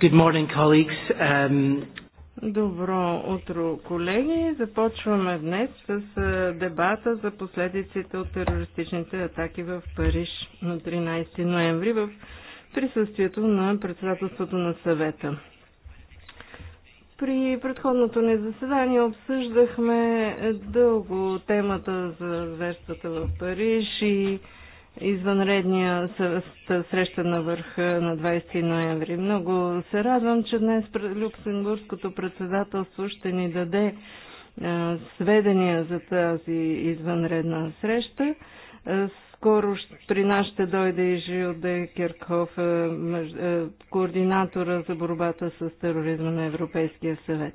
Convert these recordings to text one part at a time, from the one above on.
Good morning, colleagues. Um... Добро утро, колеги. Започваме днес с дебата за последиците от терористичните атаки в Париж на 13 ноември в присъствието на председателството на съвета. При предходното ни заседание обсъждахме дълго темата за зверствата в Париж и извънредния среща на върха на 20 ноември. Много се радвам, че днес Люксембургското председателство ще ни даде сведения за тази извънредна среща. Скоро при нас ще дойде и Жил Де Керхов, координатора за борбата с тероризма на Европейския съвет.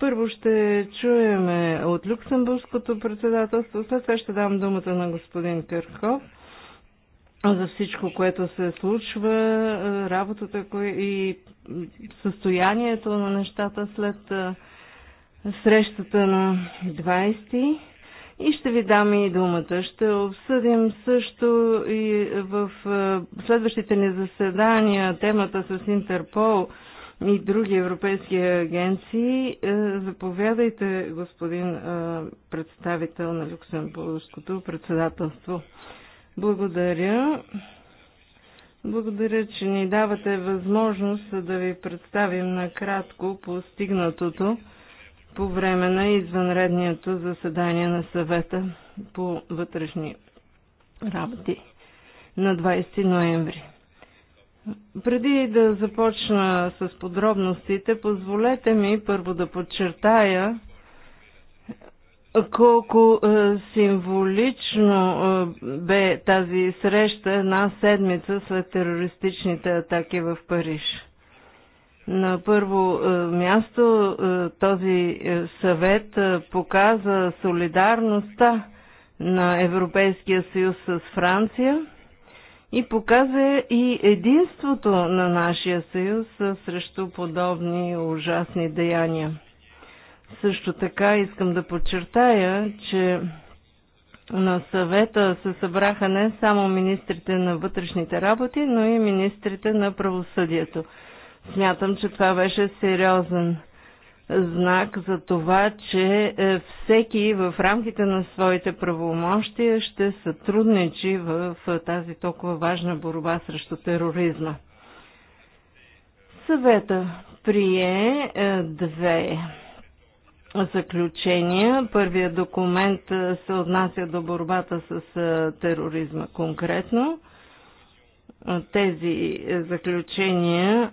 Първо ще чуем от Люксембургското председателство, след това ще дам думата на господин Кърхов за всичко, което се случва, е, работата и състоянието на нещата след е, срещата на 20 и ще ви дам и думата. Ще обсъдим също и в е, следващите ни заседания темата с Интерпол и други европейски агенции. Заповядайте, господин представител на Люксембургското председателство. Благодаря. Благодаря, че ни давате възможност да ви представим накратко постигнатото по време на извънредното заседание на съвета по вътрешни работи на 20 ноември. Преди да започна с подробностите, позволете ми първо да подчертая, колко е, символично е, бе тази среща една седмица след терористичните атаки в Париж. На първо е, място този съвет показа солидарността на Европейския съюз с Франция и показа и единството на нашия съюз срещу подобни ужасни деяния. Също така искам да подчертая, че на съвета се събраха не само министрите на вътрешните работи, но и министрите на правосъдието. Смятам, че това беше сериозен знак за това, че е, всеки в рамките на своите правомощия ще сътрудничи в тази толкова важна борба срещу тероризма. Съвета прие е, две заключения. Първият документ се отнася до борбата с тероризма конкретно. Тези е, заключения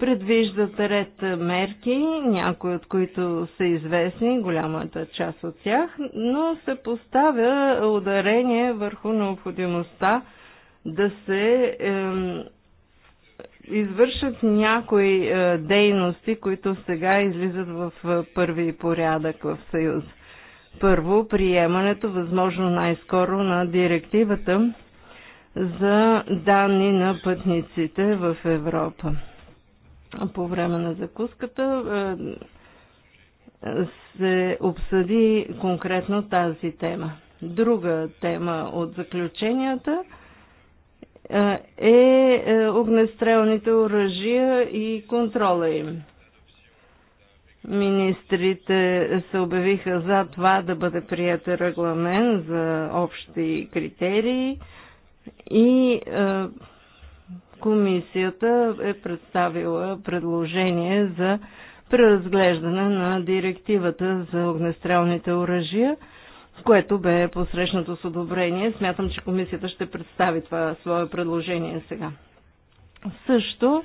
предвиждат ред мерки, някои от които са известни, голямата част от тях, но се поставя ударение върху необходимостта да се извършат някои е, дейности, които сега излизат в е, първи порядък в Съюз. Първо, приемането, възможно най-скоро, на директивата за данни на пътниците в Европа. По време на закуската е, се обсъди конкретно тази тема. Друга тема от заключенията – е, е, е огнестрелните оръжия и контрола им. Министрите се обявиха за това да бъде прият регламент за общи критерии и е, комисията е представила предложение за преразглеждане на директивата за огнестрелните оръжия – което бе посрещнато с одобрение. Смятам, че комисията ще представи това свое предложение сега. Също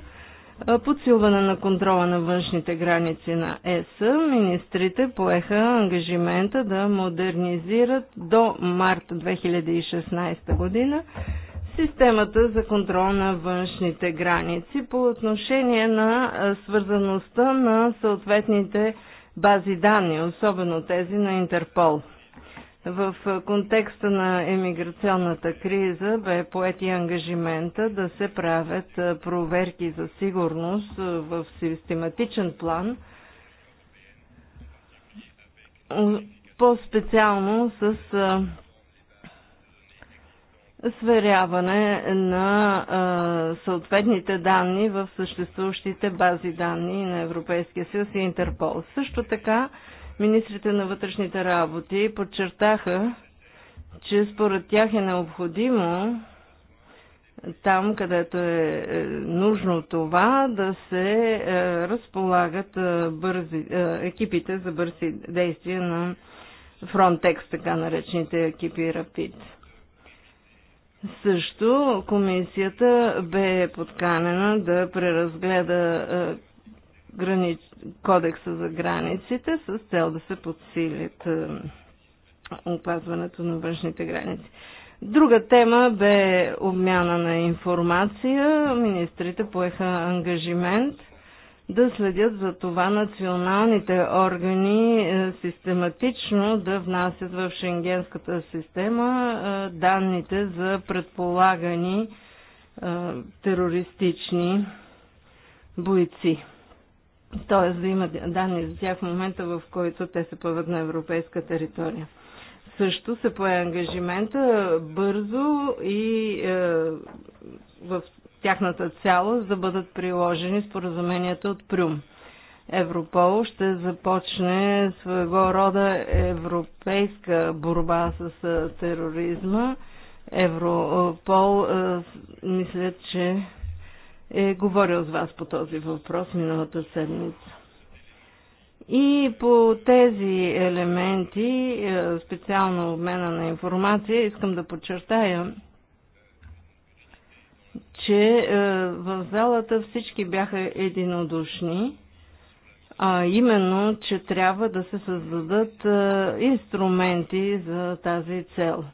подсилване на контрола на външните граници на ЕС, министрите поеха ангажимента да модернизират до март 2016 година системата за контрол на външните граници по отношение на свързаността на съответните бази данни, особено тези на Интерпол. В контекста на емиграционната криза бе поети ангажимента да се правят проверки за сигурност в систематичен план, по-специално с сверяване на съответните данни в съществуващите бази данни на Европейския съюз и Интерпол. Също така Министрите на вътрешните работи подчертаха, че според тях е необходимо там, където е, е нужно това, да се е, разполагат е, бързи, екипите за бързи действия на Frontex, така наречените екипи Рапид. Също комисията бе подканена да преразгледа грани... кодекса за границите с цел да се подсилят е, опазването на външните граници. Друга тема бе обмяна на информация. Министрите поеха ангажимент да следят за това националните органи е, систематично да внасят в шенгенската система е, данните за предполагани терористични бойци. Т.е. да има данни за тях в момента, в който те се плават на европейска територия. Също се пое ангажимента бързо и е, в тяхната цялост да бъдат приложени споразуменията от Прюм. Европол ще започне своего рода европейска борба с е, тероризма. Европол, е, мисля, че е говорил с вас по този въпрос миналата седмица. И по тези елементи, е, специално обмена на информация, искам да подчертая, че е, в залата всички бяха единодушни, а именно, че трябва да се създадат е, инструменти за тази цел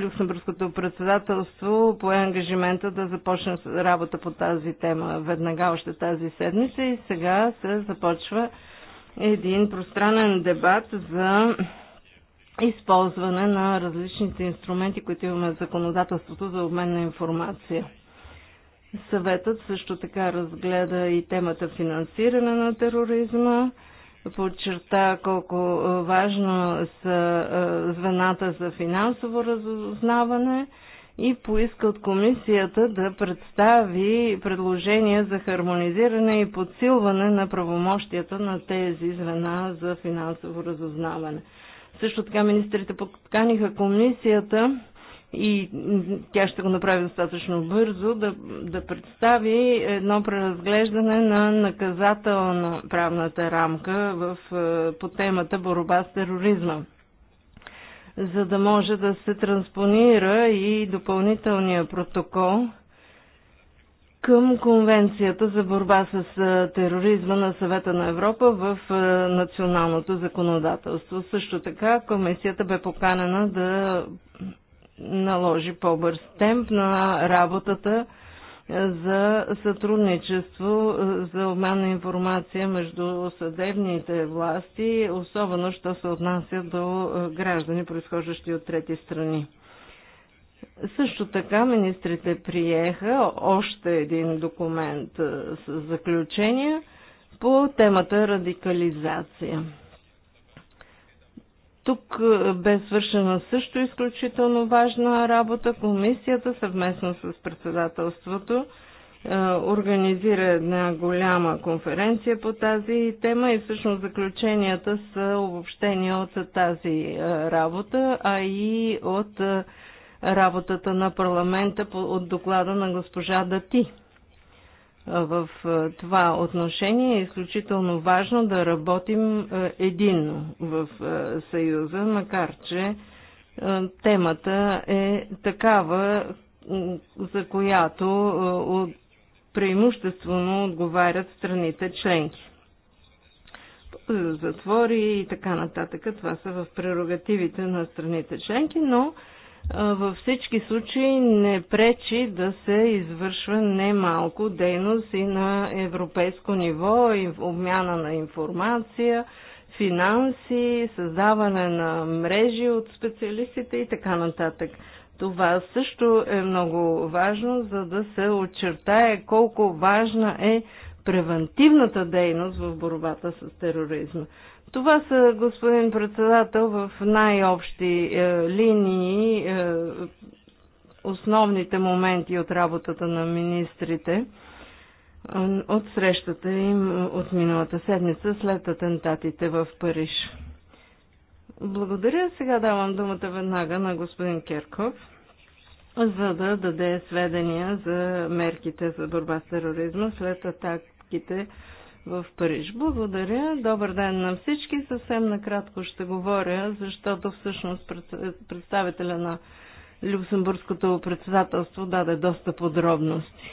Люксембургското председателство пое ангажимента да започне работа по тази тема веднага още тази седмица и сега се започва един пространен дебат за използване на различните инструменти, които имаме в законодателството за обмен на информация. Съветът също така разгледа и темата финансиране на тероризма подчерта колко е, важно са е, звената за финансово разузнаване и поиска от комисията да представи предложения за хармонизиране и подсилване на правомощията на тези звена за финансово разузнаване. Също така министрите подканиха комисията и тя ще го направи достатъчно бързо, да, да представи едно преразглеждане на наказателна правната рамка в, е, по темата борба с тероризма за да може да се транспонира и допълнителния протокол към Конвенцията за борба с е, тероризма на Съвета на Европа в е, националното законодателство. Също така комисията бе поканена да наложи по-бърз темп на работата е, за сътрудничество, е, за обмен на информация между съдебните власти, особено що се отнася до е, граждани, произхождащи от трети страни. Също така министрите приеха още един документ с заключение по темата радикализация. Тук е, бе свършена също изключително важна работа. Комисията съвместно с председателството е, организира една голяма конференция по тази тема и всъщност заключенията са обобщения от тази е, работа, а и от работата на парламента от доклада на госпожа Дати в това отношение е изключително важно да работим единно в Съюза, макар че темата е такава, за която преимуществено отговарят страните членки. Затвори и така нататък. Това са в прерогативите на страните членки, но във всички случаи не пречи да се извършва немалко дейност и на европейско ниво, обмяна на информация, финанси, създаване на мрежи от специалистите и така нататък. Това също е много важно, за да се очертае колко важна е превентивната дейност в борбата с тероризма. Това са, господин председател, в най-общи е, линии е, основните моменти от работата на министрите е, от срещата им от миналата седмица след атентатите в Париж. Благодаря. Сега давам думата веднага на господин Керков, за да даде сведения за мерките за борба с тероризма след атаките в Париж. Благодаря. Добър ден на всички. Съвсем накратко ще говоря, защото всъщност представителя на Люксембургското председателство даде доста подробности.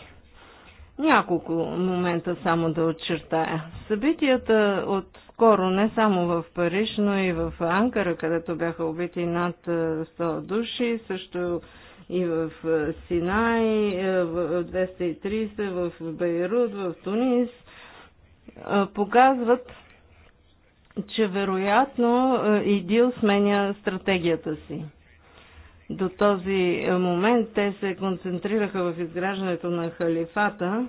Няколко момента само да отчертая. Събитията от скоро не само в Париж, но и в Анкара, където бяха убити над 100 е, души, също и в е, Синай, е, в 230, в Бейрут, в Тунис, показват, че вероятно ИДИЛ сменя стратегията си. До този момент те се концентрираха в изграждането на халифата,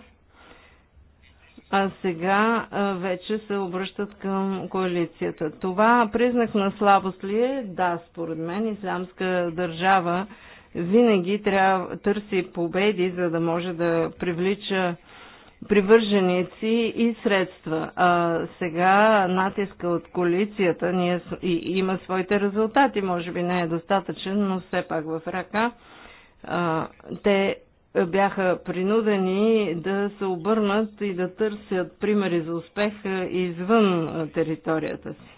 а сега вече се обръщат към коалицията. Това признак на слабост ли е? Да, според мен ислямска държава винаги трябва търси победи, за да може да привлича привърженици и средства. А сега натиска от коалицията ние, и, има своите резултати, може би не е достатъчен, но все пак в ръка. А, те бяха принудени да се обърнат и да търсят примери за успех извън територията си.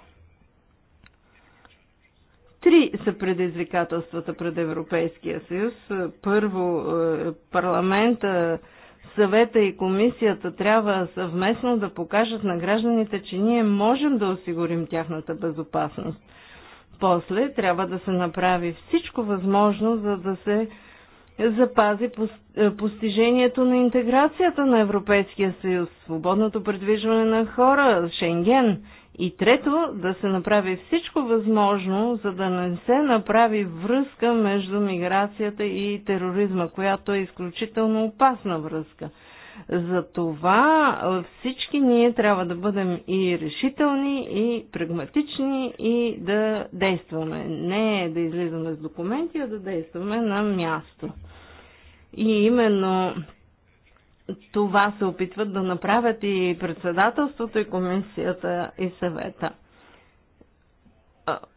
Три са предизвикателствата пред Европейския съюз. Първо, е, парламента съвета и комисията трябва съвместно да покажат на гражданите, че ние можем да осигурим тяхната безопасност. После трябва да се направи всичко възможно, за да се запази е, постижението на интеграцията на Европейския съюз, свободното предвижване на хора, Шенген и трето, да се направи всичко възможно, за да не се направи връзка между миграцията и тероризма, която е изключително опасна връзка. За това всички ние трябва да бъдем и решителни, и прагматични, и да действаме. Не да излизаме с документи, а да действаме на място. И именно това се опитват да направят и председателството, и комисията, и съвета.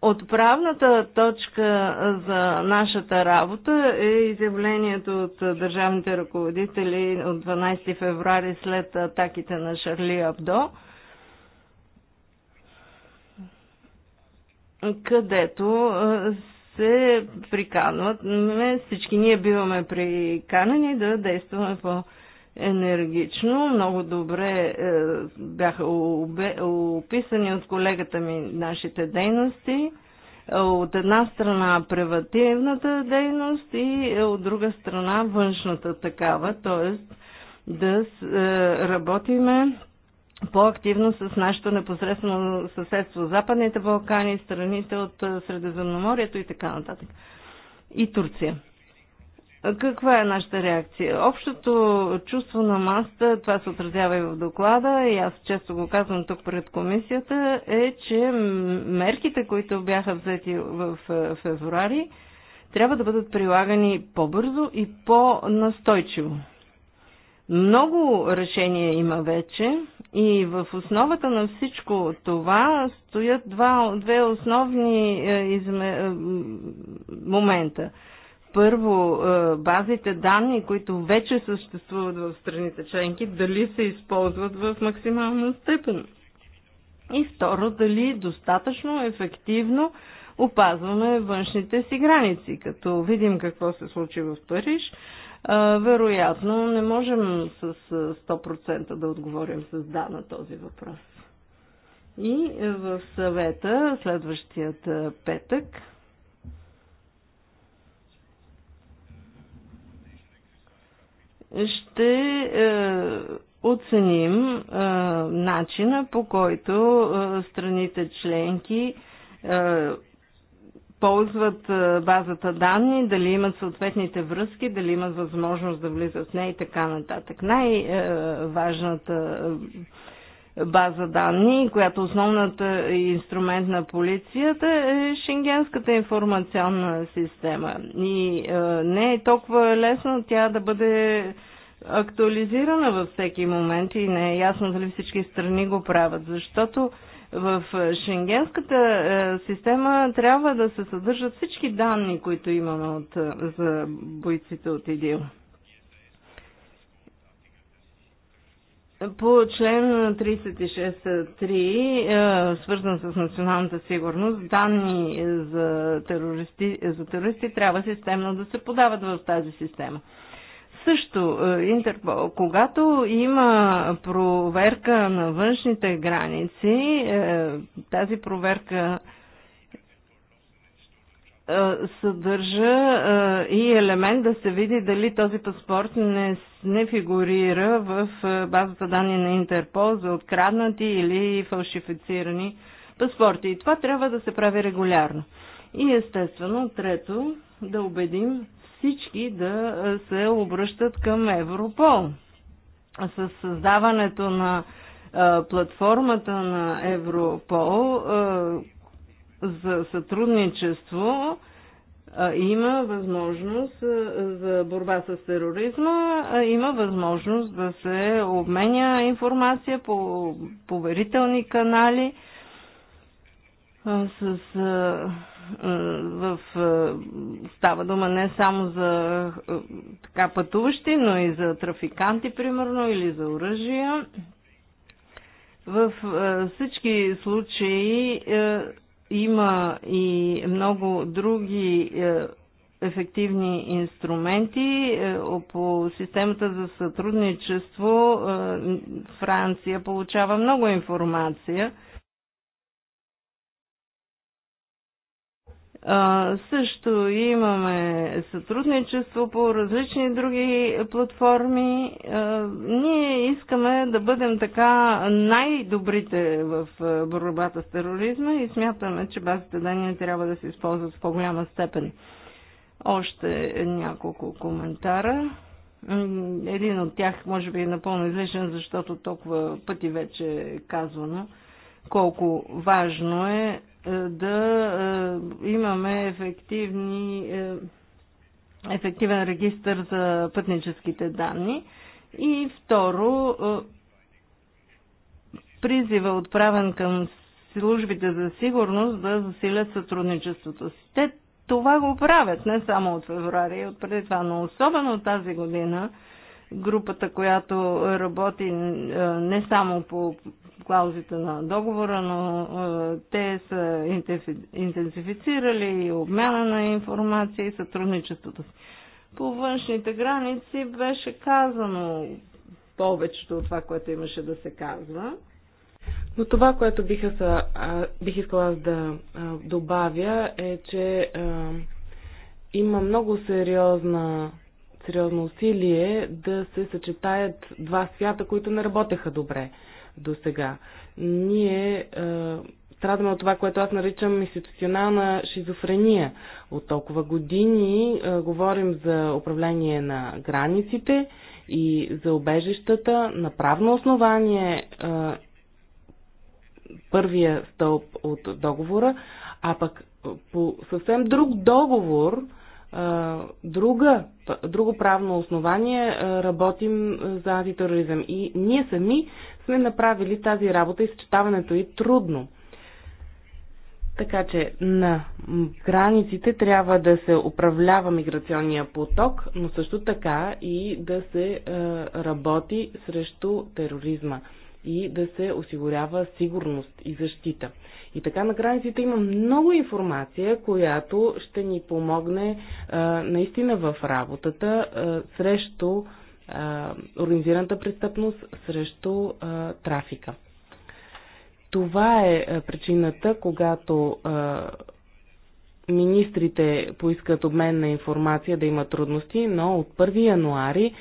Отправната точка за нашата работа е изявлението от държавните ръководители от 12 февруари след атаките на Шарли Абдо, където се приканват. Всички ние биваме приканени да действаме по енергично. Много добре е, бяха описани от колегата ми нашите дейности. От една страна превативната дейност и е, от друга страна външната такава, т.е. да е, работиме по-активно с нашето непосредствено съседство, Западните Балкани, страните от Средиземноморието и така нататък. И Турция. Каква е нашата реакция? Общото чувство на маста, това се отразява и в доклада, и аз често го казвам тук пред комисията, е, че мерките, които бяха взети в е, февруари, трябва да бъдат прилагани по-бързо и по-настойчиво. Много решения има вече и в основата на всичко това стоят два, две основни е, изме, е, момента – първо е, базите данни, които вече съществуват в страните членки, дали се използват в максимална степен. И второ, дали достатъчно ефективно опазваме външните си граници. Като видим какво се случи в Париж, е, вероятно не можем с 100% е, да отговорим с да на този въпрос. И в съвета следващият петък ще е, оценим е, начина по който е, страните членки ползват базата данни, дали имат съответните връзки, дали имат възможност да влизат в нея и така нататък. Най-важната база данни, която основната инструмент на полицията е Шенгенската информационна система. И е, не е толкова лесно тя да бъде актуализирана във всеки момент и не е ясно дали всички страни го правят, защото в Шенгенската е, система трябва да се съдържат всички данни, които имаме от, е, за бойците от ИДИЛ. По член 36.3, е, свързан с националната сигурност, данни за терористи, за терористи трябва системно да се подават в тази система. Също, е, Интерпол, когато има проверка на външните граници, е, тази проверка е, съдържа е, и елемент да се види дали този паспорт не, не фигурира в е, базата данни на Интерпол за откраднати или фалшифицирани паспорти. И това трябва да се прави регулярно. И естествено, трето, да убедим всички да се обръщат към Европол. С създаването на платформата на Европол, за сътрудничество има възможност за борба с тероризма, има възможност да се обменя информация по поверителни канали с, в, става дума не само за така пътуващи, но и за трафиканти, примерно, или за оръжия. В всички случаи има и много други е, ефективни инструменти. Е, по системата за сътрудничество е, Франция получава много информация – А, също имаме сътрудничество по различни други платформи. А, ние искаме да бъдем така най-добрите в борбата с тероризма и смятаме, че базите данни трябва да се използват в по-голяма степен. Още няколко коментара. Един от тях може би е напълно излишен, защото толкова пъти вече е казвано колко важно е е, да е, имаме ефективни, е, ефективен регистр за пътническите данни. И второ, призива отправен към службите за сигурност да засилят сътрудничеството си. Те това го правят не само от феврари, от преди това, но особено тази година групата, която работи не само по клаузите на договора, но е, те са интенсифицирали обмяна на информация и сътрудничеството си. По външните граници беше казано повечето от това, което имаше да се казва. Но това, което биха, са, бих искала аз да добавя е, че а, има много сериозна, сериозно усилие да се съчетаят два свята, които не работеха добре до сега. Ние е, страдаме от това, което аз наричам институционална шизофрения. От толкова години а, е, говорим за управление на границите и за обежищата на правно основание а, е, първия стълб от договора, а пък по съвсем друг договор – друга, друго правно основание работим за антитероризъм. И ние сами сме направили тази работа и съчетаването и трудно. Така че на границите трябва да се управлява миграционния поток, но също така и да се работи срещу тероризма и да се осигурява сигурност и защита. И така на границите има много информация, която ще ни помогне а, наистина в работата а, срещу а, организираната престъпност, срещу а, трафика. Това е причината, когато а, министрите поискат обмен на информация да има трудности, но от 1 януари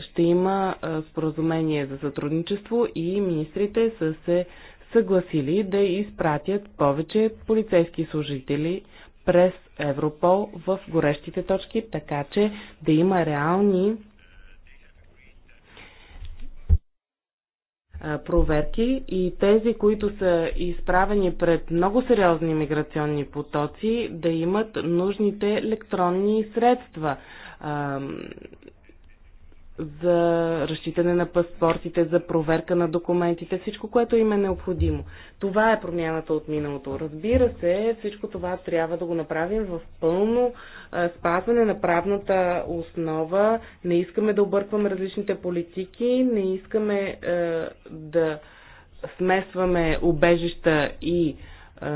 ще има споразумение за сътрудничество и министрите са се съгласили да изпратят повече полицейски служители през Европол в горещите точки, така че да има реални проверки и тези, които са изправени пред много сериозни миграционни потоци, да имат нужните електронни средства за разчитане на паспортите, за проверка на документите, всичко, което им е необходимо. Това е промяната от миналото. Разбира се, всичко това трябва да го направим в пълно спазване на правната основа. Не искаме да объркваме различните политики, не искаме е, да смесваме обежища и е,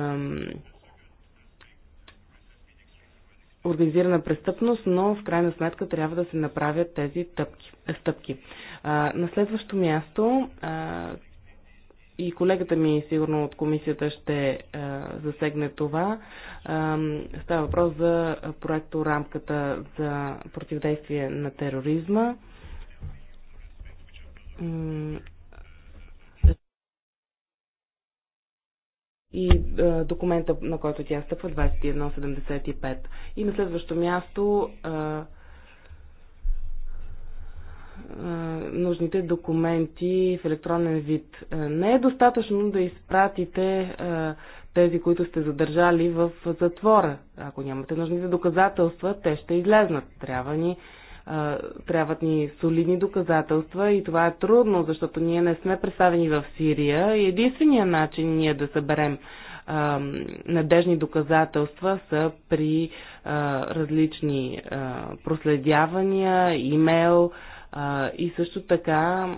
организирана престъпност, но в крайна сметка трябва да се направят тези тъпки, стъпки. А, на следващо място, а, и колегата ми сигурно от комисията ще а, засегне това, а, става въпрос за проекто рамката за противодействие на тероризма и а, е, документа, на който тя стъпва, 2175. И на следващо място а, е, а, е, нужните документи в електронен вид. Не е достатъчно да изпратите а, тези, които сте задържали в затвора. Ако нямате нужните доказателства, те ще излезнат. Трябва ни трябват ни солидни доказателства и това е трудно, защото ние не сме представени в Сирия и единствения начин ние да съберем надежни доказателства са при различни проследявания, имейл и също така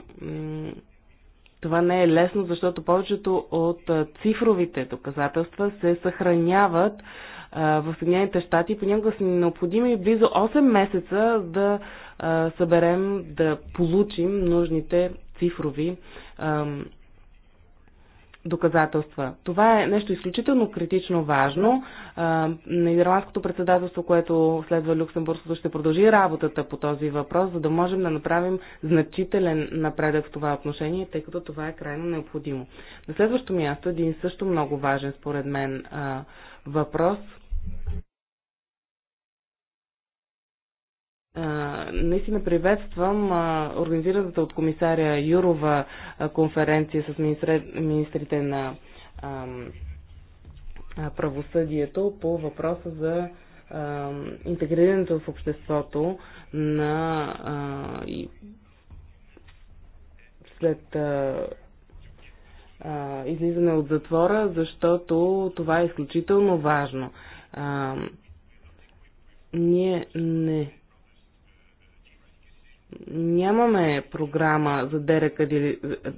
това не е лесно, защото повечето от цифровите доказателства се съхраняват в Съединените щати понякога са необходими близо 8 месеца да съберем, да получим нужните цифрови доказателства. Това е нещо изключително критично важно. Нидерландското председателство, което следва Люксембургското, ще продължи работата по този въпрос, за да можем да направим значителен напредък в това отношение, тъй като това е крайно необходимо. На следващо място, един също много важен според мен въпрос – наистина приветствам организираната от комисаря Юрова конференция с министрите на правосъдието по въпроса за интегрирането в обществото на след излизане от затвора, защото това е изключително важно. ние не нямаме програма за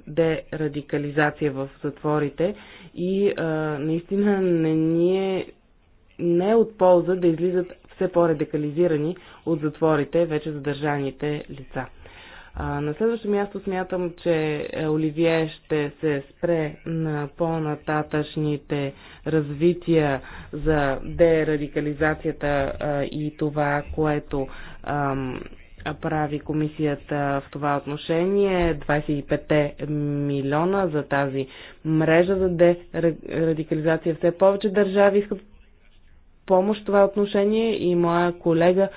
дерадикализация в затворите и а, наистина не ни е не е от полза да излизат все по-радикализирани от затворите вече задържаните лица. А, на следващо място смятам, че Оливие ще се спре на по-нататъчните развития за дерадикализацията а, и това, което ам, прави комисията в това отношение. 25 милиона за тази мрежа за дерадикализация. Все повече държави искат помощ в това отношение и моя колега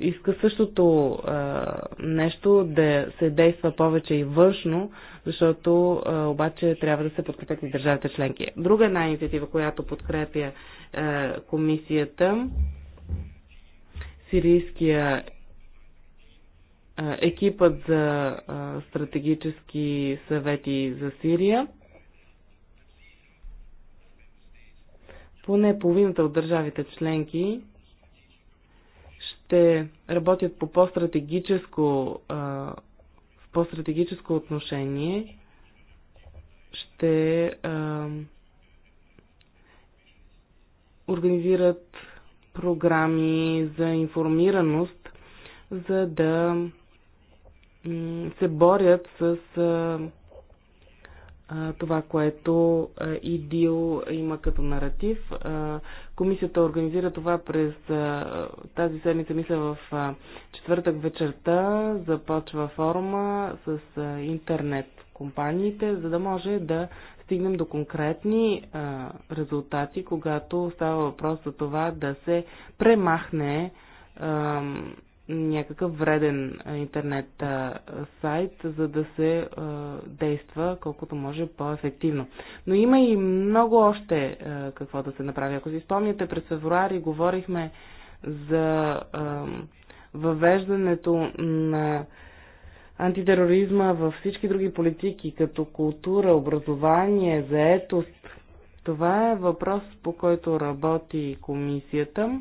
иска същото а, нещо да се действа повече и външно, защото а, обаче трябва да се подкрепят и държавите членки. Друга една инициатива, която подкрепя а, комисията, сирийския екипът за стратегически съвети за Сирия. Поне половината от държавите членки ще работят по по-стратегическо, в по-стратегическо отношение. Ще организират програми за информираност, за да се борят с това, което ИДИЛ има като наратив. Комисията организира това през тази седмица, мисля в четвъртък вечерта, започва форума с интернет компаниите, за да може да стигнем до конкретни резултати, когато става въпрос за това да се премахне някакъв вреден интернет сайт, за да се действа колкото може по-ефективно. Но има и много още какво да се направи. Ако си спомняте, през февруари говорихме за въвеждането на антитероризма във всички други политики, като култура, образование, заетост. Това е въпрос, по който работи комисията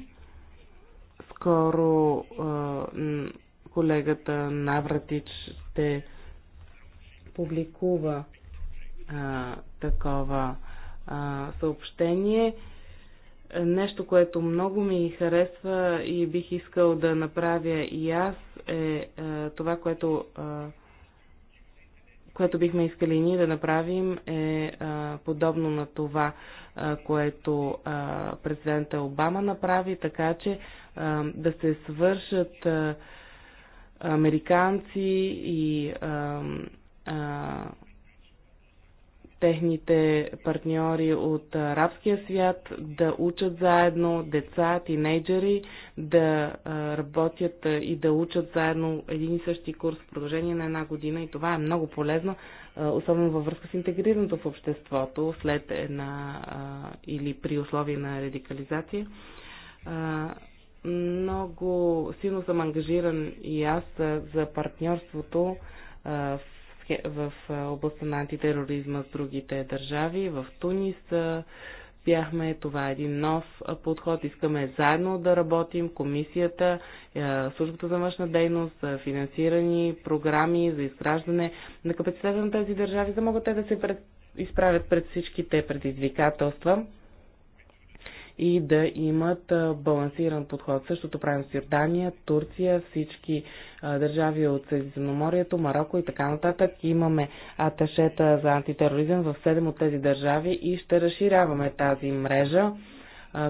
скоро колегата Навратич ще публикува а, такова а, съобщение. Нещо, което много ми харесва и бих искал да направя и аз е а, това, което а, което бихме искали ние да направим е а, подобно на това, а, което а, президента Обама направи, така че а, да се свършат а, американци и а, а, техните партньори от арабския свят, да учат заедно деца, тинейджери, да работят и да учат заедно един и същи курс в продължение на една година и това е много полезно, особено във връзка с интегрирането в обществото след една или при условия на радикализация. Много силно съм ангажиран и аз за партньорството в в областта на антитероризма с другите държави. В Тунис бяхме. Това е един нов подход. Искаме заедно да работим. Комисията, службата за външна дейност, финансирани програми за изграждане на капацитета на тези държави, за да могат те да се пред, изправят пред всичките предизвикателства и да имат балансиран подход. Същото правим с Йордания, Турция, всички държави от Средиземноморието, Марокко и така нататък. Имаме аташета за антитероризъм в 7 от тези държави и ще разширяваме тази мрежа,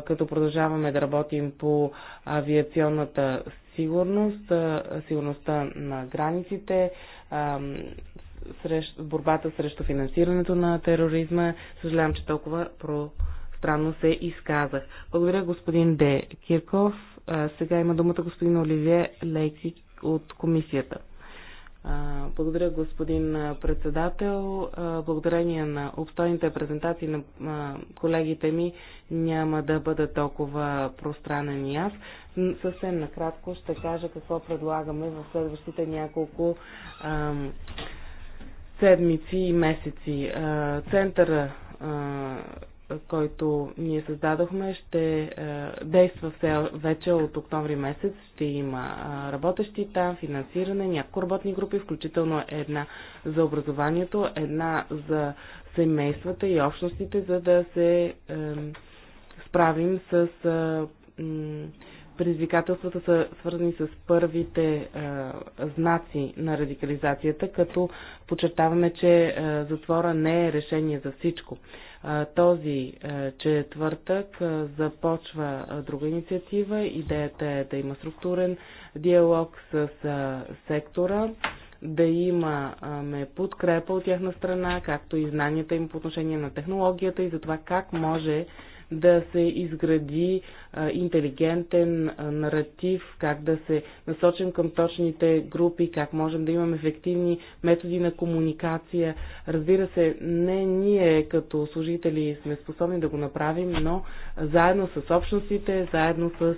като продължаваме да работим по авиационната сигурност, сигурността на границите, срещ, борбата срещу финансирането на тероризма. Съжалявам, че толкова про пространно се изказах. Благодаря господин Де Кирков. Сега има думата господин Оливие Лейки от комисията. Благодаря, господин председател. Благодарение на обстойните презентации на колегите ми няма да бъда толкова пространен и аз. Съвсем накратко ще кажа какво предлагаме в следващите няколко седмици и месеци. Центъра който ние създадохме, ще е, действа все вече от октомври месец. Ще има е, работещи там, финансиране, няколко работни групи, включително една за образованието, една за семействата и общностите, за да се е, справим с предизвикателствата са свързани с първите е, знаци на радикализацията, като подчертаваме, че е, затвора не е решение за всичко. Този четвъртък е започва друга инициатива. Идеята е да има структурен диалог с сектора, да имаме подкрепа от тяхна страна, както и знанията им по отношение на технологията и за това как може да се изгради интелигентен наратив, как да се насочим към точните групи, как можем да имаме ефективни методи на комуникация. Разбира се, не ние като служители сме способни да го направим, но заедно с общностите, заедно с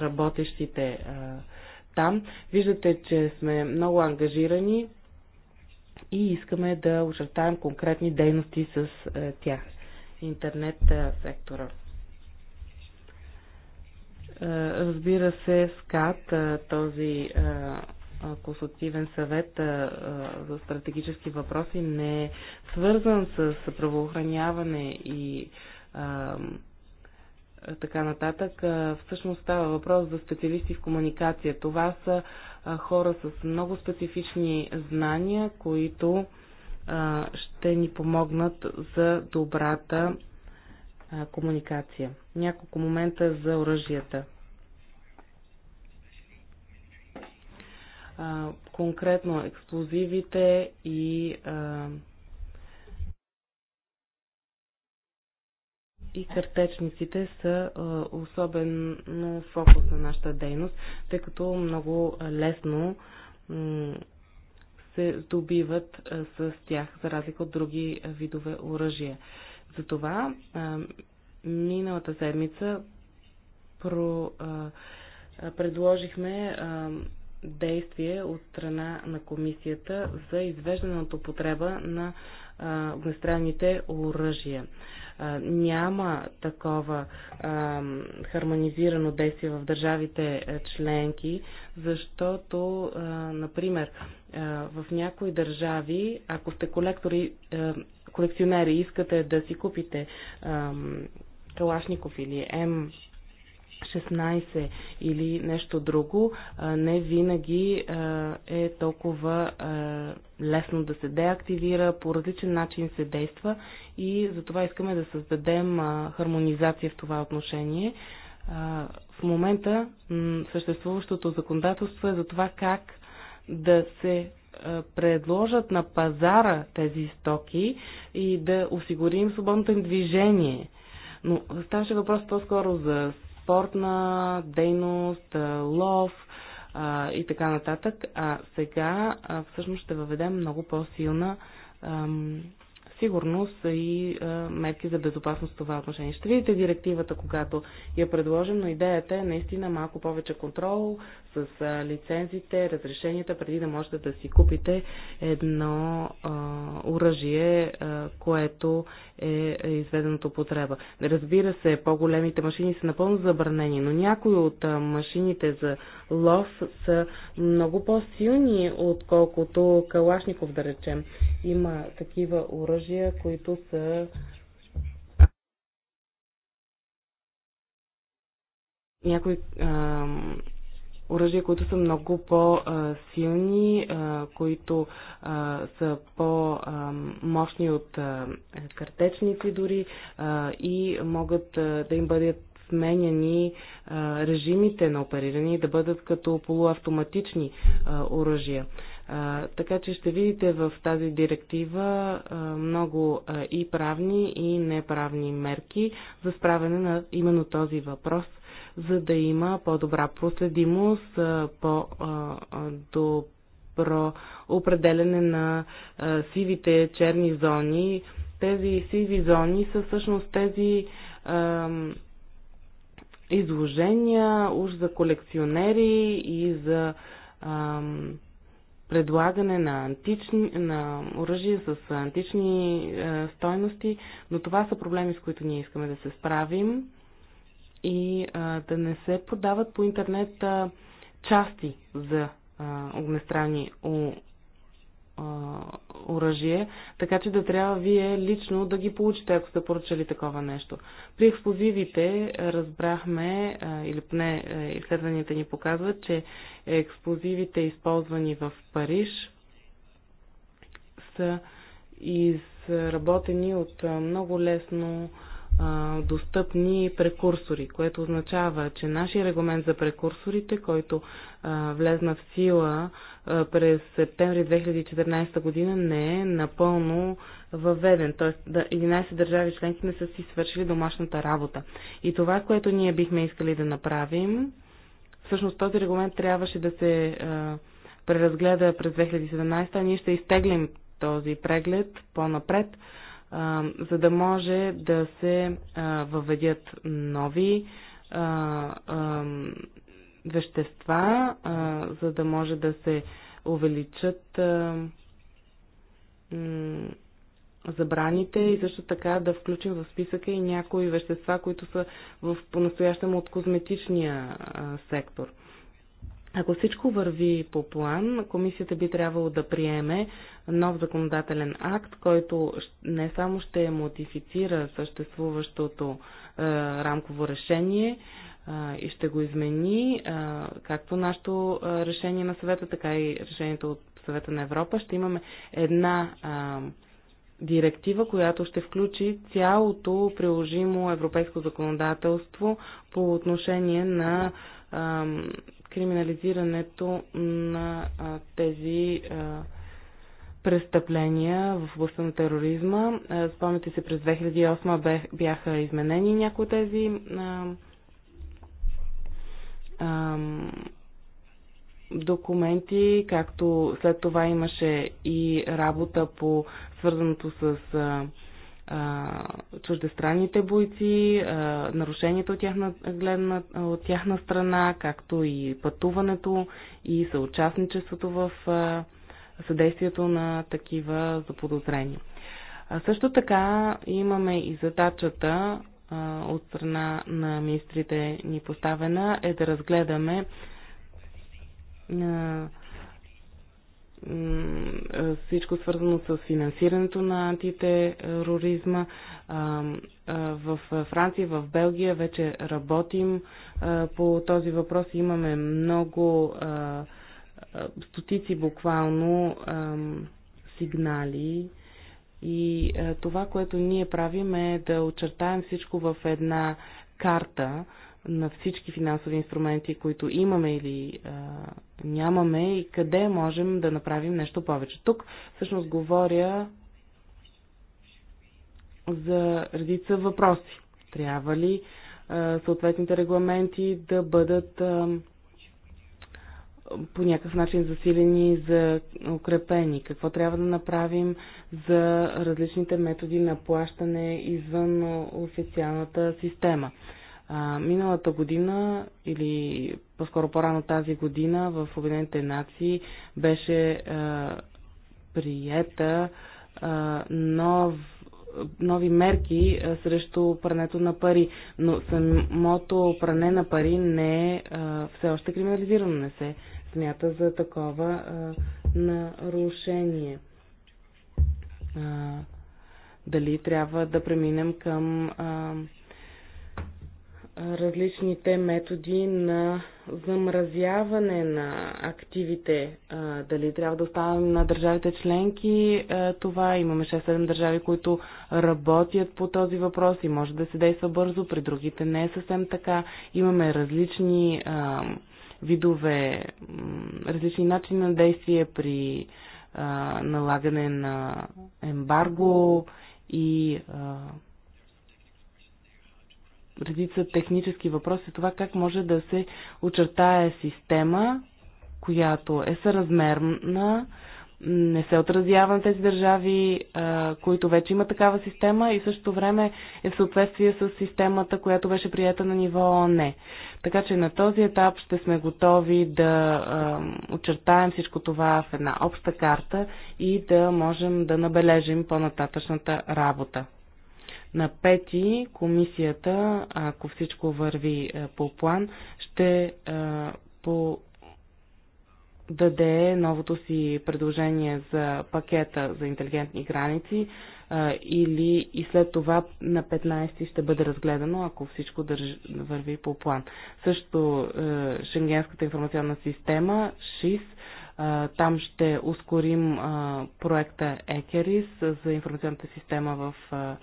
работещите там. Виждате, че сме много ангажирани и искаме да очертаем конкретни дейности с тях интернет сектора. Разбира се, СКАТ, този консултивен съвет за стратегически въпроси не е свързан с правоохраняване и така нататък. Всъщност става въпрос за специалисти в комуникация. Това са хора с много специфични знания, които ще ни помогнат за добрата комуникация. Няколко момента за оръжията. конкретно експлозивите и, и картечниците са особено фокус на нашата дейност, тъй като много лесно се добиват с тях, за разлика от други видове оръжия. Затова миналата седмица про, предложихме действие от страна на комисията за извеждане от употреба на огнестрелните оръжия няма такова хармонизирано действие в държавите е, членки, защото, например, в някои държави, ако сте колектори, колекционери, искате да си купите Калашников или М 16 или нещо друго, не винаги е толкова лесно да се деактивира, по различен начин се действа и затова искаме да създадем хармонизация в това отношение. В момента съществуващото законодателство е за това как да се предложат на пазара тези стоки и да осигурим свободното им движение. Но ставаше въпрос по-скоро за спортна дейност, лов и така нататък. А сега всъщност ще въведем много по-силна сигурност и мерки за безопасност в това отношение. Ще видите директивата, когато я предложим, но идеята е наистина малко повече контрол, с лицензите, разрешенията, преди да можете да си купите едно оръжие, което е изведено от употреба. Разбира се, по-големите машини са напълно забранени, но някои от машините за лов са много по-силни, отколкото Калашников, да речем. Има такива оръжия, които са някои оръжия, които са много по-силни, които са по-мощни от картечници дори и могат да им бъдат сменяни режимите на опериране и да бъдат като полуавтоматични оръжия. Така че ще видите в тази директива много и правни, и неправни мерки за справяне на именно този въпрос – за да има по-добра проследимост, по-добро определене на сивите черни зони. Тези сиви зони са всъщност тези изложения уж за колекционери и за предлагане на, антични, на оръжие с антични е, стойности, но това са проблеми, с които ние искаме да се справим и а, да не се продават по интернет а, части за а, оръжие, така че да трябва вие лично да ги получите, ако сте поръчали такова нещо. При експлозивите разбрахме, или поне изследванията ни показват, че експлозивите, използвани в Париж, са изработени от много лесно достъпни прекурсори, което означава, че нашия регламент за прекурсорите, който влезна в сила през септември 2014 година, не е напълно въведен. Тоест 11 държави членки не са си свършили домашната работа. И това, което ние бихме искали да направим, всъщност този регламент трябваше да се преразгледа през 2017, а ние ще изтеглим този преглед по-напред за да може да се въведят нови вещества, за да може да се увеличат забраните и също така да включим в списъка и някои вещества, които са в по-настоящем от козметичния сектор. Ако всичко върви по план, комисията би трябвало да приеме нов законодателен акт, който не само ще модифицира съществуващото е, рамково решение е, и ще го измени, е, както нашето е, решение на съвета, така и решението от съвета на Европа, ще имаме една е, директива, която ще включи цялото приложимо европейско законодателство по отношение на криминализирането на а, тези а, престъпления в областта на тероризма. Спомняте се, през 2008 бяха изменени някои тези а, а, документи, както след това имаше и работа по свързаното с. А, чуждестранните бойци, нарушенията от тяхна, гледна, от тяхна страна, както и пътуването и съучастничеството в съдействието на такива заподозрени. А също така имаме и задачата от страна на министрите ни поставена е да разгледаме всичко свързано с финансирането на антитероризма. В Франция, в Белгия вече работим по този въпрос. Имаме много стотици буквално сигнали. И това, което ние правим е да очертаем всичко в една карта, на всички финансови инструменти, които имаме или а, нямаме и къде можем да направим нещо повече. Тук всъщност говоря за редица въпроси. Трябва ли а, съответните регламенти да бъдат а, по някакъв начин засилени, за укрепени? Какво трябва да направим за различните методи на плащане извън официалната система? А, миналата година или по-скоро по-рано тази година в Обединените нации беше а, приета а, нов, нови мерки а, срещу прането на пари. Но самото пране на пари не е а, все още криминализирано, не се смята за такова а, нарушение. А, дали трябва да преминем към а, различните методи на замразяване на активите. Дали трябва да оставим на държавите членки това? Имаме 6-7 държави, които работят по този въпрос и може да се действа бързо, при другите не е съвсем така. Имаме различни видове, различни начини на действие при налагане на ембарго и редица технически въпроси. Това как може да се очертая система, която е съразмерна, не се отразява на тези държави, които вече има такава система и също време е в съответствие с системата, която беше прията на ниво ОНЕ. Така че на този етап ще сме готови да очертаем всичко това в една обща карта и да можем да набележим по-нататъчната работа. На пети комисията, ако всичко върви е, по план, ще е, по даде новото си предложение за пакета за интелигентни граници а, е, или и след това на 15 ще бъде разгледано, ако всичко държ... върви по план. Също е, Шенгенската информационна система, ШИС, а, там ще ускорим а, проекта ЕКЕРИС за информационната система в а,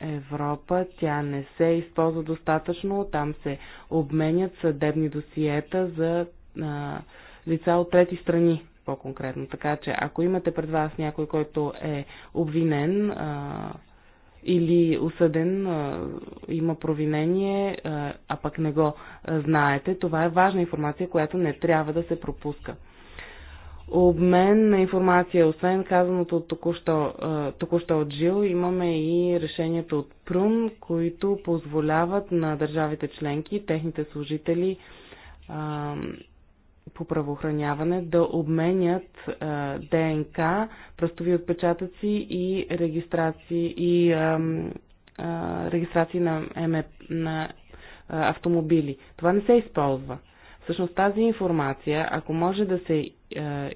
Европа, тя не се използва достатъчно. Там се обменят съдебни досиета за а, лица от трети страни, по-конкретно. Така че, ако имате пред вас някой, който е обвинен а, или осъден, а, има провинение, а, а пък не го знаете, това е важна информация, която не трябва да се пропуска обмен на информация. Освен казаното от току-що, току-що от Жил, имаме и решението от Прун, които позволяват на държавите членки, техните служители по правоохраняване да обменят ДНК, пръстови отпечатъци и регистрации и регистрации на, МЕ, на автомобили. Това не се използва. Всъщност тази информация, ако може да се, е,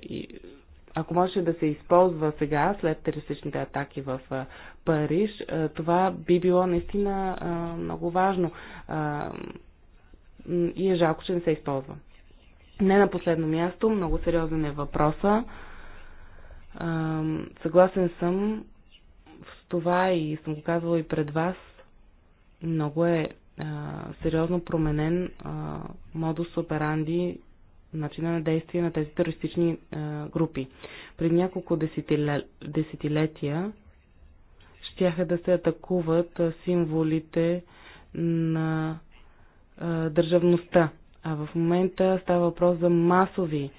ако може да се използва сега, след терористичните атаки в е, Париж, е, това би било наистина много важно и е жалко, че не се използва. Не на последно място, много сериозен е въпроса. Съгласен съм с това и съм го казвала и пред вас. Много е а, сериозно променен а, модус операнди, начина на действие на тези терористични а, групи. При няколко десетилетия щяха да се атакуват символите на а, държавността. А в момента става въпрос за масови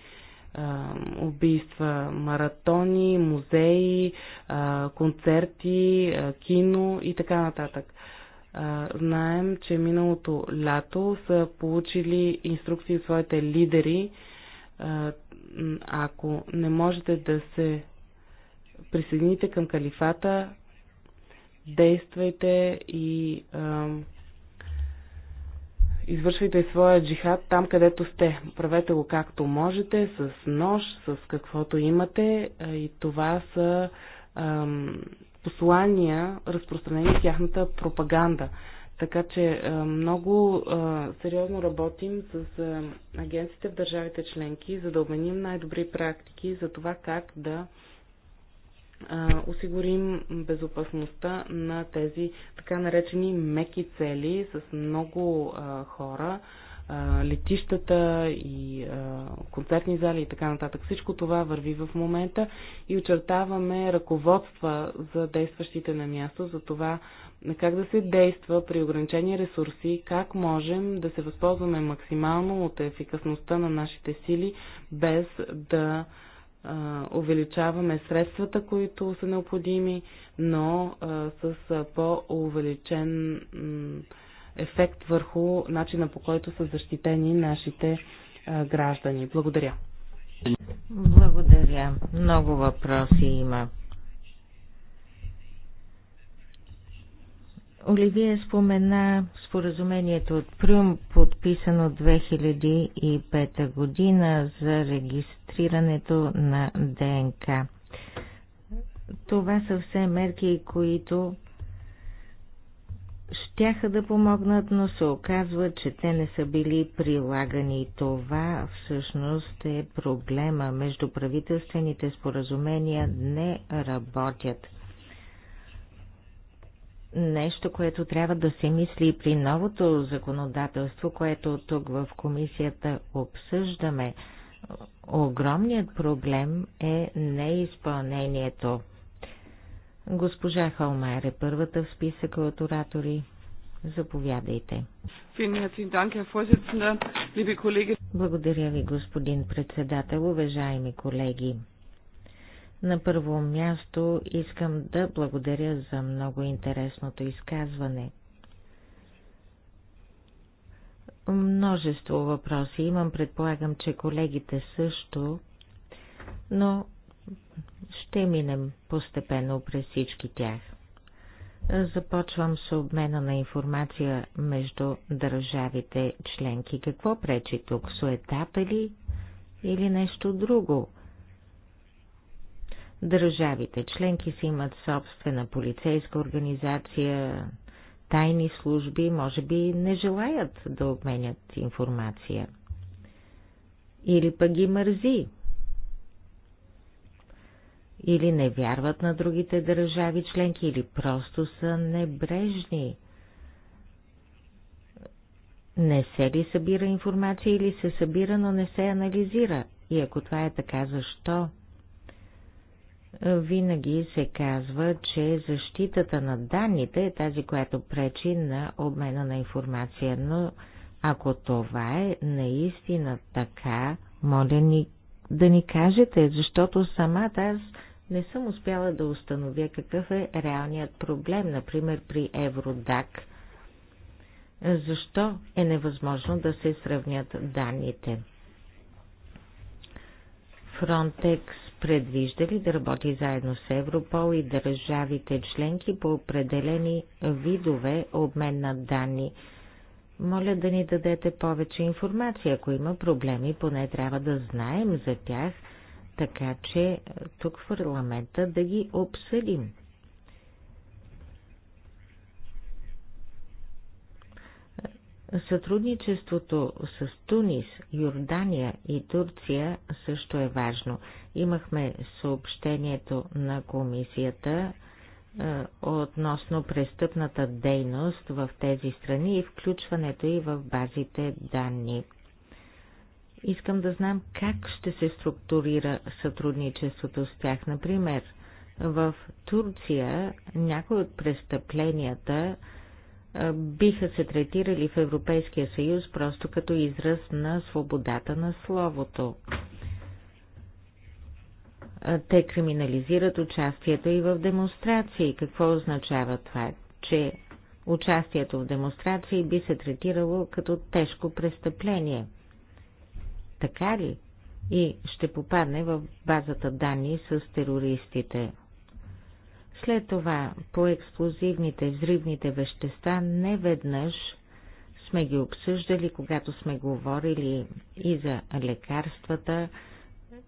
а, убийства, маратони, музеи, а, концерти, а, кино и така нататък знаем, че миналото лято са получили инструкции от своите лидери. ако не можете да се присъедините към калифата, действайте и извършвайте своя джихад там, където сте. Правете го както можете, с нож, с каквото имате. И това са послания, разпространени тяхната пропаганда. Така че е, много е, сериозно работим с е, агенциите в държавите членки, за да обменим най-добри практики за това как да осигурим безопасността на тези така наречени меки цели с много хора, летищата и концертни зали и така нататък. Всичко това върви в момента и очертаваме ръководства за действащите на място, за това как да се действа при ограничени ресурси, как можем да се възползваме максимално от ефикасността на нашите сили, без да увеличаваме средствата, които са необходими, но с по-увеличен ефект върху начина по който са защитени нашите граждани. Благодаря. Благодаря. Много въпроси има. Оливия спомена споразумението от Прюм, подписано 2005 година за регистрирането на ДНК. Това са все мерки, които щяха да помогнат, но се оказва, че те не са били прилагани. Това всъщност е проблема. Между правителствените споразумения не работят. Нещо, което трябва да се мисли при новото законодателство, което тук в комисията обсъждаме. Огромният проблем е неизпълнението. Госпожа Холмайер е първата в списъка от оратори. Заповядайте. Благодаря ви, господин председател, уважаеми колеги. На първо място искам да благодаря за много интересното изказване. Множество въпроси имам, предполагам, че колегите също, но ще минем постепенно през всички тях. Започвам с обмена на информация между държавите членки. Какво пречи тук? Суетата е ли или нещо друго? Държавите членки си имат собствена полицейска организация, тайни служби, може би не желаят да обменят информация. Или пък ги мързи или не вярват на другите държави членки, или просто са небрежни. Не се ли събира информация или се събира, но не се анализира? И ако това е така, защо? Винаги се казва, че защитата на данните е тази, която пречи на обмена на информация, но ако това е наистина така, моля ни да ни кажете, защото самата аз не съм успяла да установя какъв е реалният проблем, например при Евродак. Защо е невъзможно да се сравнят данните? Frontex предвижда ли да работи заедно с Европол и държавите членки по определени видове обмен на данни? Моля да ни дадете повече информация, ако има проблеми, поне трябва да знаем за тях – така че е, тук в парламента да ги обсъдим. Е, сътрудничеството с Тунис, Йордания и Турция също е важно. Имахме съобщението на комисията е, относно престъпната дейност в тези страни и включването и в базите данни. Искам да знам как ще се структурира сътрудничеството с тях. Например, в Турция някои от престъпленията биха се третирали в Европейския съюз просто като израз на свободата на словото. Те криминализират участието и в демонстрации. Какво означава това? Че участието в демонстрации би се третирало като тежко престъпление – така ли? И ще попадне в базата данни с терористите. След това по експлозивните взривните вещества не веднъж сме ги обсъждали, когато сме говорили и за лекарствата.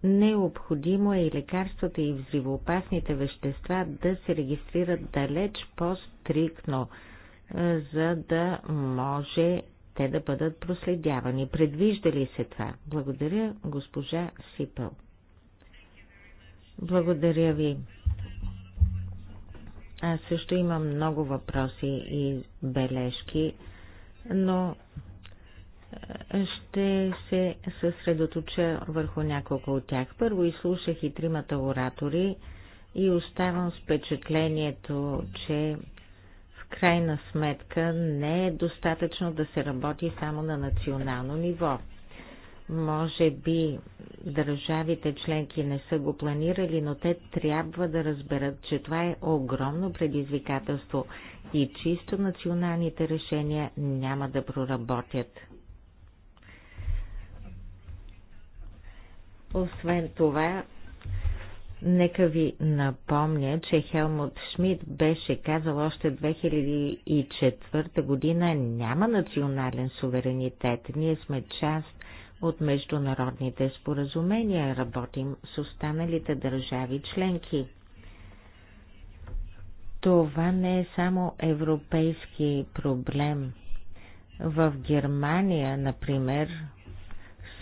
Необходимо е и лекарствата и взривоопасните вещества да се регистрират далеч по-стриктно, за да може те да бъдат проследявани. Предвижда ли се това? Благодаря, госпожа Сипъл. Благодаря ви. Аз също имам много въпроси и бележки, но ще се съсредоточа върху няколко от тях. Първо изслушах и тримата оратори и оставам с впечатлението, че крайна сметка не е достатъчно да се работи само на национално ниво. Може би държавите членки не са го планирали, но те трябва да разберат, че това е огромно предизвикателство и чисто националните решения няма да проработят. Освен това, Нека ви напомня, че Хелмут Шмидт беше казал още 2004 година няма национален суверенитет. Ние сме част от международните споразумения, работим с останалите държави членки. Това не е само европейски проблем. В Германия, например,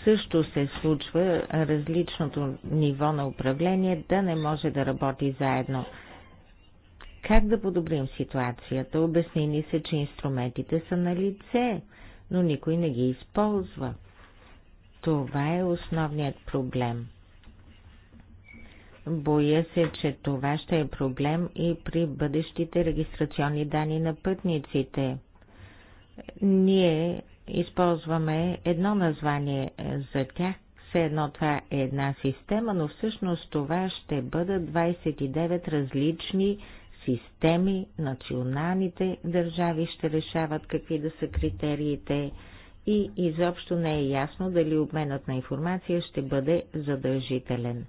също се случва различното ниво на управление да не може да работи заедно. Как да подобрим ситуацията? Обясни ни се, че инструментите са на лице, но никой не ги използва. Това е основният проблем. Боя се, че това ще е проблем и при бъдещите регистрационни данни на пътниците. Ние използваме едно название е, за тях, все едно това е една система, но всъщност това ще бъдат 29 различни системи, националните държави ще решават какви да са критериите и изобщо не е ясно дали обменът на информация ще бъде задължителен.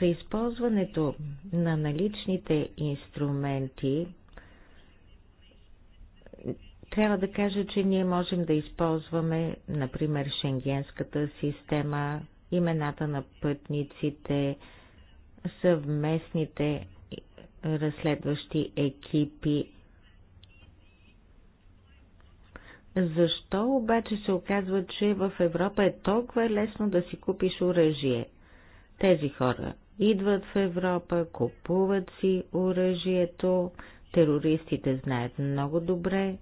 За използването на наличните инструменти трябва да кажа, че ние можем да използваме, например, шенгенската система, имената на пътниците, съвместните разследващи екипи. Защо обаче се оказва, че в Европа е толкова лесно да си купиш оръжие? Тези хора идват в Европа, купуват си оръжието, терористите знаят много добре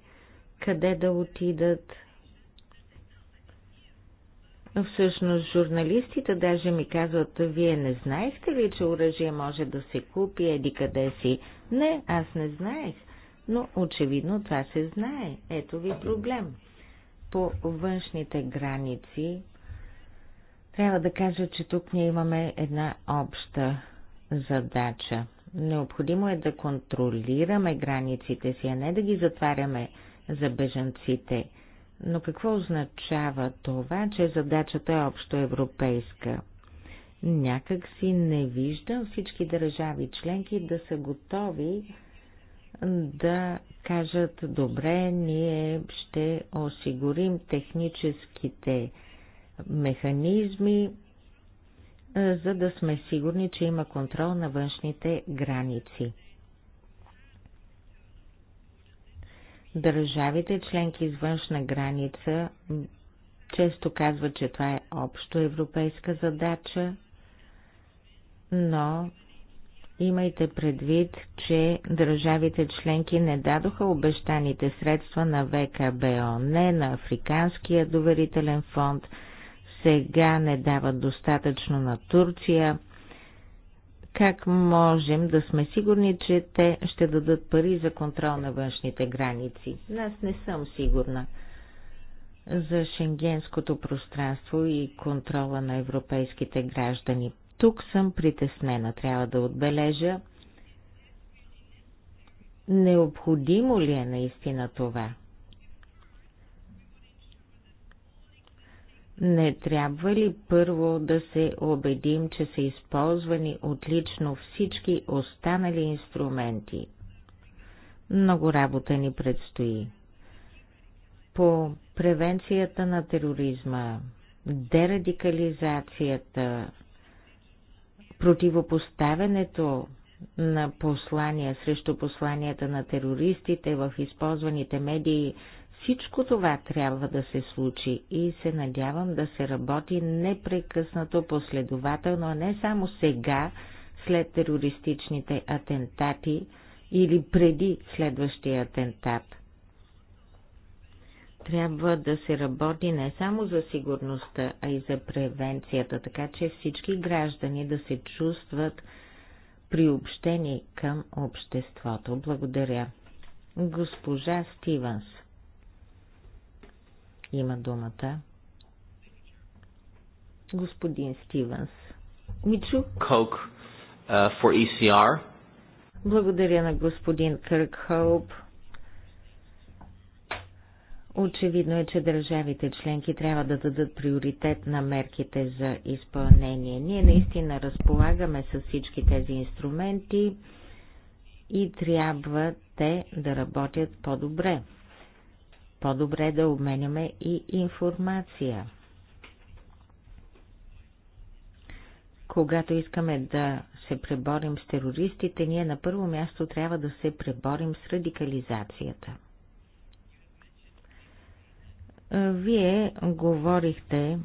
къде да отидат. Всъщност журналистите даже ми казват, вие не знаехте ли, че оръжие може да се купи, еди къде си? Не, аз не знаех, но очевидно това се знае. Ето ви проблем. По външните граници трябва да кажа, че тук ние имаме една обща задача. Необходимо е да контролираме границите си, а не да ги затваряме за бежанците. Но какво означава това, че задачата е общо европейска? Някак си не виждам всички държави членки да са готови да кажат, добре, ние ще осигурим техническите механизми, за да сме сигурни, че има контрол на външните граници. Държавите членки извъншна граница често казват, че това е общо европейска задача, но имайте предвид, че държавите членки не дадоха обещаните средства на ВКБО, не на Африканския доверителен фонд, сега не дават достатъчно на Турция, как можем да сме сигурни, че те ще дадат пари за контрол на външните граници? Аз не съм сигурна за шенгенското пространство и контрола на европейските граждани. Тук съм притеснена, трябва да отбележа. Необходимо ли е наистина това? Не трябва ли първо да се убедим, че са използвани отлично всички останали инструменти? Много работа ни предстои. По превенцията на тероризма, дерадикализацията, противопоставянето на послания срещу посланията на терористите в използваните медии – всичко това трябва да се случи и се надявам да се работи непрекъснато последователно, а не само сега, след терористичните атентати или преди следващия атентат. Трябва да се работи не само за сигурността, а и за превенцията, така че всички граждани да се чувстват приобщени към обществото. Благодаря. Госпожа Стивенс има думата. Господин Стивенс. Мичу? Кок uh, for ECR. Благодаря на господин Кърк Хоуп. Очевидно е, че държавите членки трябва да дадат приоритет на мерките за изпълнение. Ние наистина разполагаме с всички тези инструменти и трябва те да работят по-добре по-добре да обменяме и информация. Когато искаме да се преборим с терористите, ние на първо място трябва да се преборим с радикализацията. Вие говорихте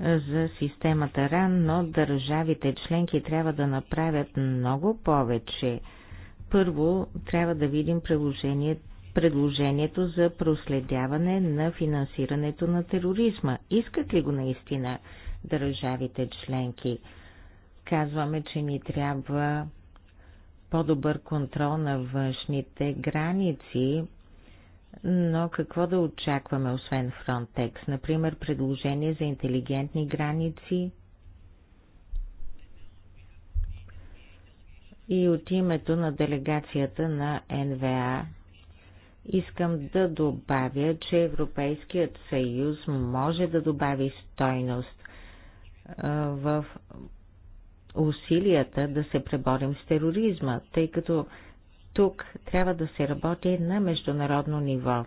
за системата РАН, но държавите членки трябва да направят много повече. Първо трябва да видим приложението предложението за проследяване на финансирането на тероризма. Искат ли го наистина държавите членки? Казваме, че ни трябва по-добър контрол на външните граници, но какво да очакваме освен Frontex? Например, предложение за интелигентни граници? И от името на делегацията на НВА Искам да добавя, че Европейският съюз може да добави стойност в усилията да се преборим с тероризма, тъй като тук трябва да се работи на международно ниво.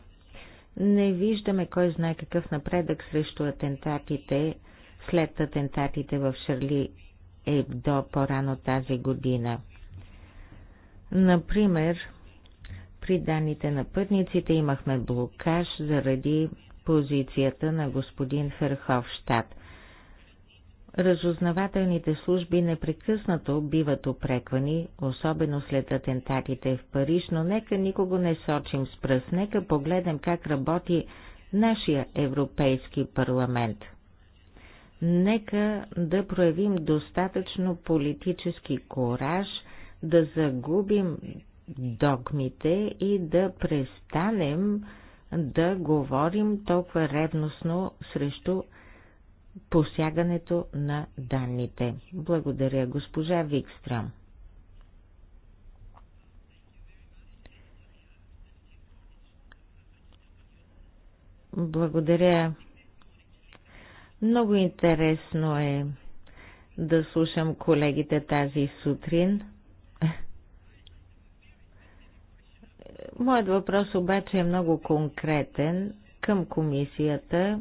Не виждаме кой знае какъв напредък срещу атентатите след атентатите в Шарли Ебдо по-рано тази година. Например, при данните на пътниците имахме блокаж заради позицията на господин Ферховщад. Разузнавателните служби непрекъснато биват опреквани, особено след атентатите в Париж, но нека никого не сочим с пръст, нека погледнем как работи нашия Европейски парламент. Нека да проявим достатъчно политически кораж, да загубим догмите и да престанем да говорим толкова ревностно срещу посягането на данните. Благодаря, госпожа Викстрам. Благодаря. Много интересно е да слушам колегите тази сутрин. Моят въпрос обаче е много конкретен към комисията.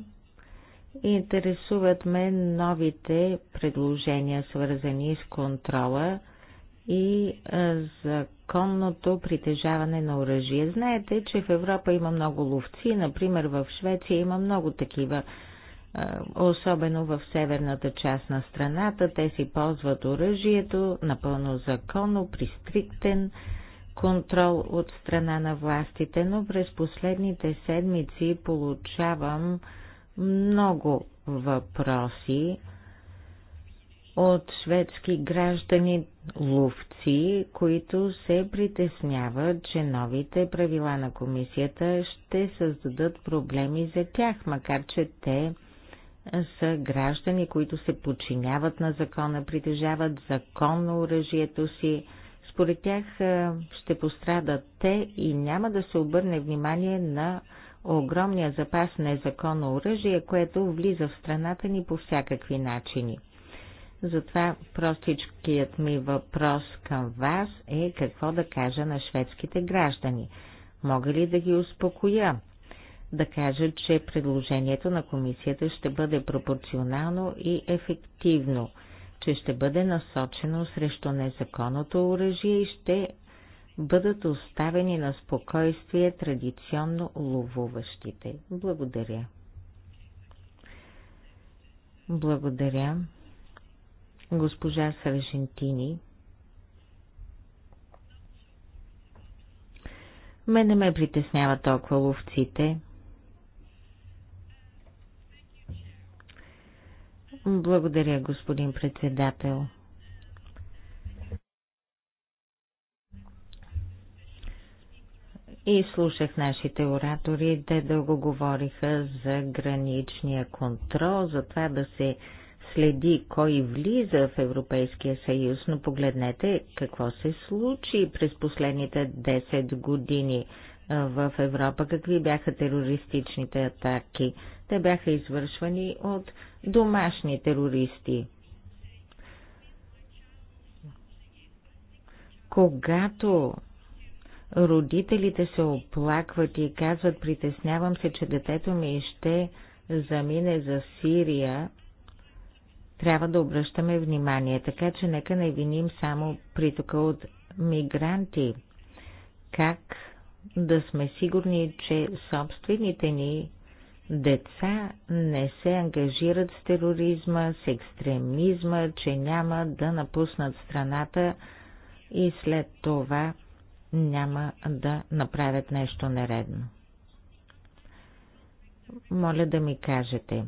Интересуват ме новите предложения, свързани с контрола и законното притежаване на оръжие. Знаете, че в Европа има много ловци, например в Швеция има много такива, особено в северната част на страната. Те си ползват оръжието напълно законно, при стриктен контрол от страна на властите, но през последните седмици получавам много въпроси от шведски граждани ловци, които се притесняват, че новите правила на комисията ще създадат проблеми за тях, макар че те са граждани, които се подчиняват на закона, притежават законно оръжието си. Според тях ще пострадат те и няма да се обърне внимание на огромния запас незаконно оръжие, което влиза в страната ни по всякакви начини. Затова простичкият ми въпрос към вас е какво да кажа на шведските граждани. Мога ли да ги успокоя? Да кажа, че предложението на комисията ще бъде пропорционално и ефективно – че ще бъде насочено срещу незаконното оръжие и ще бъдат оставени на спокойствие традиционно ловуващите. Благодаря. Благодаря. Госпожа Саржентини. Мене ме притеснява толкова ловците. Благодаря, господин председател. И слушах нашите оратори, те дълго говориха за граничния контрол, за това да се следи кой влиза в Европейския съюз, но погледнете какво се случи през последните 10 години в Европа, какви бяха терористичните атаки. Те бяха извършвани от домашни терористи. Когато родителите се оплакват и казват, притеснявам се, че детето ми ще замине за Сирия, трябва да обръщаме внимание, така че нека не виним само притока от мигранти. Как да сме сигурни, че собствените ни деца не се ангажират с тероризма, с екстремизма, че няма да напуснат страната и след това няма да направят нещо нередно. Моля да ми кажете.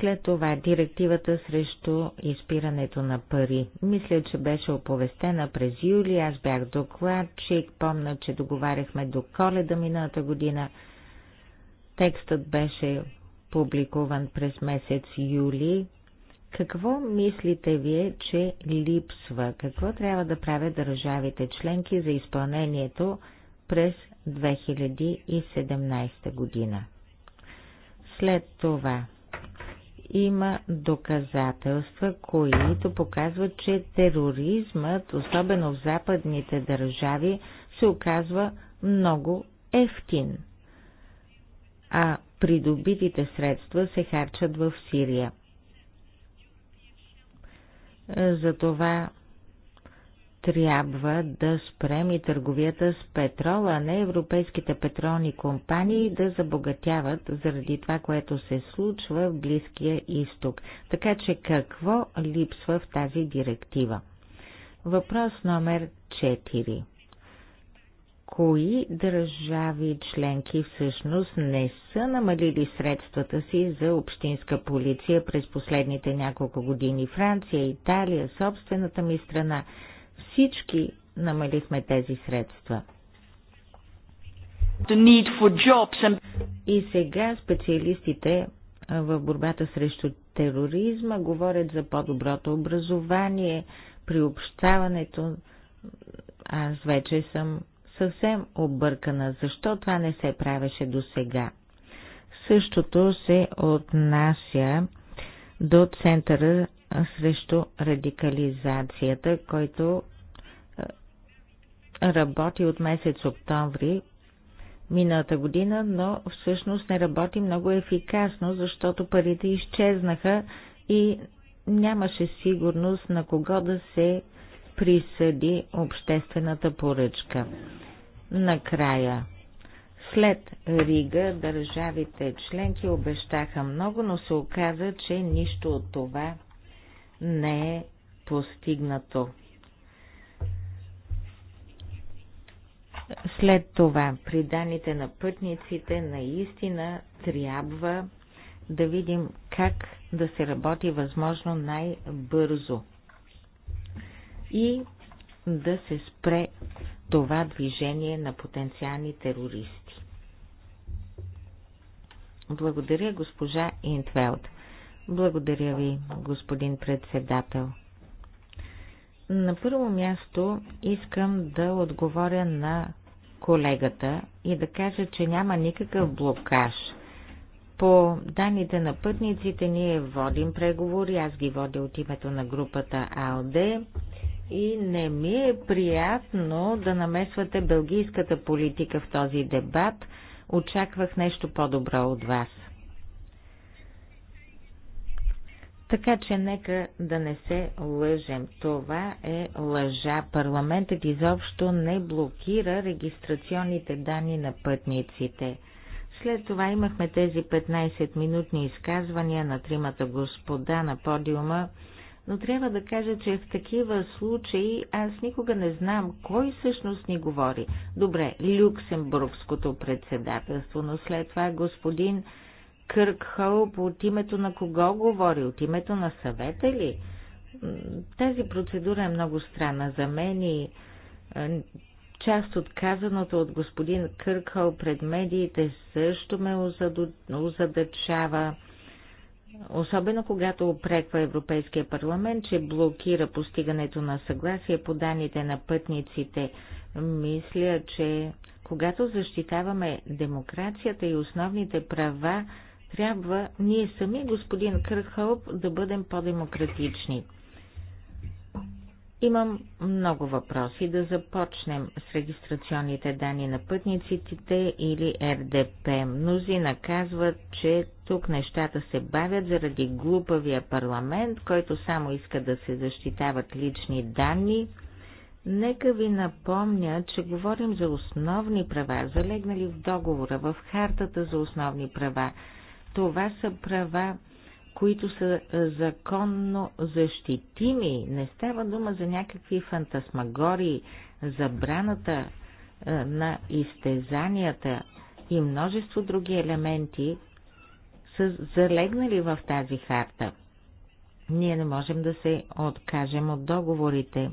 След това директивата срещу изпирането на пари. Мисля, че беше оповестена през юли, аз бях докладчик, Помна, че договаряхме до коледа миналата година – Текстът беше публикуван през месец юли. Какво мислите вие, че липсва? Какво трябва да правят държавите членки за изпълнението през 2017 година? След това има доказателства, които показват, че тероризмът, особено в западните държави, се оказва много ефтин а придобитите средства се харчат в Сирия. Затова трябва да спрем и търговията с петрола, а не европейските петролни компании да забогатяват заради това, което се случва в Близкия изток. Така че какво липсва в тази директива? Въпрос номер 4 кои държави членки всъщност не са намалили средствата си за общинска полиция през последните няколко години. Франция, Италия, собствената ми страна. Всички намалихме тези средства. And... И сега специалистите в борбата срещу тероризма говорят за по-доброто образование, приобщаването. Аз вече съм съвсем объркана, защо това не се правеше до сега. Същото се отнася до Центъра срещу радикализацията, който работи от месец октомври миналата година, но всъщност не работи много ефикасно, защото парите изчезнаха и нямаше сигурност на кого да се присъди обществената поръчка. Накрая, след Рига, държавите членки обещаха много, но се оказа, че нищо от това не е постигнато. След това, при данните на пътниците, наистина трябва да видим как да се работи възможно най-бързо и да се спре това движение на потенциални терористи. Благодаря, госпожа Интвелд. Благодаря ви, господин председател. На първо място искам да отговоря на колегата и да кажа, че няма никакъв блокаж. По данните на пътниците ние водим преговори, аз ги водя от името на групата АЛД и не ми е приятно да намесвате бългийската политика в този дебат. Очаквах нещо по-добро от вас. Така че нека да не се лъжем. Това е лъжа. Парламентът изобщо не блокира регистрационните данни на пътниците. След това имахме тези 15-минутни изказвания на тримата господа на подиума но трябва да кажа, че в такива случаи аз никога не знам кой всъщност ни говори. Добре, Люксембургското председателство, но след това господин Кърк Хоуп от името на кого говори? От името на съвета ли? Тази процедура е много странна за мен и е, част от казаното от господин Къркъл пред медиите също ме озадачава особено когато опреква Европейския парламент, че блокира постигането на съгласие по данните на пътниците. Мисля, че когато защитаваме демокрацията и основните права, трябва ние сами, господин Кърхълп, да бъдем по-демократични. Имам много въпроси. Да започнем с регистрационните данни на пътниците или РДП. Мнози наказват, че тук нещата се бавят заради глупавия парламент, който само иска да се защитават лични данни. Нека ви напомня, че говорим за основни права, залегнали в договора, в хартата за основни права. Това са права, които са е, законно защитими. Не става дума за някакви фантасмагори, забраната е, на изтезанията и множество други елементи са залегнали в тази харта. Ние не можем да се откажем от договорите.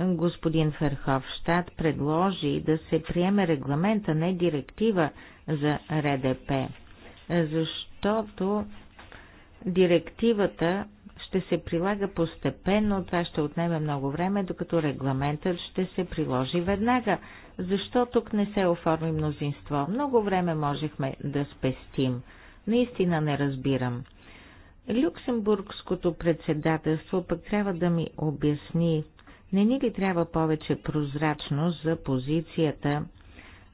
Господин Ферховщад предложи да се приеме регламента, не директива за РДП, защото Директивата ще се прилага постепенно, това ще отнеме много време, докато регламентът ще се приложи веднага. Защо тук не се оформи мнозинство? Много време можехме да спестим. Наистина не разбирам. Люксембургското председателство пък трябва да ми обясни, не ни ли трябва повече прозрачност за позицията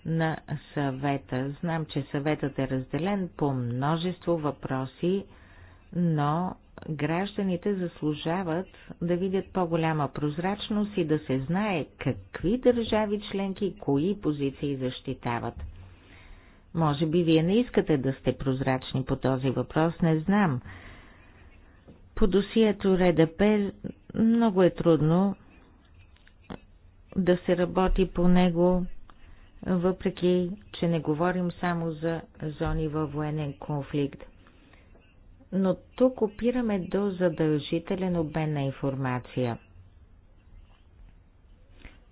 на съвета? Знам, че съветът е разделен по множество въпроси, но гражданите заслужават да видят по-голяма прозрачност и да се знае какви държави членки и кои позиции защитават. Може би вие не искате да сте прозрачни по този въпрос, не знам. По досието РДП много е трудно да се работи по него, въпреки че не говорим само за зони във военен конфликт – но тук опираме до задължителен обмен на информация.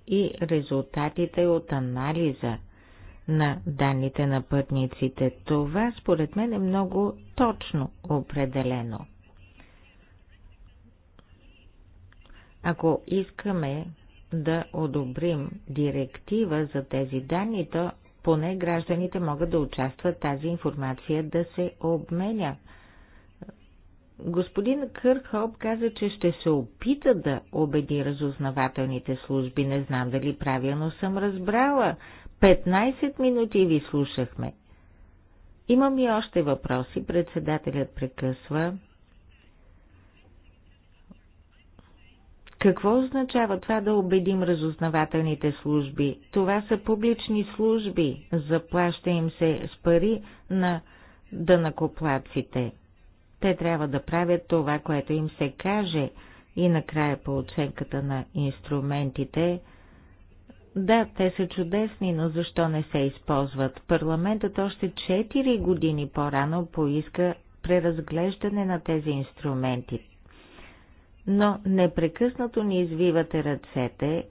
И резултатите от анализа на данните на пътниците. Това според мен е много точно определено. Ако искаме да одобрим директива за тези данни, то поне гражданите могат да участват тази информация да се обменя. Господин Кърхоп каза, че ще се опита да убеди разузнавателните служби. Не знам дали правилно съм разбрала. 15 минути ви слушахме. Имам и още въпроси. Председателят прекъсва. Какво означава това да убедим разузнавателните служби? Това са публични служби. Заплаща им се с пари на дънакоплаците. Да те трябва да правят това, което им се каже и накрая по оценката на инструментите. Да, те са чудесни, но защо не се използват? Парламентът още 4 години по-рано поиска преразглеждане на тези инструменти. Но непрекъснато ни извивате ръцете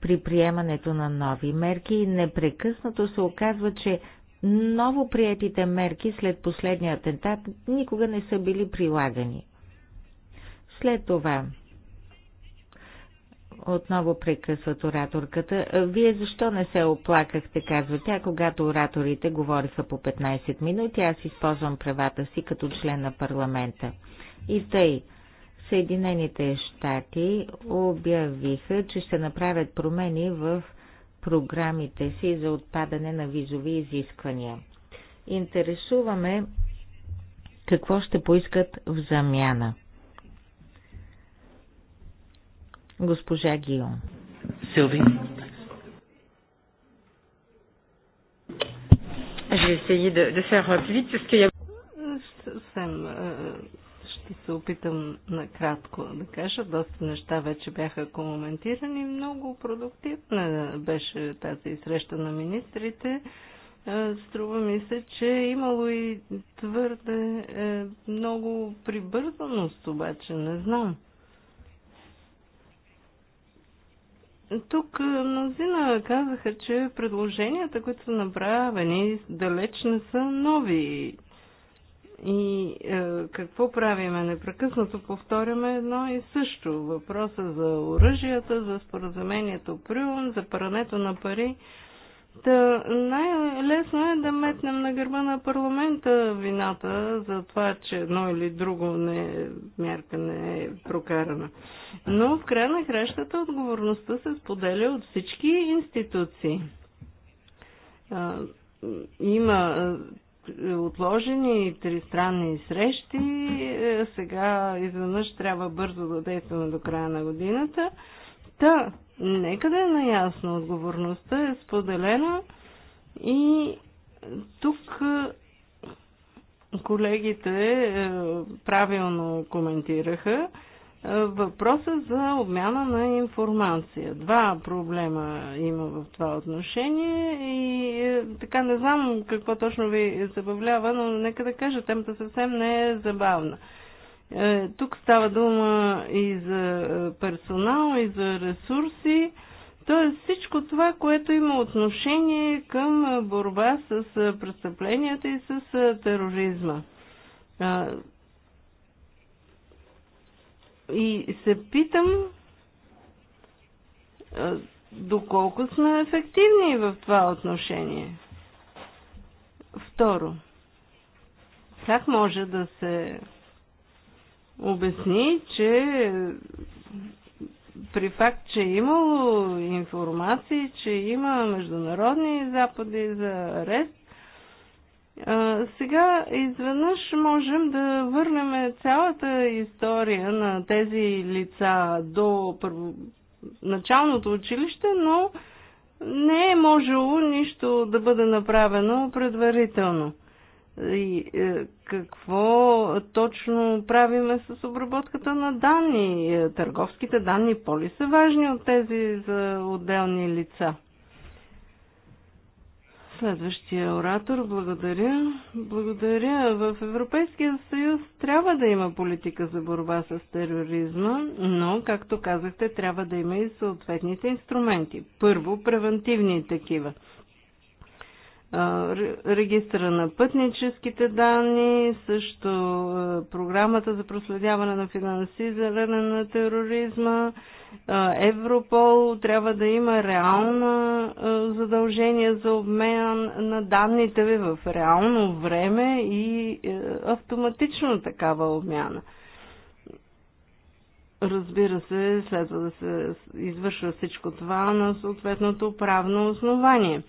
при приемането на нови мерки и непрекъснато се оказва, че ново приетите мерки след последния атентат никога не са били прилагани. След това отново прекъсват ораторката. Вие защо не се оплакахте, казва тя, когато ораторите говориха по 15 минути, аз използвам правата си като член на парламента. И тъй, Съединените щати обявиха, че ще направят промени в програмите си за отпадане на визови изисквания. Интересуваме какво ще поискат в замяна. Госпожа Гио. Силви. Je vais essayer de, de faire plus vite parce qu'il y a ще се опитам накратко да кажа. Доста неща вече бяха коментирани. Много продуктивна беше тази среща на министрите. Е, струва ми се, че е имало и твърде е, много прибързаност, обаче не знам. Тук е, мнозина казаха, че предложенията, които са направени, далеч не са нови и е, какво правиме? Непрекъснато повторяме едно и също. Въпроса за оръжията, за споразумението Прюм, за парането на пари. Та най-лесно е да метнем на гърба на парламента вината за това, че едно или друго не, мярка не е прокарана. Но в края на кращата отговорността се споделя от всички институции. Има отложени тристранни срещи. Е, сега изведнъж трябва бързо да действаме до края на годината. Та, нека да е наясно, отговорността е споделена и тук е, колегите е, правилно коментираха, въпроса за обмяна на информация. Два проблема има в това отношение и е, така не знам какво точно ви забавлява, но нека да кажа, темата съвсем не е забавна. Е, тук става дума и за е, персонал, и за ресурси, т.е. всичко това, което има отношение към борба с престъпленията и с тероризма и се питам доколко сме ефективни в това отношение. Второ, как може да се обясни, че при факт, че е имало информации, че има международни запади за арест, сега изведнъж можем да върнем цялата история на тези лица до първо, началното училище, но не е можело нищо да бъде направено предварително. И е, какво точно правиме с обработката на данни? Търговските данни по ли са важни от тези за отделни лица? Следващия оратор, благодаря. Благодаря. В Европейския съюз трябва да има политика за борба с тероризма, но, както казахте, трябва да има и съответните инструменти. Първо, превентивни такива регистъра на пътническите данни, също програмата за проследяване на финансиране на тероризма, Европол трябва да има реално задължение за обмен на данните ви в реално време и е, автоматично такава обмяна. Разбира се, следва да се извършва всичко това на съответното правно основание.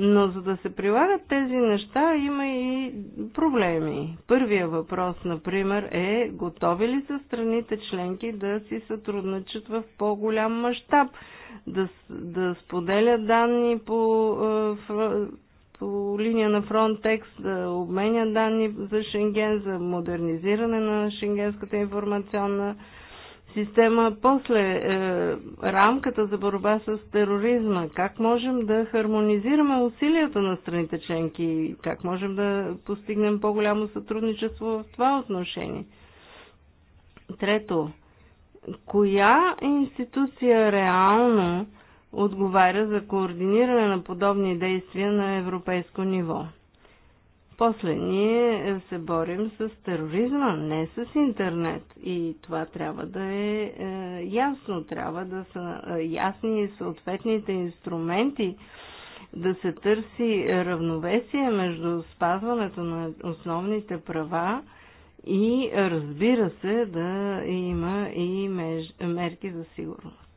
Но за да се прилагат тези неща, има и проблеми. Първия въпрос, например, е готови ли са страните членки да си сътрудничат в по-голям мащаб, да, да споделят данни по, е, по линия на Frontex, да обменят данни за Шенген, за модернизиране на Шенгенската информационна система после е, рамката за борба с тероризма? Как можем да хармонизираме усилията на страните членки? Как можем да постигнем по-голямо сътрудничество в това отношение? Трето, коя институция реално отговаря за координиране на подобни действия на европейско ниво? После ние се борим с тероризма, не с интернет. И това трябва да е, е ясно. Трябва да са е, ясни и съответните инструменти, да се търси равновесие между спазването на основните права и разбира се да има и мерки за сигурност.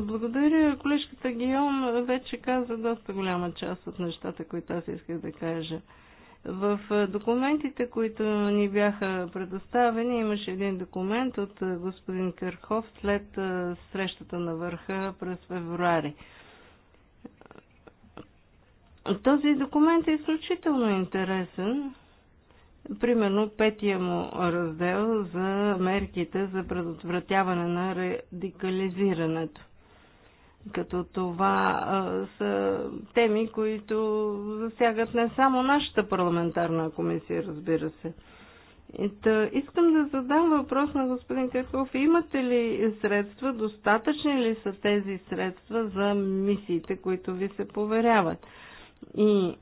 Благодаря. Колежката Гиом вече каза доста голяма част от нещата, които аз исках да кажа. В е, документите, които ни бяха предоставени, имаше един документ от е, господин Кърхов след е, срещата на върха през февруари. Този документ е изключително интересен. Примерно петия му раздел за мерките за предотвратяване на радикализирането. Като това а, са теми, които засягат не само нашата парламентарна комисия, разбира се. Та, искам да задам въпрос на господин Кърков. Имате ли средства, достатъчни ли са тези средства за мисиите, които ви се поверяват? И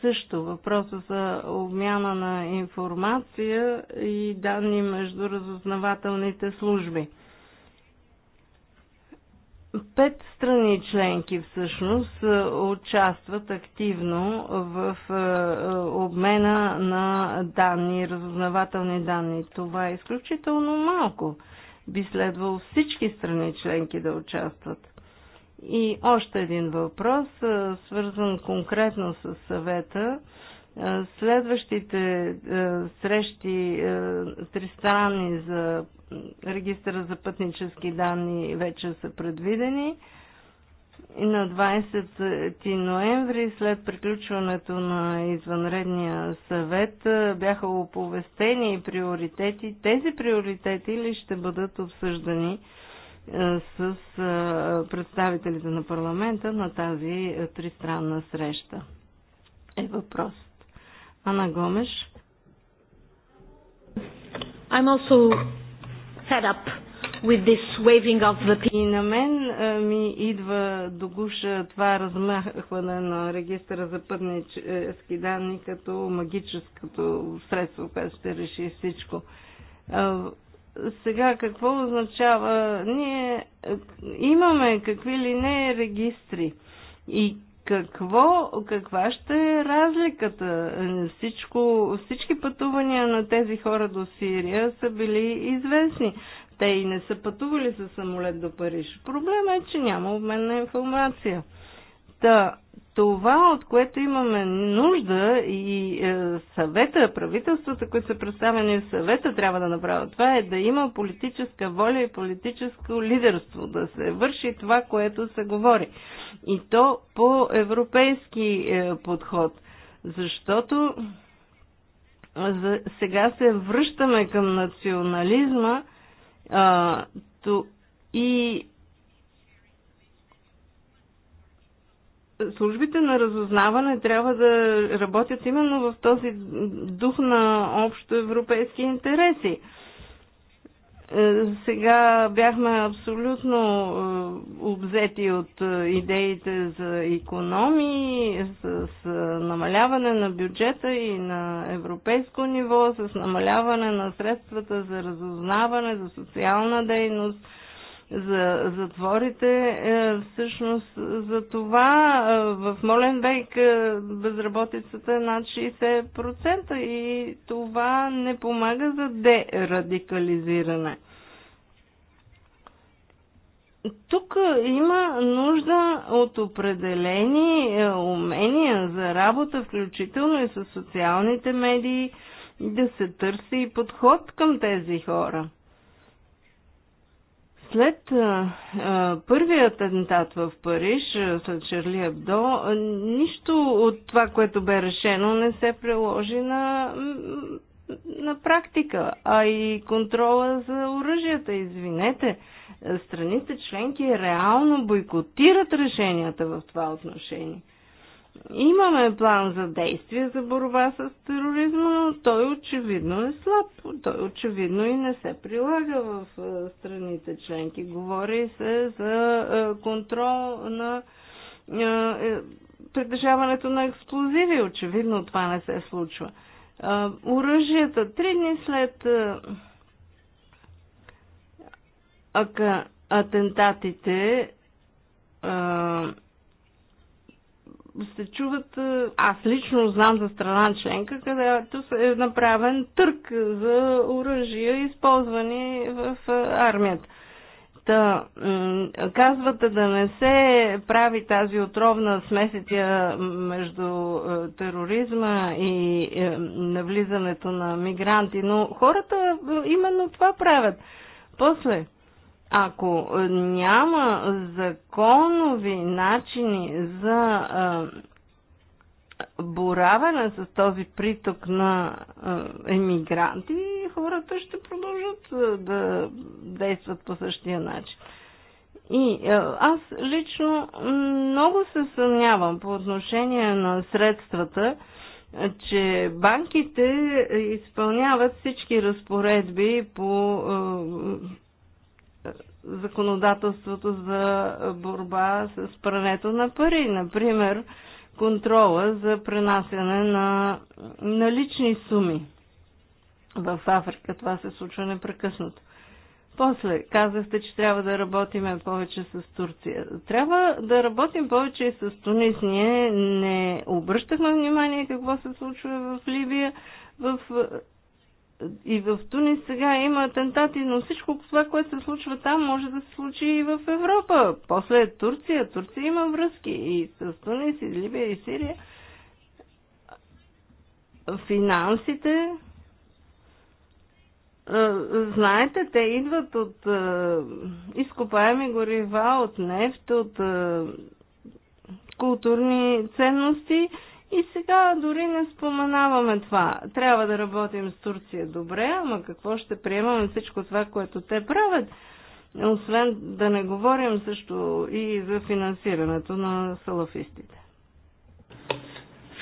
също въпроса за обмяна на информация и данни между разузнавателните служби. Пет страни членки всъщност е, участват активно в е, е, обмена на данни, разузнавателни данни. Това е изключително малко. Би следвало всички страни членки да участват. И още един въпрос, свързан конкретно с съвета. Следващите срещи тристранни за регистъра за пътнически данни вече са предвидени. На 20 ноември, след приключването на извънредния съвет, бяха оповестени и приоритети. Тези приоритети ли ще бъдат обсъждани? Е, с е, представителите на парламента на тази е, тристранна среща. Е въпрос. Ана Гомеш. I'm also fed up with this waving of the И на мен ми идва до гуша това размахване на регистъра за пътнически данни като магическото средство, което ще реши всичко сега какво означава? Ние е, имаме какви ли не регистри. И какво, каква ще е разликата? Е, всичко, всички пътувания на тези хора до Сирия са били известни. Те и не са пътували със самолет до Париж. Проблема е, че няма обмен на информация. Та, това, от което имаме нужда и е, съвета, правителствата, които са представени в съвета, трябва да направят това, е да има политическа воля и политическо лидерство, да се върши това, което се говори. И то по европейски е, подход, защото сега се връщаме към национализма и службите на разузнаване трябва да работят именно в този дух на общо европейски интереси. Е, сега бяхме абсолютно е, обзети от е, идеите за економии, с намаляване на бюджета и на европейско ниво, с намаляване на средствата за разузнаване, за социална дейност – за затворите. Е, всъщност за това е, в Моленбек е, безработицата е над 60% и това не помага за дерадикализиране. Тук има нужда от определени умения за работа, включително и с социалните медии, да се търси и подход към тези хора. След а, първият атентат в Париж, след Шарли Абдо, нищо от това, което бе решено, не се приложи на, на практика, а и контрола за оръжията. Извинете, страните членки реално бойкотират решенията в това отношение – Имаме план за действие за борба с тероризма, но той очевидно е слаб. Той очевидно и не се прилага в е, страните членки. Говори се за е, контрол на е, притежаването на експлозиви. Очевидно това не се случва. Оръжията три дни след атентатите се чуват, е, аз лично знам за страна членка, където е направен търк за оръжия, използвани в е, армията. Та, казвате да не се прави тази отровна смесетя между е, тероризма и навлизането на мигранти, но хората именно това правят. После, ако е, няма законови начини за е, бораване с този приток на е, емигранти, хората ще продължат да действат по същия начин. И аз лично много се съмнявам по отношение на средствата, че банките изпълняват всички разпоредби по законодателството за борба с прането на пари. Например, контрола за пренасяне на налични суми. В Африка това се случва непрекъснато. После казахте, че трябва да работиме повече с Турция. Трябва да работим повече и с Тунис. Ние не обръщахме внимание какво се случва в Ливия. В и в Тунис сега има атентати, но всичко това, което се случва там, може да се случи и в Европа. После е Турция. Турция има връзки и с Тунис, и Либия, и Сирия. Финансите, знаете, те идват от изкопаеми горива, от нефт, от културни ценности – и сега дори не споменаваме това. Трябва да работим с Турция добре, ама какво ще приемаме всичко това, което те правят? Освен да не говорим също и за финансирането на салафистите.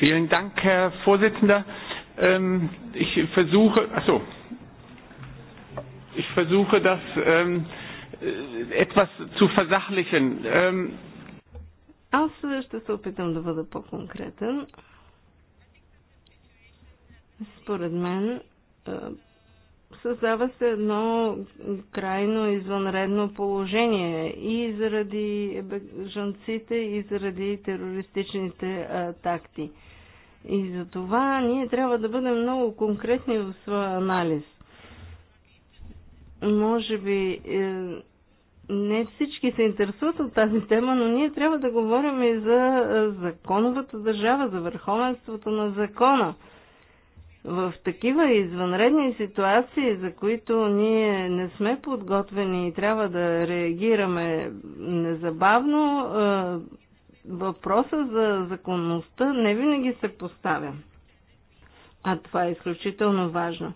Vielen Dank, Herr Vorsitzender. Ähm, ich versuche, also ich versuche das ähm, äh, etwas zu versachlichen. Ähm, аз е, ще се опитам да бъда по-конкретен. Според мен е, създава се едно крайно извънредно положение и заради бежанците, и заради терористичните атакти. И за това ние трябва да бъдем много конкретни в своя анализ. Може би е, не всички се интересуват от тази тема, но ние трябва да говорим и за законовата държава, за върховенството на закона. В такива извънредни ситуации, за които ние не сме подготвени и трябва да реагираме незабавно, въпроса за законността не винаги се поставя. А това е изключително важно.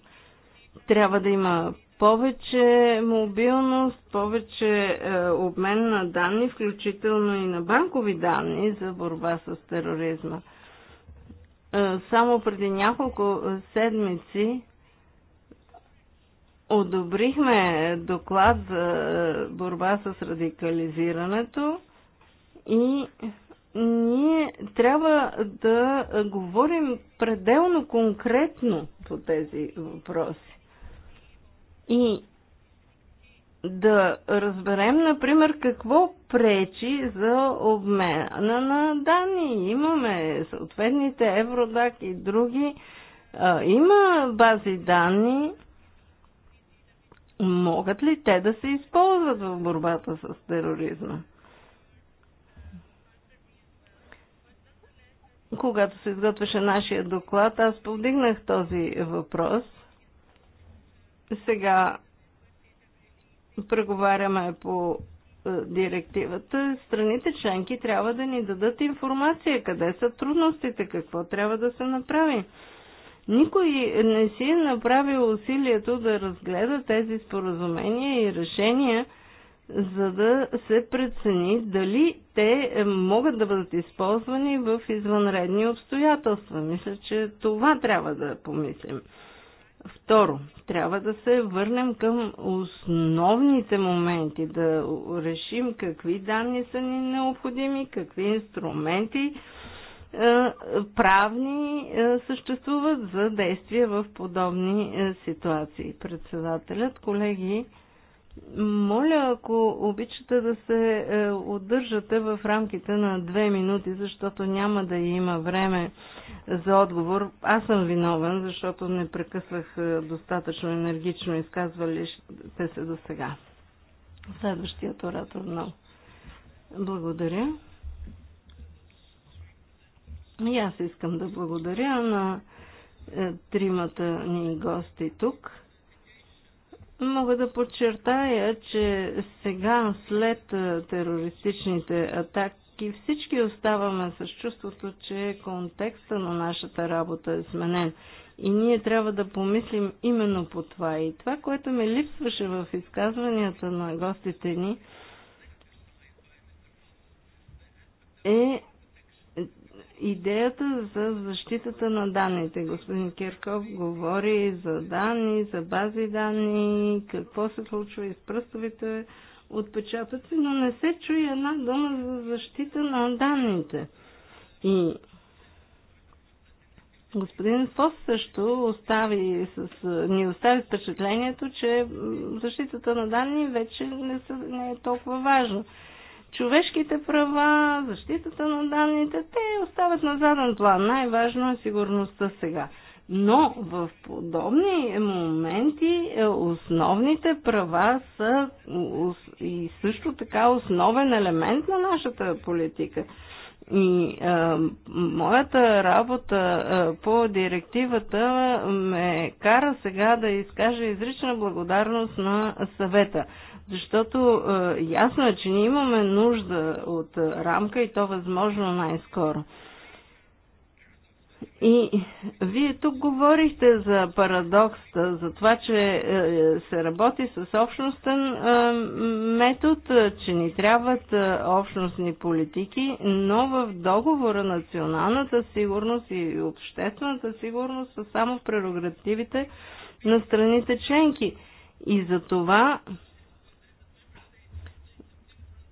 Трябва да има повече мобилност, повече е, обмен на данни, включително и на банкови данни за борба с тероризма. Е, само преди няколко седмици одобрихме доклад за е, борба с радикализирането и ние трябва да говорим пределно конкретно по тези въпроси. И да разберем, например, какво пречи за обмена на данни. Имаме съответните Евродак и други. Има бази данни. Могат ли те да се използват в борбата с тероризма? Когато се изготвяше нашия доклад, аз повдигнах този въпрос – сега преговаряме по е, директивата, страните членки трябва да ни дадат информация къде са трудностите, какво трябва да се направи. Никой не си е направил усилието да разгледа тези споразумения и решения, за да се прецени дали те могат да бъдат използвани в извънредни обстоятелства. Мисля, че това трябва да помислим. Второ, трябва да се върнем към основните моменти, да решим какви данни са ни необходими, какви инструменти е, правни е, съществуват за действия в подобни е, ситуации. Председателят, колеги, моля, ако обичате да се е, удържате в рамките на две минути, защото няма да има време за отговор. Аз съм виновен, защото не прекъсвах е, достатъчно енергично изказвалите се до сега. Следващият оратор много. Благодаря. И аз искам да благодаря на е, тримата ни гости тук. Мога да подчертая, че сега, след терористичните атаки, всички оставаме с чувството, че контекста на нашата работа е сменен. И ние трябва да помислим именно по това. И това, което ме липсваше в изказванията на гостите ни, е идеята за защитата на данните. Господин Кирков говори за данни, за бази данни, какво се случва и с пръстовите отпечатъци, но не се чуе една дума за защита на данните. И господин Фос също остави с, ни остави впечатлението, че защитата на данни вече не, са, не е толкова важна човешките права, защитата на данните, те остават на заден план. Най-важно е сигурността сега. Но в подобни моменти е, основните права са и също така основен елемент на нашата политика. И а, е, моята работа а, е, по директивата ме кара сега да изкажа изрична благодарност на съвета. Защото е, ясно е, че ние имаме нужда от е, рамка и то възможно най-скоро. И вие тук говорихте за парадокста, за това, че е, се работи с общностен е, метод, че ни трябват общностни политики, но в договора националната сигурност и обществената сигурност са само прерогативите на страните членки. И за това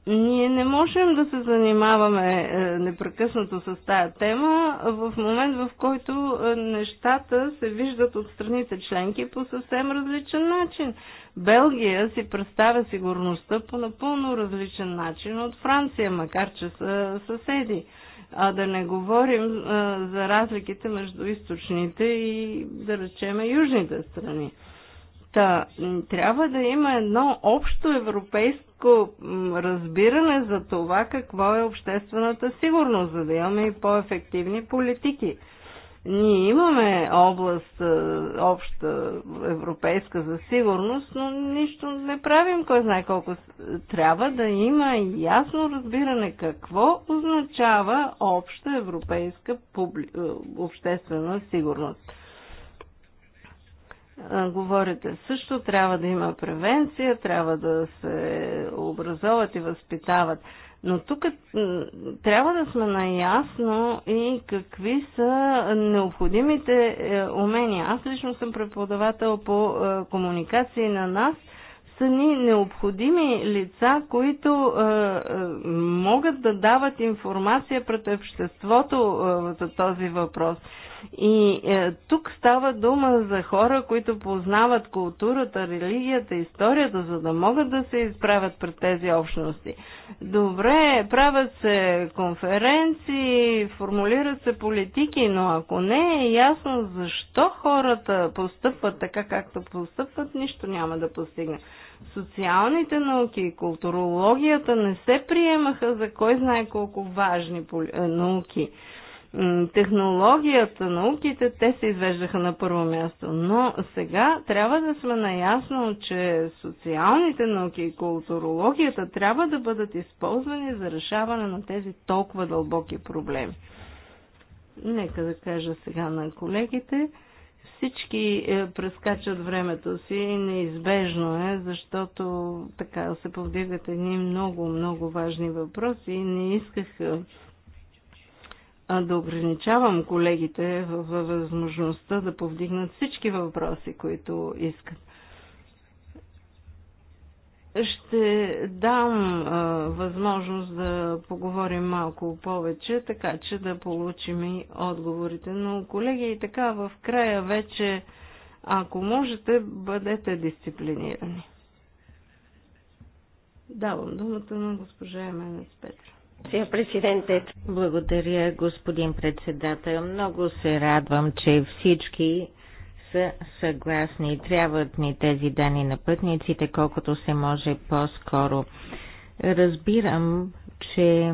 ние не можем да се занимаваме е, непрекъснато с тая тема в момент, в който е, нещата се виждат от страните членки по съвсем различен начин. Белгия си представя сигурността по напълно различен начин от Франция, макар че са съседи. А да не говорим е, за разликите между източните и, да речеме, южните страни. Та, трябва да има едно общо европейско по-широко разбиране за това какво е обществената сигурност, за да имаме и по-ефективни политики. Ние имаме област, е, обща европейска за сигурност, но нищо не правим, кой знае колко. Трябва да има ясно разбиране какво означава обща европейска публи... Е, обществена сигурност. Е, говорите също, трябва да има превенция, трябва да се образоват и възпитават. Но тук трябва да сме наясно и какви са необходимите е, умения. Аз лично съм преподавател по е, комуникации на нас. Са ни необходими лица, които е, могат да дават информация пред обществото за този въпрос. И е, тук става дума за хора, които познават културата, религията, историята, за да могат да се изправят пред тези общности. Добре, правят се конференции, формулират се политики, но ако не е ясно защо хората постъпват така, както постъпват, нищо няма да постигне. Социалните науки и културологията не се приемаха за кой знае колко важни е, науки технологията, науките, те се извеждаха на първо място. Но сега трябва да сме наясно, че социалните науки и културологията трябва да бъдат използвани за решаване на тези толкова дълбоки проблеми. Нека да кажа сега на колегите. Всички е, прескачат времето си и неизбежно е, защото така се повдигат едни много, много важни въпроси и не исках е, а да ограничавам колегите във възможността да повдигнат всички въпроси, които искат. Ще дам а, възможност да поговорим малко повече, така че да получим и отговорите. Но, колеги, и така в края вече, ако можете, бъдете дисциплинирани. Давам думата на госпожа Емена Спетра. Благодаря, господин председател. Много се радвам, че всички са съгласни. Трябват ни тези данни на пътниците, колкото се може по-скоро. Разбирам, че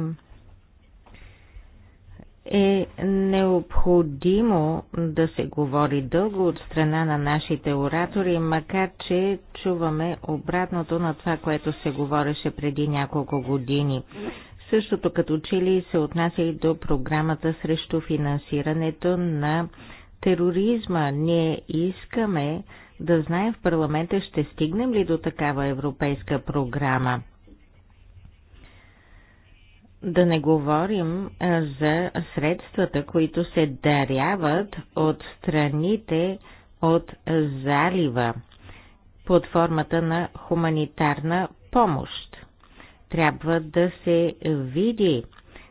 е необходимо да се говори дълго от страна на нашите оратори, макар че чуваме обратното на това, което се говореше преди няколко години. Същото като чили се отнася и до програмата срещу финансирането на тероризма. Ние искаме да знаем в парламента ще стигнем ли до такава европейска програма. Да не говорим за средствата, които се даряват от страните от залива под формата на хуманитарна помощ. Трябва да се види,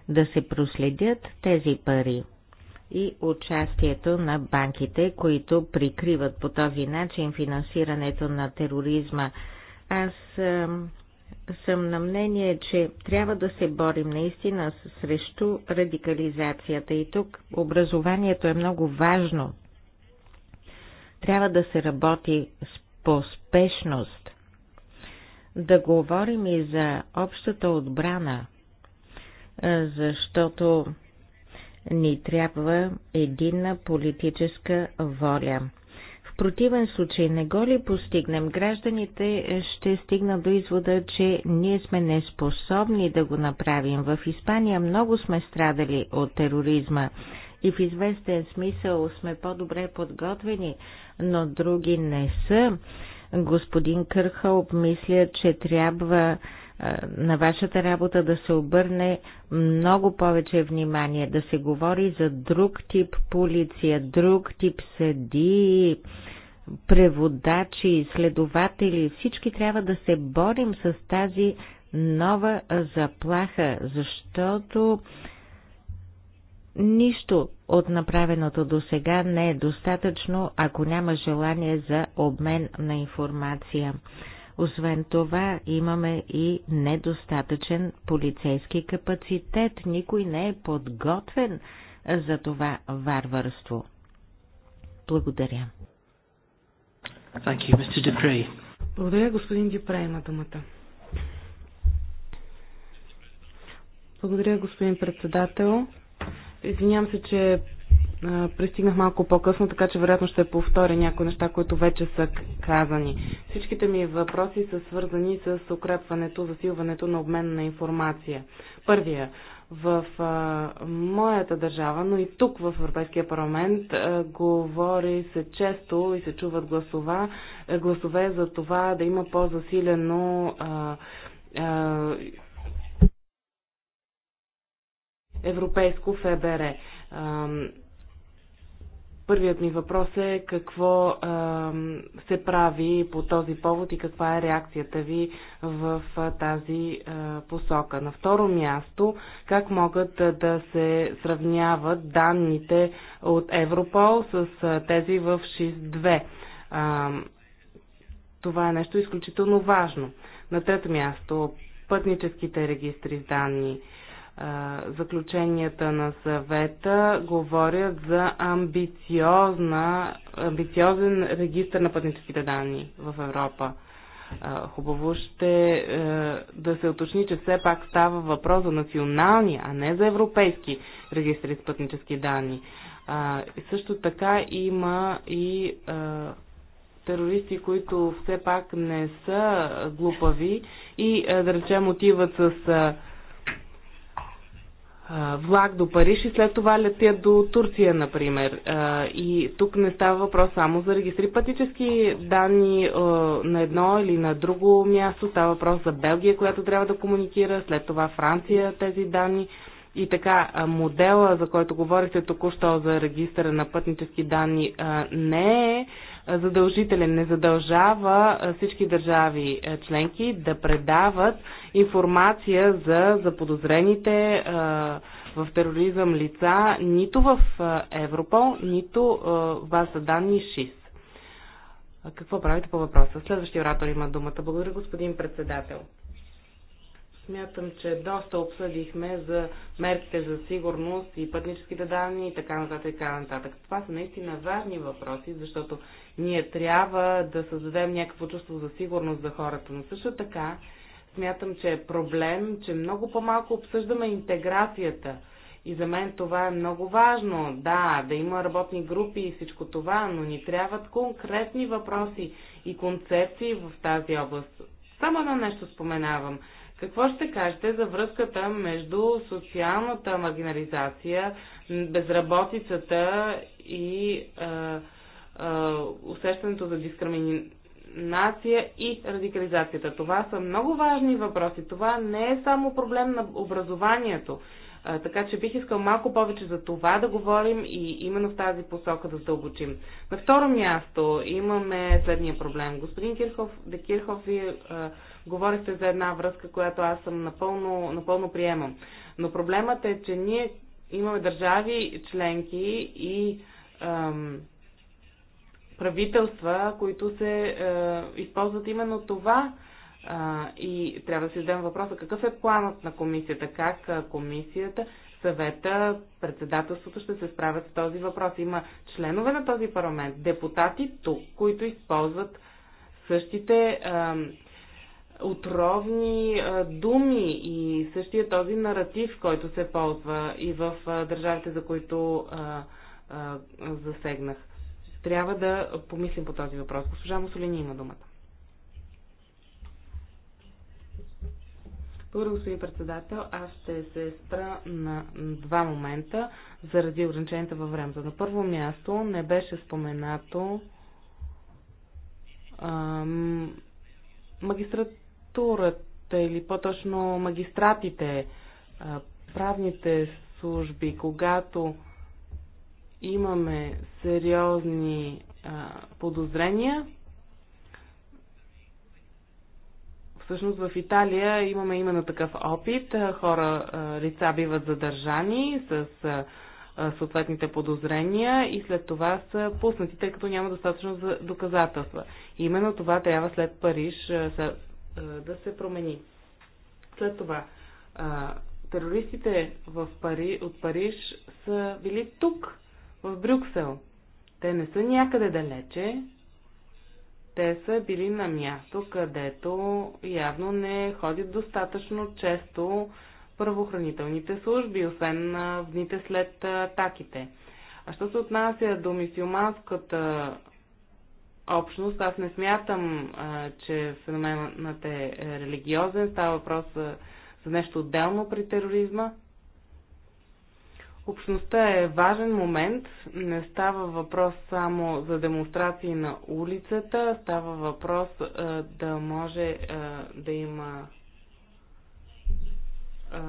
да се проследят тези пари и участието на банките, които прикриват по този начин финансирането на тероризма. Аз съм на мнение, че трябва да се борим наистина срещу радикализацията и тук образованието е много важно. Трябва да се работи с по спешност да говорим и за общата отбрана, защото ни трябва единна политическа воля. В противен случай, не го ли постигнем, гражданите ще стигнат до извода, че ние сме неспособни да го направим. В Испания много сме страдали от тероризма и в известен смисъл сме по-добре подготвени, но други не са господин Кърха мисля, че трябва на вашата работа да се обърне много повече внимание, да се говори за друг тип полиция, друг тип съди, преводачи, следователи. Всички трябва да се борим с тази нова заплаха, защото нищо от направеното до сега не е достатъчно, ако няма желание за обмен на информация. Освен това, имаме и недостатъчен полицейски капацитет. Никой не е подготвен за това варварство. Благодаря. Thank you, Mr. Dupre. Благодаря, господин Дюпре, има думата. Благодаря, господин председател. Извинявам се, че пристигнах малко по-късно, така че вероятно ще повторя някои неща, които вече са казани. Всичките ми въпроси са свързани с укрепването, засилването на обмен на информация. Първия. В а, моята държава, но и тук в Европейския парламент а, говори се често и се чуват гласова, гласове за това да има по-засилено а, а, европейско ФБР. Първият ми въпрос е какво се прави по този повод и каква е реакцията ви в тази посока. На второ място, как могат да се сравняват данните от Европол с тези в 6.2? Това е нещо изключително важно. На трето място, пътническите регистри с данни заключенията на съвета говорят за амбициозна, амбициозен регистр на пътническите данни в Европа. Хубаво ще да се уточни, че все пак става въпрос за национални, а не за европейски регистри с пътнически данни. Също така има и терористи, които все пак не са глупави и, да речем, отиват с влак до Париж и след това летят до Турция, например. И тук не става въпрос само за регистри пътически данни на едно или на друго място. Става въпрос за Белгия, която трябва да комуникира, след това Франция тези данни. И така, модела, за който говорихте току-що за регистъра на пътнически данни, не е задължителен, не задължава всички държави членки да предават информация за заподозрените в тероризъм лица нито в Европол, нито в база данни ШИС. Какво правите по въпроса? Следващия оратор има думата. Благодаря, господин председател. Смятам, че доста обсъдихме за мерките за сигурност и пътническите данни и така нататък и така нататък. Това са наистина важни въпроси, защото ние трябва да създадем някакво чувство за сигурност за хората. Но също така смятам, че е проблем, че много по-малко обсъждаме интеграцията. И за мен това е много важно. Да, да има работни групи и всичко това, но ни трябват конкретни въпроси и концепции в тази област. Само едно нещо споменавам. Какво ще кажете за връзката между социалната маргинализация, безработицата и а, а, усещането за дискриминация и радикализацията? Това са много важни въпроси. Това не е само проблем на образованието така че бих искал малко повече за това да говорим и именно в тази посока да дълбочим. На второ място имаме следния проблем. Господин Кирхов, Декирхов, вие а, говорихте за една връзка, която аз съм напълно, напълно приемам. Но проблемът е, че ние имаме държави членки и ам, правителства, които се а, използват именно това а, и трябва да си зададем въпроса какъв е планът на комисията, как комисията, съвета, председателството ще се справят с този въпрос. Има членове на този парламент, депутати тук, които използват същите а, отровни а, думи и същия този наратив, който се ползва и в а, държавите, за които а, а, засегнах. Трябва да помислим по този въпрос. Госпожа Мусолини има думата. Първо, господин председател. Аз ще се спра на два момента заради ограниченията във времето. На първо място не беше споменато а, магистратурата или по-точно магистратите, а, правните служби, когато имаме сериозни а, подозрения, Всъщност в Италия имаме именно такъв опит. Е, хора, е, лица биват задържани с е, съответните подозрения и след това са пуснати, тъй като няма достатъчно за доказателства. Именно това трябва след Париж да се промени. След това, терористите в Пари, от Париж са били тук, в Брюксел. Те не са някъде далече, те са били на място, където явно не ходят достатъчно често правоохранителните служби, освен в дните след атаките. А що се отнася до мисиоманската общност, аз не смятам, че феноменът е религиозен, става въпрос за, за нещо отделно при тероризма. Общността е важен момент. Не става въпрос само за демонстрации на улицата, става въпрос а, е, да може а, е, да има а, е,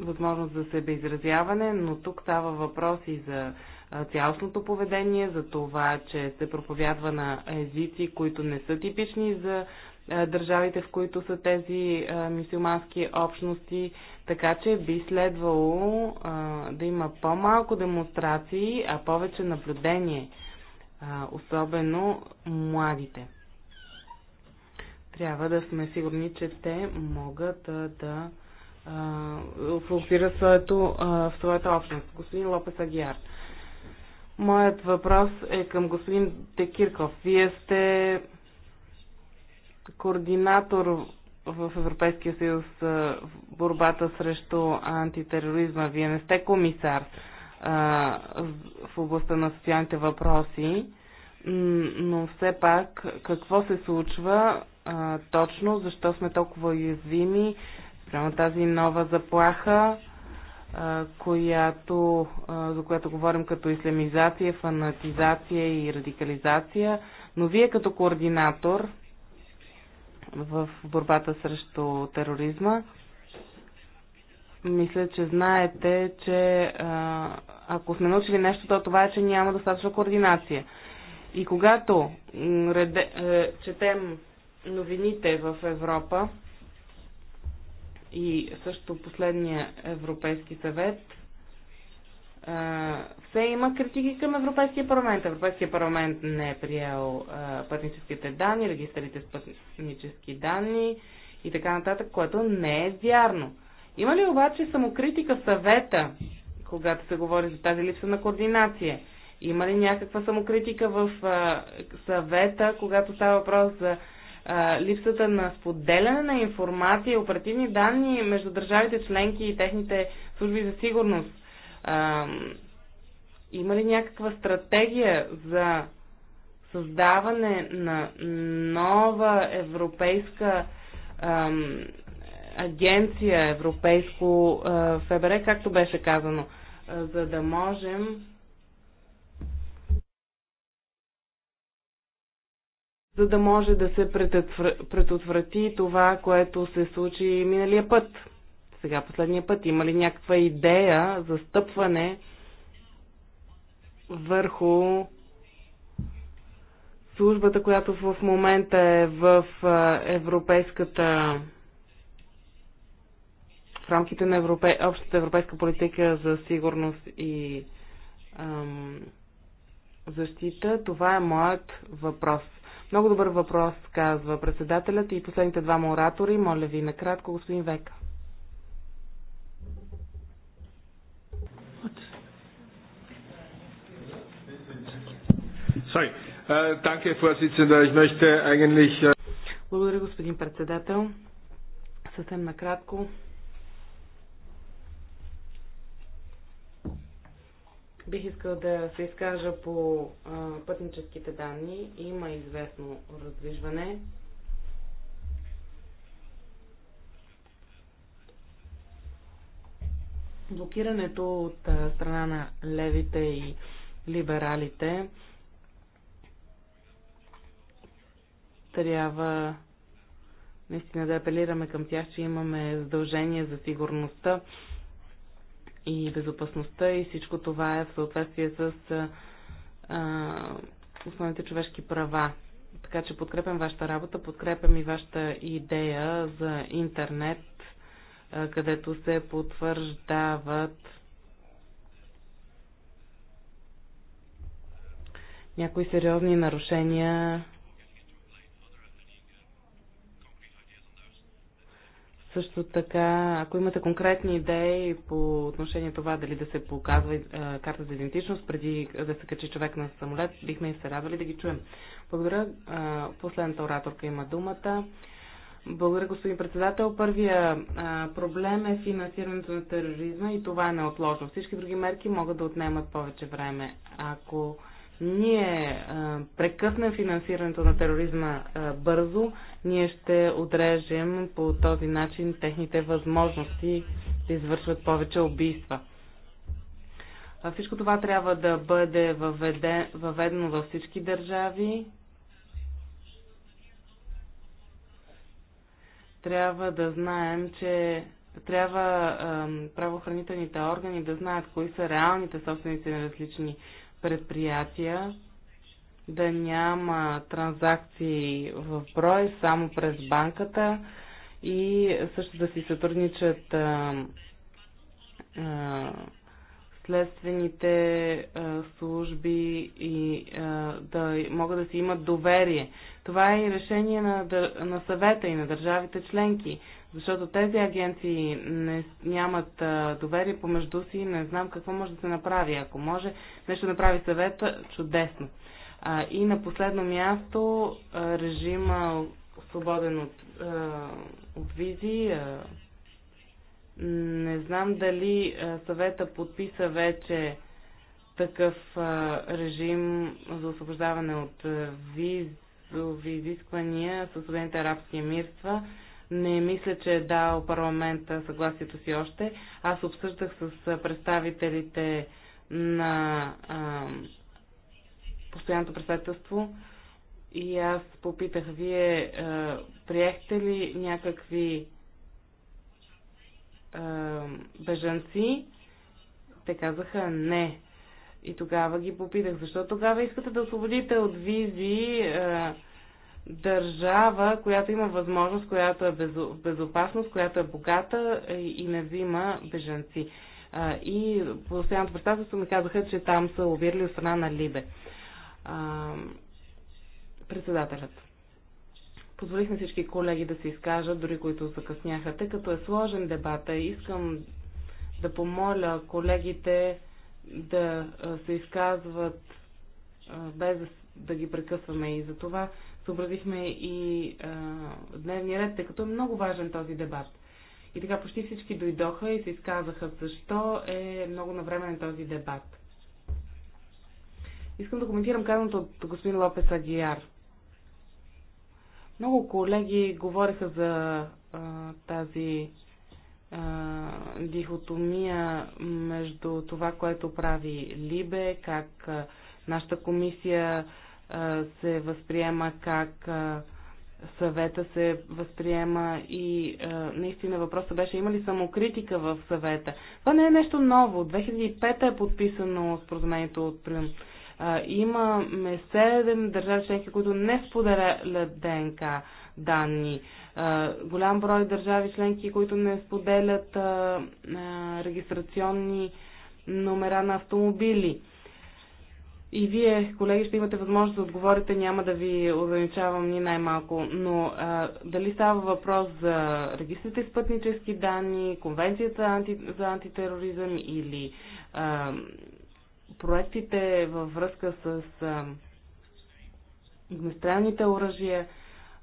възможност за себеизразяване, но тук става въпрос и за цялостното поведение, за това, че се проповядва на езици, които не са типични за държавите, в които са тези мисиомански общности, така че би следвало да има по-малко демонстрации, а повече наблюдение, особено младите. Трябва да сме сигурни, че те могат да функционират в своята общност. Господин Лопес Агиар. Моят въпрос е към господин Текирков. Вие сте координатор в Европейския съюз борбата срещу антитероризма. Вие не сте комисар а, в областта на социалните въпроси, но все пак какво се случва а, точно, защо сме толкова уязвими прямо тази нова заплаха, а, която, а, за която говорим като ислямизация, фанатизация и радикализация. Но вие като координатор в борбата срещу тероризма. Мисля, че знаете, че ако сме научили нещо, то това е, че няма достатъчно координация. И когато реде, е, четем новините в Европа и също последния Европейски съвет, все има критики към Европейския парламент. Европейския парламент не е приел пътническите данни, регистрите с пътнически данни и така нататък, което не е вярно. Има ли обаче самокритика в съвета, когато се говори за тази липса на координация? Има ли някаква самокритика в съвета, когато става въпрос за липсата на споделяне на информация и оперативни данни между държавите членки и техните служби за сигурност? А, има ли някаква стратегия за създаване на нова европейска ам, агенция, европейско а, ФБР, както беше казано, а, за да можем за да може да се предотврати това, което се случи миналия път сега последния път? Има ли някаква идея за стъпване върху службата, която в момента е в европейската в рамките на европе... общата европейска политика за сигурност и ам, защита? Това е моят въпрос. Много добър въпрос, казва председателят и последните два оратори. Моля ви, накратко, господин Века. Sorry. Äh, danke, Vorsitzender. Ich möchte eigentlich... Äh, Благодаря, господин председател. Съвсем накратко. Бих искал да се изкажа по а, пътническите данни. Има известно раздвижване. Блокирането от а, страна на левите и либералите Трябва наистина да апелираме към тях, че имаме задължение за сигурността и безопасността и всичко това е в съответствие с а, основните човешки права. Така че подкрепям вашата работа, подкрепям и вашата идея за интернет, а, където се потвърждават някои сериозни нарушения Също така, ако имате конкретни идеи по отношение това дали да се показва карта за идентичност преди да се качи човек на самолет, бихме и се радвали да ги чуем. Благодаря. Последната ораторка има думата. Благодаря, господин председател. Първия проблем е финансирането на тероризма и това е неотложно. Всички други мерки могат да отнемат повече време. Ако ние а, прекъснем финансирането на тероризма а, бързо, ние ще отрежем по този начин техните възможности да извършват повече убийства. А, всичко това трябва да бъде въведен, въведено във всички държави. Трябва да знаем, че трябва а, правоохранителните органи да знаят кои са реалните собственици на различни предприятия, да няма транзакции в брой, само през банката и също да си сътрудничат а, а, следствените а, служби и а, да могат да си имат доверие. Това е и решение на, на съвета и на държавите членки. Защото тези агенции не, нямат а, доверие помежду си и не знам какво може да се направи. Ако може нещо да направи съвета, чудесно. А, и на последно място а, режима свободен от, а, от визи. А, не знам дали а, съвета подписа вече такъв а, режим за освобождаване от визови изисквания със Съединените арабски емирства не мисля, че е дал парламента съгласието си още. Аз обсъждах с представителите на а, постоянното представителство и аз попитах, вие а, приехте ли някакви а, бежанци? Те казаха не. И тогава ги попитах, защо тогава искате да освободите от визи а, държава, която има възможност, която е безопасност, която е богата е, и не взима беженци. И постоянното представителство ми казаха, че там са увирли от страна на Либе. Председателят. позволихме всички колеги да се изкажат, дори които закъсняха. Тъй като е сложен дебат, е, искам да помоля колегите да се изказват без да ги прекъсваме и за това съобразихме и а, дневния ред, тъй като е много важен този дебат. И така почти всички дойдоха и се изказаха защо е много навременен този дебат. Искам да коментирам казаното от господин Лопес Агияр. Много колеги говориха за а, тази а, дихотомия между това, което прави Либе, как а, нашата комисия а, се възприема, как съвета се възприема и наистина въпросът беше има ли самокритика в съвета. Това не е нещо ново. 2005 е подписано споразумението от Прим. имаме 7 държави членки, които не споделят ДНК данни. голям брой държави членки, които не споделят регистрационни номера на автомобили. И вие, колеги, ще имате възможност да отговорите, няма да ви ограничавам ни най-малко, но а, дали става въпрос за регистрите с пътнически данни, конвенцията анти, за антитероризъм или а, проектите във връзка с огнестрелните оръжия,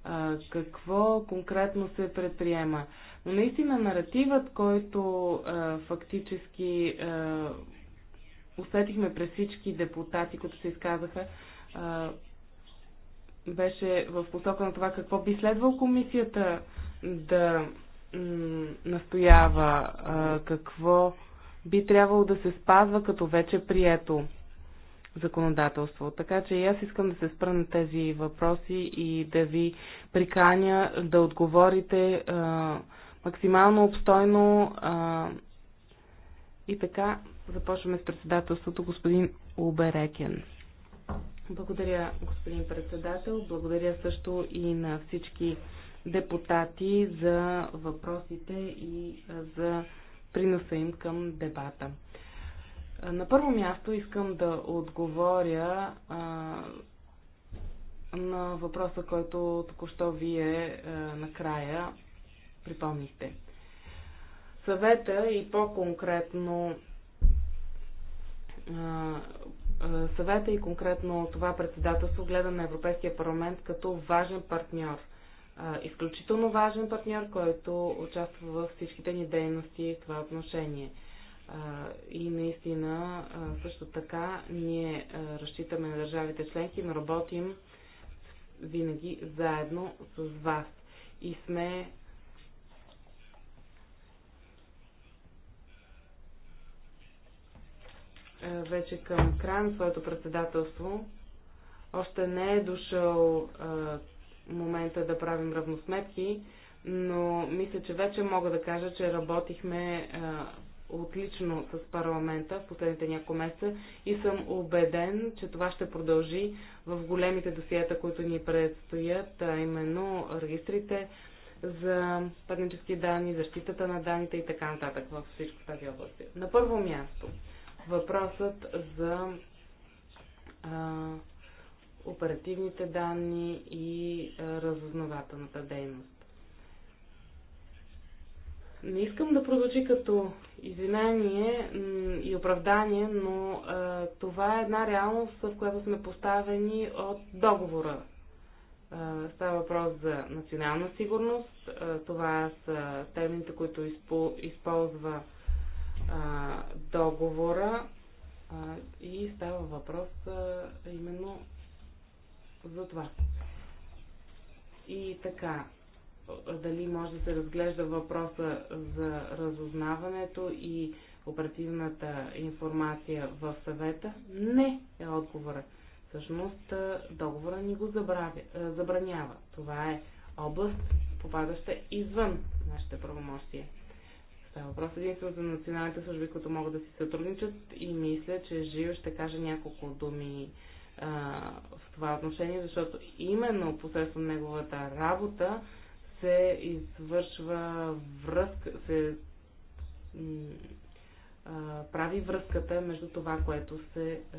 а, какво конкретно се предприема. Но наистина наративът, който а, фактически а, усетихме през всички депутати, които се изказаха, беше в посока на това какво би следвал комисията да настоява, какво би трябвало да се спазва като вече прието законодателство. Така че и аз искам да се спра на тези въпроси и да ви приканя да отговорите максимално обстойно и така Започваме с председателството господин Уберекен. Благодаря, господин председател. Благодаря също и на всички депутати за въпросите и за приноса им към дебата. На първо място искам да отговоря а, на въпроса, който току-що вие а, е, накрая припомнихте. Съвета и по-конкретно съвета и конкретно това председателство гледа на Европейския парламент като важен партньор. Изключително важен партньор, който участва във всичките ни дейности в това отношение. И наистина също така ние разчитаме на държавите членки, но работим винаги заедно с вас. И сме Е, вече към края на своето председателство. Още не е дошъл е, момента да правим равносметки, но мисля, че вече мога да кажа, че работихме е, отлично с парламента в последните няколко месеца и съм убеден, че това ще продължи в големите досиета, които ни предстоят, а именно регистрите за пътнически данни, защитата на данните и така нататък във всичко тази област. На първо място, въпросът за а, оперативните данни и а, разузнавателната дейност. Не искам да прозвучи като извинение и оправдание, но а, това е една реалност, в която сме поставени от договора. А, става въпрос за национална сигурност. А, това са термините, които използва а, договора а, и става въпрос а, именно за това. И така, дали може да се разглежда въпроса за разузнаването и оперативната информация в съвета? Не е отговора. Всъщност договора ни го забравя, забранява. Това е област, попадаща извън нашите правомощия. Става въпрос единствено за националните служби, които могат да си сътрудничат и мисля, че Жил ще каже няколко думи а, в това отношение, защото именно посредством неговата работа се извършва връзка, се а, прави връзката между това, което се а,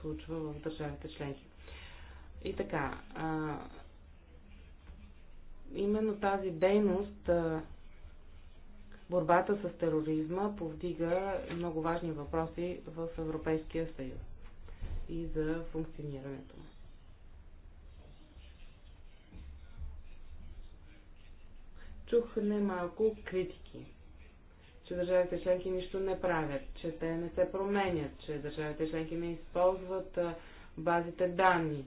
случва в държавите членки. И така, а, именно тази дейност а, борбата с тероризма повдига много важни въпроси в Европейския съюз и за функционирането му. Чух немалко критики, че държавите членки нищо не правят, че те не се променят, че държавите членки не използват базите данни.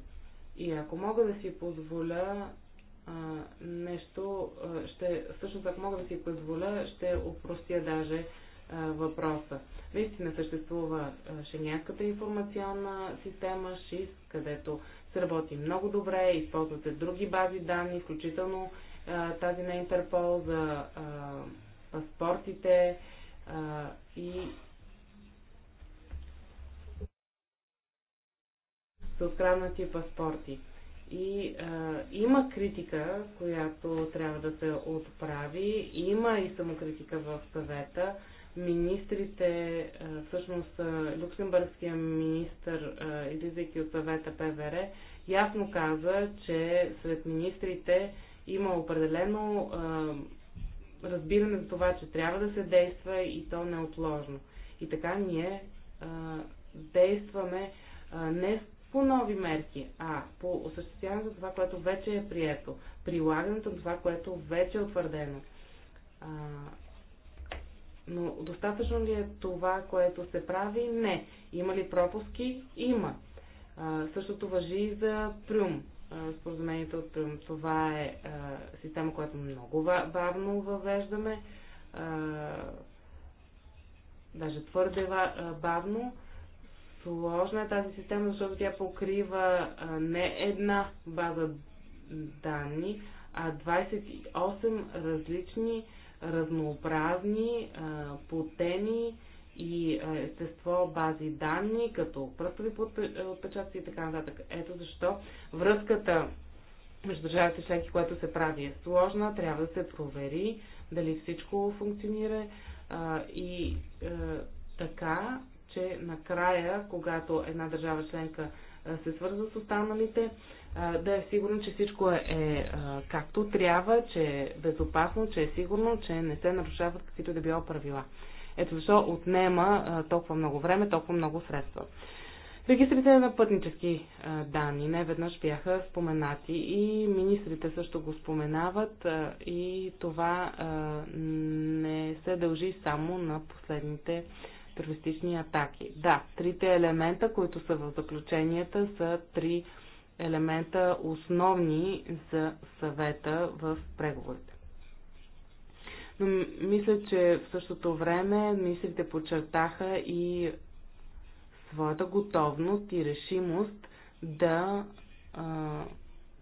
И ако мога да си позволя а, нещо, а, ще, всъщност ако мога да си позволя, ще опростя даже а, въпроса. Наистина съществува Шенгенската информационна система, ШИС, където се работи много добре, Използвате други бази данни, включително а, тази на Интерпол за а, паспортите а, и за откраднати паспорти. И а, има критика, която трябва да се отправи. Има и самокритика в съвета. Министрите, а, всъщност люксембургския министр, излизайки от съвета ПВР, ясно каза, че сред министрите има определено а, разбиране за това, че трябва да се действа и то неотложно. И така ние а, действаме а, не по нови мерки, а по осъществяването на това, което вече е прието, прилагането на това, което вече е утвърдено. А, но достатъчно ли е това, което се прави? Не. Има ли пропуски? Има. А, същото въжи и за Прюм. Споразумението от Прюм. Това е а, система, която много бавно въвеждаме. А, даже твърде бавно Сложна е тази система, защото тя покрива не една база данни, а 28 различни, разнообразни, по и естество бази данни, като пръстови отпечатъци и така нататък. Ето защо връзката между държавите членки, което се прави е сложна, трябва да се провери дали всичко функционира и така че накрая, когато една държава членка се свързва с останалите, да е сигурно, че всичко е, е както трябва, че е безопасно, че е сигурно, че не се нарушават каквито да било правила. Ето защо отнема толкова много време, толкова много средства. Регистрите на пътнически данни не веднъж бяха споменати и министрите също го споменават и това не се дължи само на последните терористични атаки. Да, трите елемента, които са в заключенията, са три елемента основни за съвета в преговорите. Но мисля, че в същото време мислите подчертаха и своята готовност и решимост да а,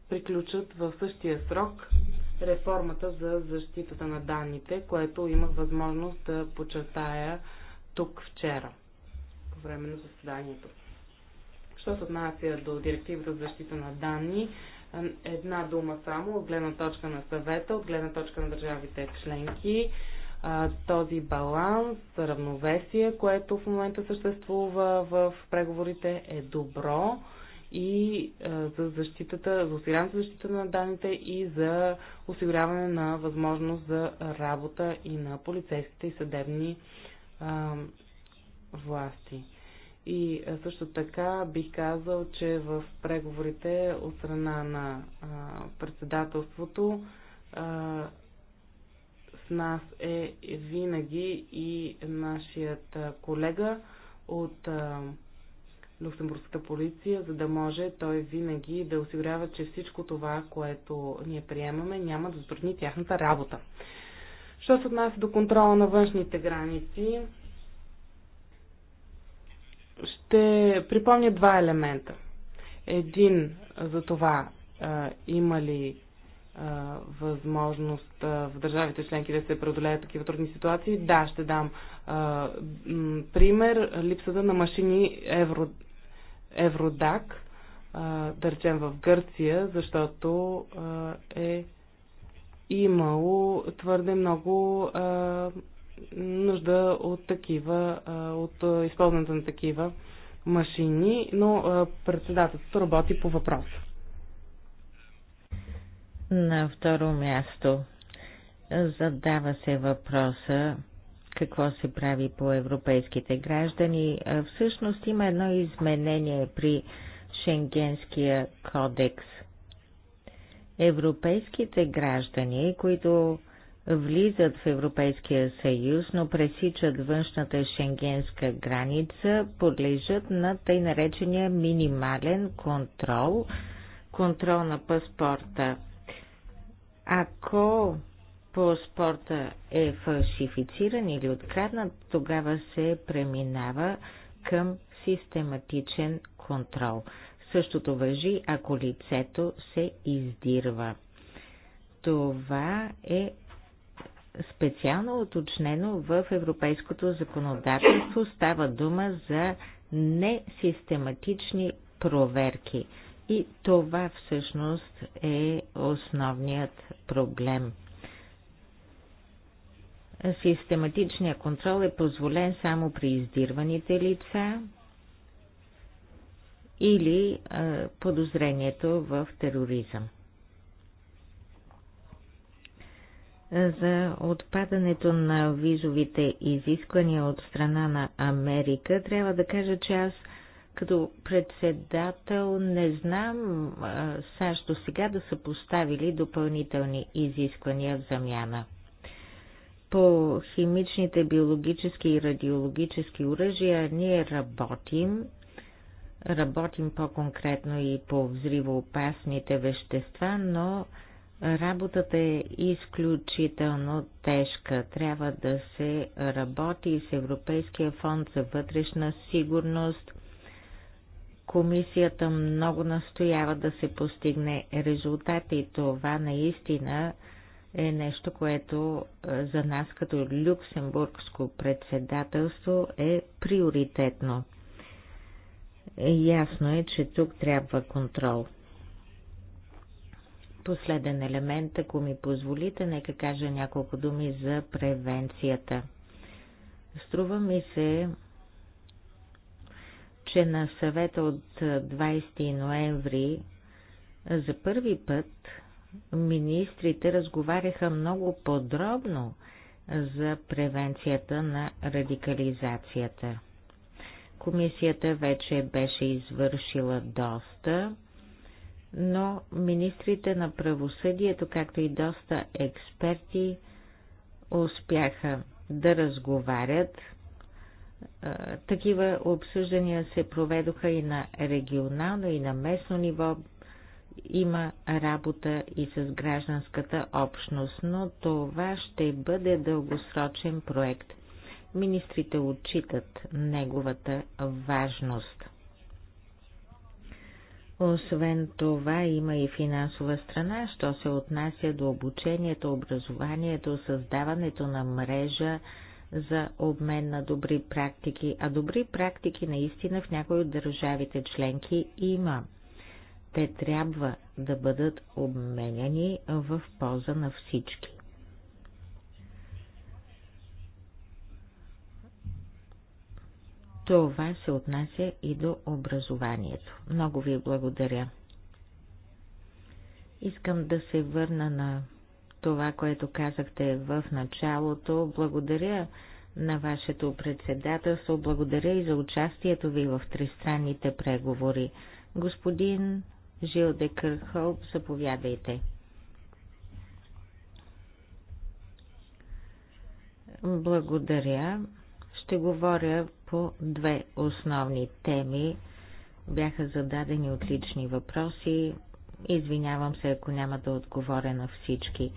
приключат в същия срок реформата за защитата на данните, което имах възможност да подчертая тук вчера, по време на заседанието. Що се отнася до директива за защита на данни, една дума само от гледна точка на съвета, от гледна точка на държавите членки, този баланс, равновесие, което в момента съществува в преговорите е добро и за защитата, за осигуряване за защита на данните и за осигуряване на възможност за работа и на полицейските и съдебни а, власти. И също така бих казал, че в преговорите от страна на а, председателството а, с нас е винаги и нашият колега от а, Люксембургската полиция, за да може той винаги да осигурява, че всичко това, което ние приемаме, няма да затрудни тяхната работа. Що се отнася до контрола на външните граници, ще припомня два елемента. Един за това има ли възможност в държавите членки да се преодолеят такива трудни ситуации. Да, ще дам пример. Липсата на машини Евро, Евродак, да речем в Гърция, защото е имало твърде много а, нужда от такива, а, от използването на такива машини, но а, председателството работи по въпроса. На второ място задава се въпроса какво се прави по европейските граждани. Всъщност има едно изменение при Шенгенския кодекс – европейските граждани, които влизат в Европейския съюз, но пресичат външната шенгенска граница, подлежат на тъй наречения минимален контрол, контрол на паспорта. Ако паспорта е фалшифициран или откраднат, тогава се преминава към систематичен контрол. Същото въжи, ако лицето се издирва. Това е специално уточнено в европейското законодателство. Става дума за несистематични проверки. И това всъщност е основният проблем. Систематичният контрол е позволен само при издирваните лица, или а, подозрението в тероризъм. За отпадането на визовите изисквания от страна на Америка, трябва да кажа, че аз като председател не знам САЩ до сега да са поставили допълнителни изисквания в замяна. По химичните, биологически и радиологически оръжия ние работим Работим по-конкретно и по взривоопасните вещества, но работата е изключително тежка. Трябва да се работи с Европейския фонд за вътрешна сигурност. Комисията много настоява да се постигне резултати и това наистина е нещо, което е, за нас като люксембургско председателство е приоритетно. Е, ясно е, че тук трябва контрол. Последен елемент, ако ми позволите, нека кажа няколко думи за превенцията. Струва ми се, че на съвета от 20 ноември за първи път министрите разговаряха много подробно за превенцията на радикализацията. Комисията вече беше извършила доста, но министрите на правосъдието, както и доста експерти, успяха да разговарят. Такива обсъждания се проведоха и на регионално, и на местно ниво. Има работа и с гражданската общност, но това ще бъде дългосрочен проект министрите отчитат неговата важност. Освен това има и финансова страна, що се отнася до обучението, образованието, създаването на мрежа за обмен на добри практики, а добри практики наистина в някои от държавите членки има. Те трябва да бъдат обменяни в полза на всички. Това се отнася и до образованието. Много ви благодаря. Искам да се върна на това, което казахте в началото. Благодаря на вашето председателство, благодаря и за участието ви в тристранните преговори. Господин Жил де Кърхолб, заповядайте. Благодаря. Ще говоря по две основни теми. Бяха зададени отлични въпроси. Извинявам се, ако няма да отговоря на всички.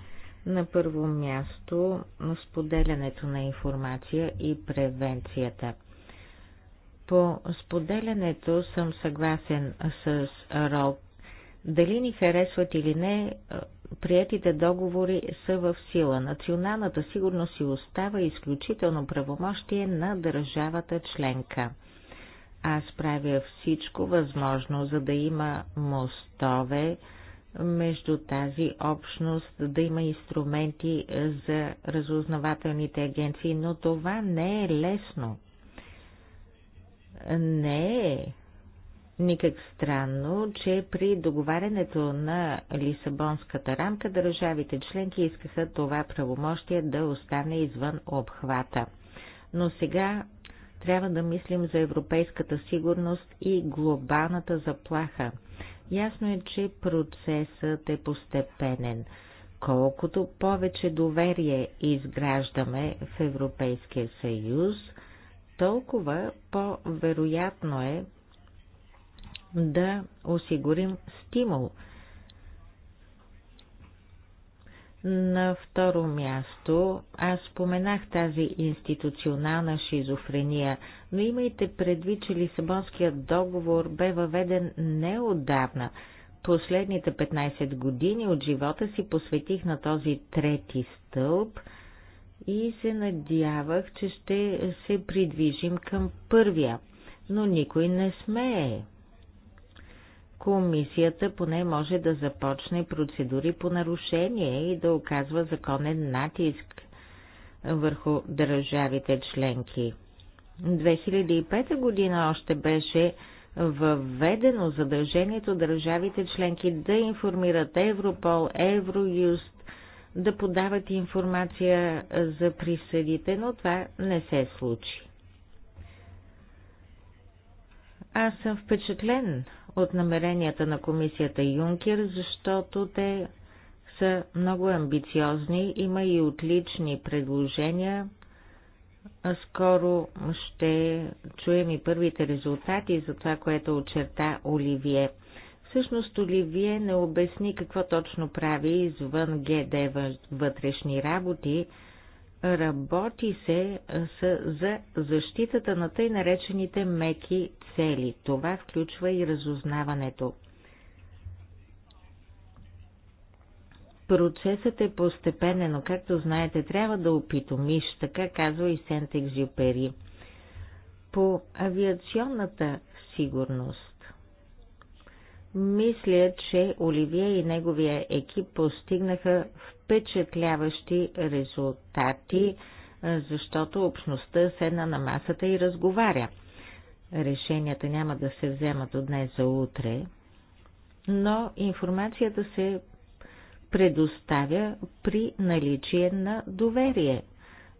На първо място споделянето на информация и превенцията. По споделянето съм съгласен с Рок. Дали ни харесват или не, приятите договори са в сила. Националната сигурност си остава изключително правомощие на държавата членка. Аз правя всичко възможно, за да има мостове между тази общност, да има инструменти за разузнавателните агенции, но това не е лесно. Не е Никак странно, че при договарянето на Лисабонската рамка държавите членки искаха това правомощие да остане извън обхвата. Но сега трябва да мислим за европейската сигурност и глобалната заплаха. Ясно е, че процесът е постепенен. Колкото повече доверие изграждаме в Европейския съюз, толкова по-вероятно е да осигурим стимул. На второ място, аз споменах тази институционална шизофрения, но имайте предвид, че Лисабонският договор бе въведен неодавна. Последните 15 години от живота си посветих на този трети стълб и се надявах, че ще се придвижим към първия, но никой не смее комисията поне може да започне процедури по нарушение и да оказва законен натиск върху държавите членки. 2005 година още беше въведено задължението държавите членки да информират Европол, Евроюст, да подават информация за присъдите, но това не се случи. Аз съм впечатлен от намеренията на комисията Юнкер, защото те са много амбициозни, има и отлични предложения. Скоро ще чуем и първите резултати за това, което очерта Оливие. Всъщност Оливие не обясни какво точно прави извън ГД вътрешни работи, Работи се за защитата на тъй наречените меки цели. Това включва и разузнаването. Процесът е постепенен, но както знаете, трябва да опитомиш, така казва и Сент-Екзюпери. По авиационната сигурност мисля, че Оливия и неговия екип постигнаха впечатляващи резултати, защото общността седна на масата и разговаря. Решенията няма да се вземат от днес за утре, но информацията се предоставя при наличие на доверие.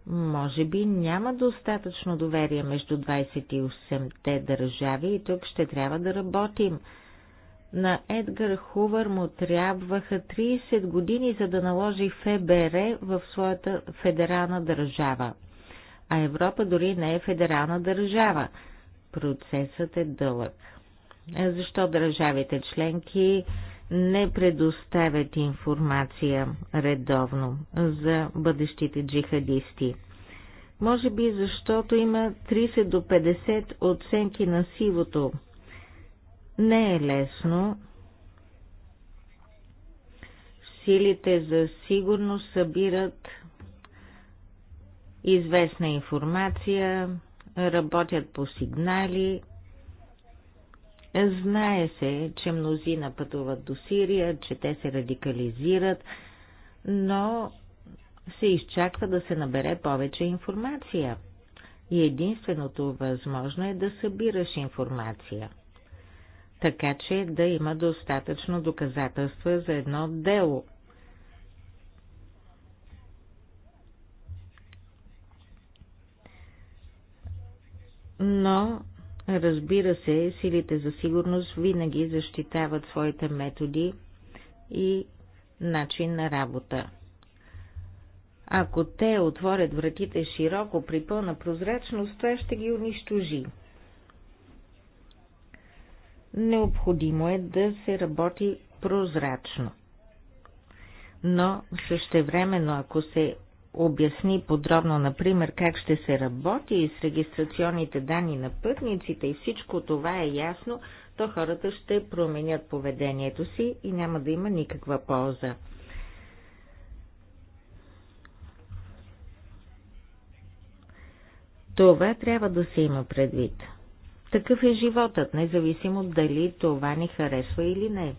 Може би няма достатъчно доверие между 28-те държави и тук ще трябва да работим – на Едгар Хувър му трябваха 30 години, за да наложи ФБР в своята федерална държава. А Европа дори не е федерална държава. Процесът е дълъг. Е, защо държавите членки не предоставят информация редовно за бъдещите джихадисти? Може би защото има 30 до 50 оценки на сивото не е лесно. Силите за сигурност събират известна информация, работят по сигнали. Знае се, че мнозина пътуват до Сирия, че те се радикализират, но се изчаква да се набере повече информация. И единственото възможно е да събираш информация – така че да има достатъчно доказателства за едно дело. Но, разбира се, силите за сигурност винаги защитават своите методи и начин на работа. Ако те отворят вратите широко при пълна прозрачност, това ще ги унищожи. Необходимо е да се работи прозрачно. Но същевременно, ако се обясни подробно, например, как ще се работи и с регистрационните данни на пътниците и всичко това е ясно, то хората ще променят поведението си и няма да има никаква полза. Това трябва да се има предвид – такъв е животът, независимо дали това ни харесва или не.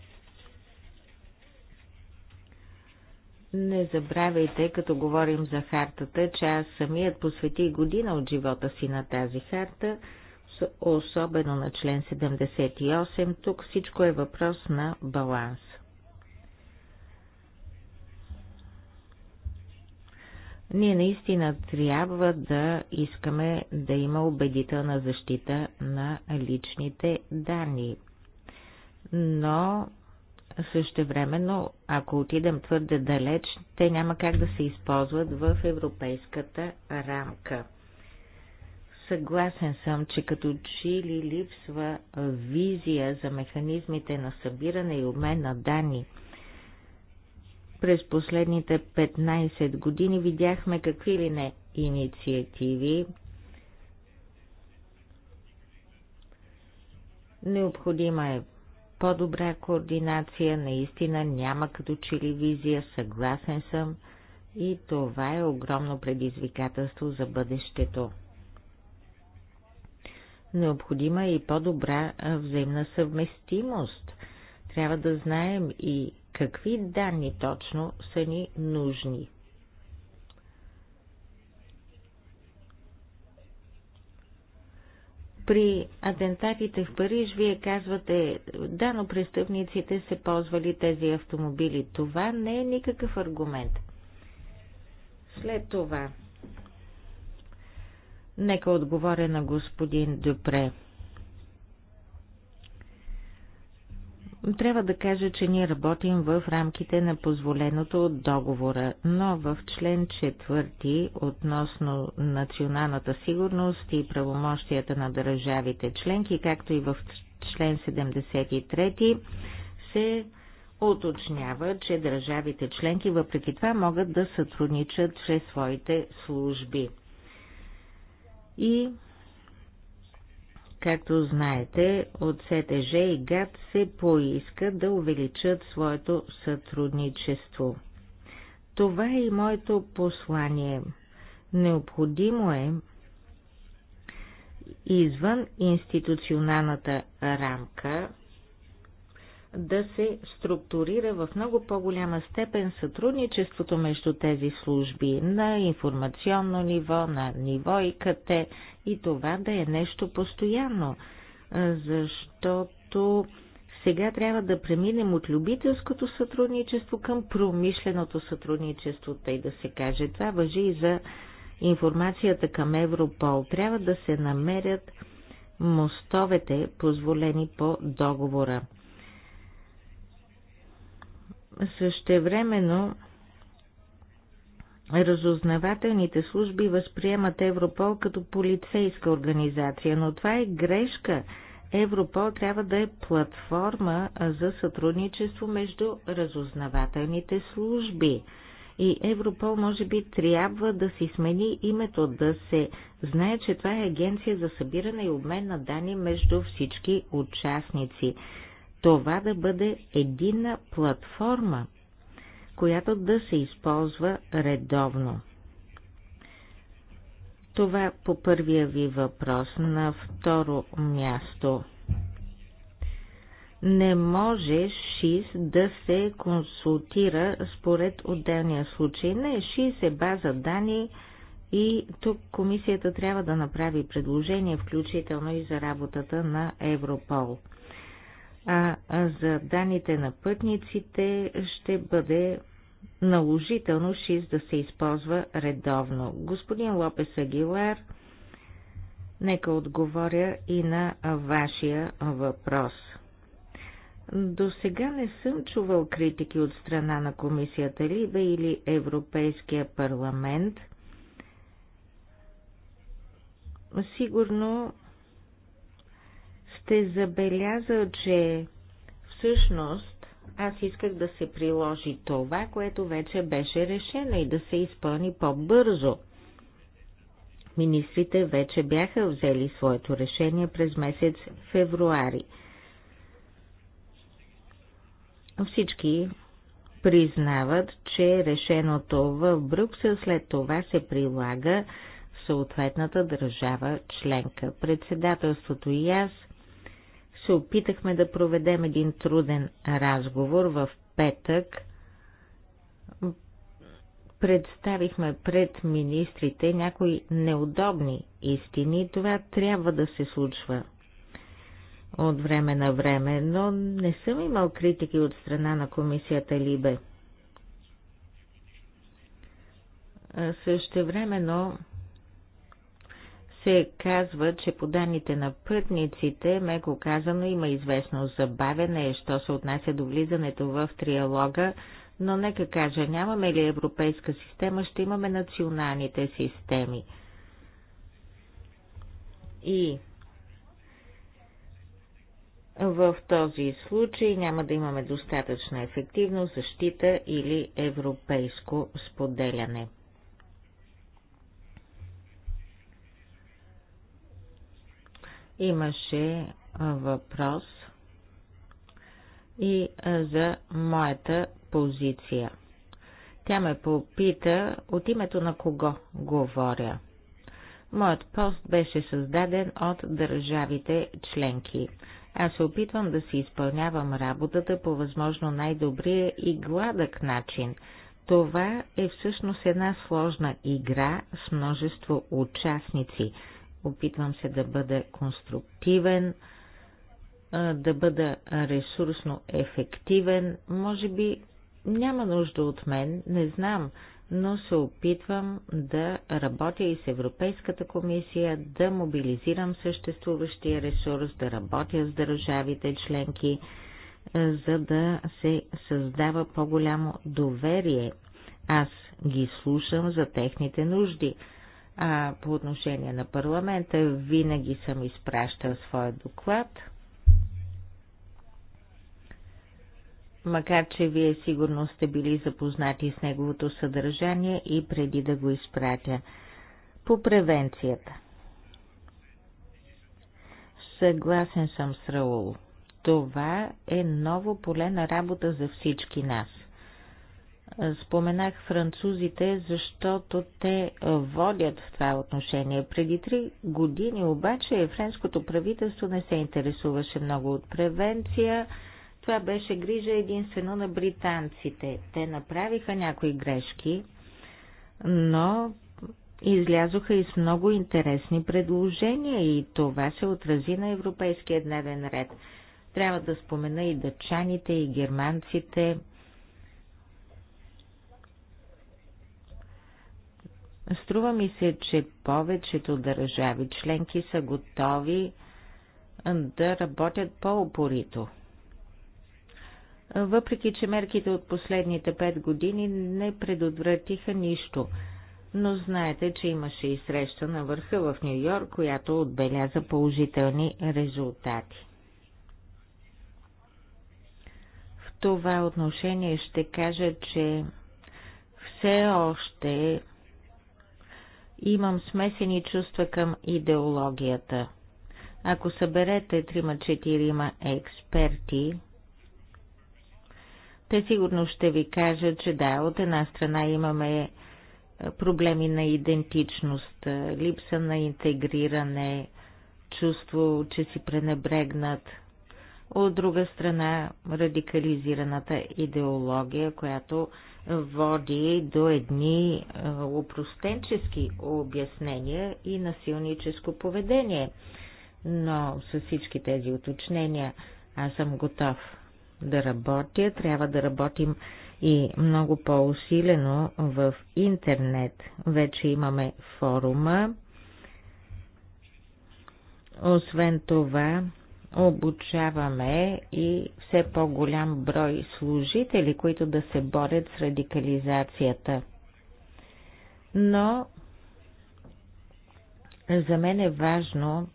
Не забравяйте, като говорим за хартата, че аз самият посвети година от живота си на тази харта, особено на член 78. Тук всичко е въпрос на баланс. Ние наистина трябва да искаме да има убедителна защита на личните данни. Но същевременно, ако отидем твърде далеч, те няма как да се използват в европейската рамка. Съгласен съм, че като чили липсва визия за механизмите на събиране и обмен на данни – през последните 15 години видяхме какви ли не инициативи. Необходима е по-добра координация, наистина няма като че ли визия, съгласен съм и това е огромно предизвикателство за бъдещето. Необходима е и по-добра взаимна съвместимост. Трябва да знаем и какви данни точно са ни нужни. При атентатите в Париж вие казвате, да, но престъпниците се ползвали тези автомобили. Това не е никакъв аргумент. След това, нека отговоря на господин Дюпре. Трябва да кажа, че ние работим в рамките на позволеното от договора, но в член 4 относно националната сигурност и правомощията на държавите членки, както и в член 73 се уточнява, че държавите членки въпреки това могат да сътрудничат чрез своите служби. И Както знаете, от СТЖ и ГАД се поиска да увеличат своето сътрудничество. Това е и моето послание. Необходимо е извън институционалната рамка да се структурира в много по-голяма степен сътрудничеството между тези служби на информационно ниво, на ниво ИКТ и това да е нещо постоянно, защото сега трябва да преминем от любителското сътрудничество към промишленото сътрудничество, тъй да се каже. Това въжи и за информацията към Европол. Трябва да се намерят мостовете, позволени по договора. Същевременно разузнавателните служби възприемат Европол като полицейска организация, но това е грешка. Европол трябва да е платформа за сътрудничество между разузнавателните служби. И Европол може би трябва да си смени името, да се знае, че това е агенция за събиране и обмен на данни между всички участници това да бъде единна платформа, която да се използва редовно. Това по първия ви въпрос. На второ място. Не може ШИС да се консултира според отделния случай. Не, ШИС е база данни и тук комисията трябва да направи предложение, включително и за работата на Европол а за данните на пътниците ще бъде наложително шист да се използва редовно. Господин Лопес Агилар, нека отговоря и на вашия въпрос. До сега не съм чувал критики от страна на комисията Либе или Европейския парламент. Сигурно сте забелязал, че всъщност аз исках да се приложи това, което вече беше решено и да се изпълни по-бързо. Министрите вече бяха взели своето решение през месец февруари. Всички признават, че решеното в Брюксел след това се прилага в съответната държава членка. Председателството и аз се опитахме да проведем един труден разговор в петък. Представихме пред министрите някои неудобни истини. Това трябва да се случва от време на време, но не съм имал критики от страна на комисията Либе. Също времено се казва, че по данните на пътниците, меко казано, има известно забавене, що се отнася до влизането в триалога, но нека кажа, нямаме ли европейска система, ще имаме националните системи. И в този случай няма да имаме достатъчна ефективност, защита или европейско споделяне. Имаше въпрос и за моята позиция. Тя ме попита от името на кого говоря. Моят пост беше създаден от държавите членки. Аз се опитвам да си изпълнявам работата по възможно най-добрия и гладък начин. Това е всъщност една сложна игра с множество участници – Опитвам се да бъда конструктивен, да бъда ресурсно ефективен. Може би няма нужда от мен, не знам, но се опитвам да работя и с Европейската комисия, да мобилизирам съществуващия ресурс, да работя с държавите членки, за да се създава по-голямо доверие. Аз ги слушам за техните нужди. А по отношение на парламента винаги съм изпращал своя доклад. Макар, че вие сигурно сте били запознати с неговото съдържание и преди да го изпратя. По превенцията. Съгласен съм с Раул. Това е ново поле на работа за всички нас – Споменах французите, защото те водят в това отношение. Преди три години обаче френското правителство не се интересуваше много от превенция. Това беше грижа единствено на британците. Те направиха някои грешки, но излязоха и с много интересни предложения и това се отрази на европейския дневен ред. Трябва да спомена и дъчаните, и германците – Струва ми се, че повечето държави членки са готови да работят по-упорито. Въпреки, че мерките от последните пет години не предотвратиха нищо, но знаете, че имаше и среща на върха в Нью Йорк, която отбеляза положителни резултати. В това отношение ще кажа, че все още имам смесени чувства към идеологията. Ако съберете 3-4 експерти, те сигурно ще ви кажат, че да, от една страна имаме е, проблеми на идентичност, е, липса на интегриране, чувство, че си пренебрегнат – от друга страна радикализираната идеология, която води до едни е, упростенчески обяснения и насилническо поведение. Но с всички тези уточнения аз съм готов да работя. Трябва да работим и много по-усилено в интернет. Вече имаме форума. Освен това, обучаваме и все по-голям брой служители, които да се борят с радикализацията. Но за мен е важно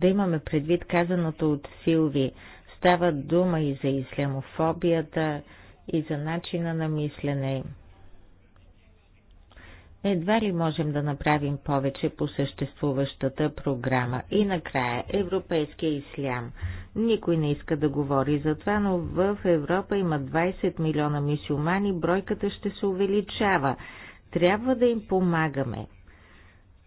да имаме предвид казаното от Силви. Става дума и за ислямофобията, и за начина на мислене, едва ли можем да направим повече по съществуващата програма. И накрая, европейския ислям. Никой не иска да говори за това, но в Европа има 20 милиона мисюмани, бройката ще се увеличава. Трябва да им помагаме,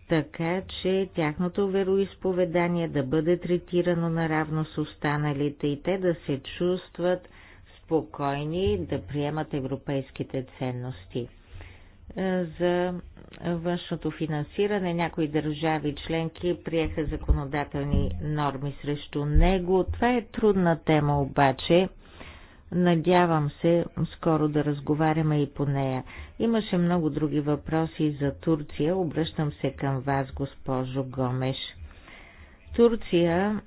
така че тяхното вероисповедание да бъде третирано наравно с останалите и те да се чувстват спокойни да приемат европейските ценности за външното финансиране. Някои държави членки приеха законодателни норми срещу него. Това е трудна тема обаче. Надявам се скоро да разговаряме и по нея. Имаше много други въпроси за Турция. Обръщам се към вас, госпожо Гомеш. Турция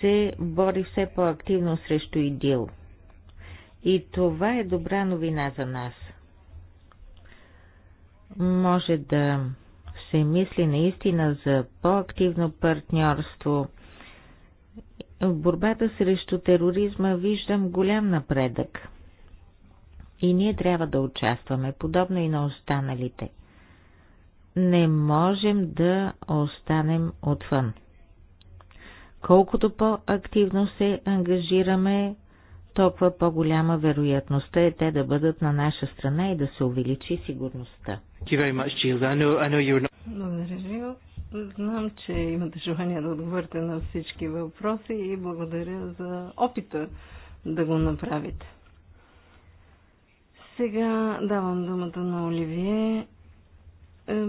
се бори все по-активно срещу ИДИЛ. И това е добра новина за нас. Може да се мисли наистина за по-активно партньорство. В борбата срещу тероризма виждам голям напредък. И ние трябва да участваме, подобно и на останалите. Не можем да останем отвън. Колкото по-активно се ангажираме, толкова по-голяма вероятността е те да бъдат на наша страна и да се увеличи сигурността. Благодаря ви. Знам, че имате желание да отговорите на всички въпроси и благодаря за опита да го направите. Сега давам думата на Оливие е,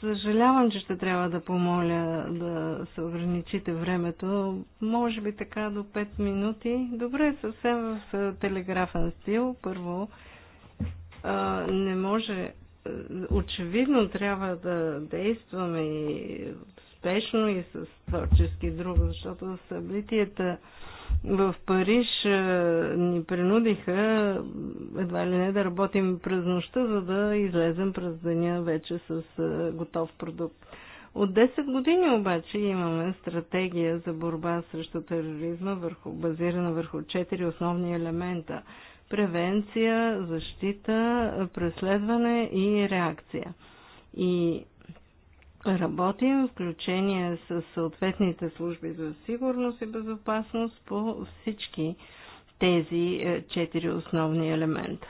съжалявам, че ще трябва да помоля да се ограничите времето. Може би така до 5 минути. Добре, съвсем в е, телеграфен стил. Първо, е, не може. Очевидно трябва да действаме и спешно и с творчески друг, защото събитията в Париж е, ни принудиха едва ли не да работим през нощта, за да излезем през деня вече с е, готов продукт. От 10 години обаче имаме стратегия за борба срещу тероризма, върху, базирана върху 4 основни елемента превенция, защита, преследване и реакция. И работим, включение с съответните служби за сигурност и безопасност по всички тези е, четири основни елемента.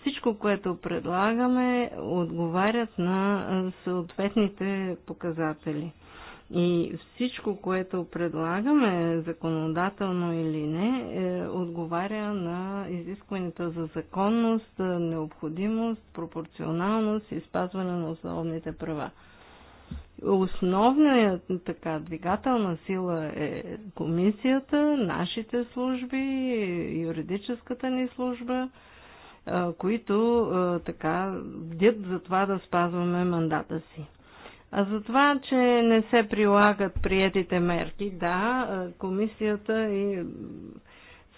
Всичко, което предлагаме, отговарят на е, съответните показатели. И всичко, което предлагаме, законодателно или не, е, отговаря на изискванията за законност, необходимост, пропорционалност и спазване на основните права. Основна така двигателна сила е комисията, нашите служби, юридическата ни служба, които така бдят за това да спазваме мандата си. А за това, че не се прилагат приетите мерки, да, комисията и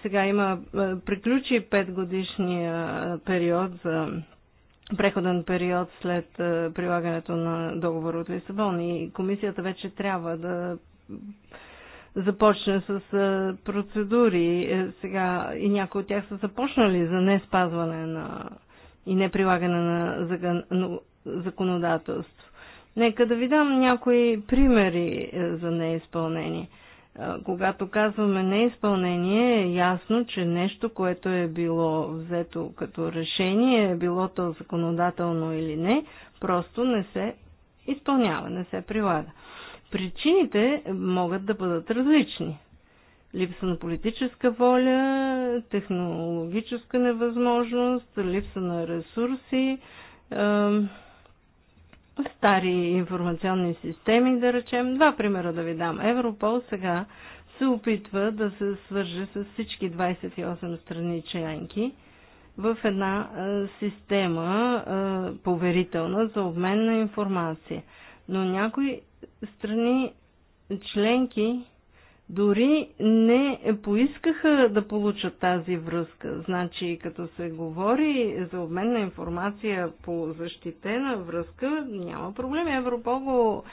сега има, приключи 5 годишния период за преходен период след е, прилагането на договор от Лисабон и комисията вече трябва да започне с е, процедури е, сега и някои от тях са започнали за не спазване на и не прилагане на законодателство. Нека да ви дам някои примери за неизпълнение – когато казваме неизпълнение, е ясно, че нещо, което е било взето като решение, е било то законодателно или не, просто не се изпълнява, не се прилага. Причините могат да бъдат различни. Липса на политическа воля, технологическа невъзможност, липса на ресурси, стари информационни системи, да речем. Два примера да ви дам. Европол сега се опитва да се свърже с всички 28 страни членки в една система поверителна за обмен на информация. Но някои страни членки дори не поискаха да получат тази връзка. Значи, като се говори за обмен на информация по защитена връзка, няма проблем. Европол го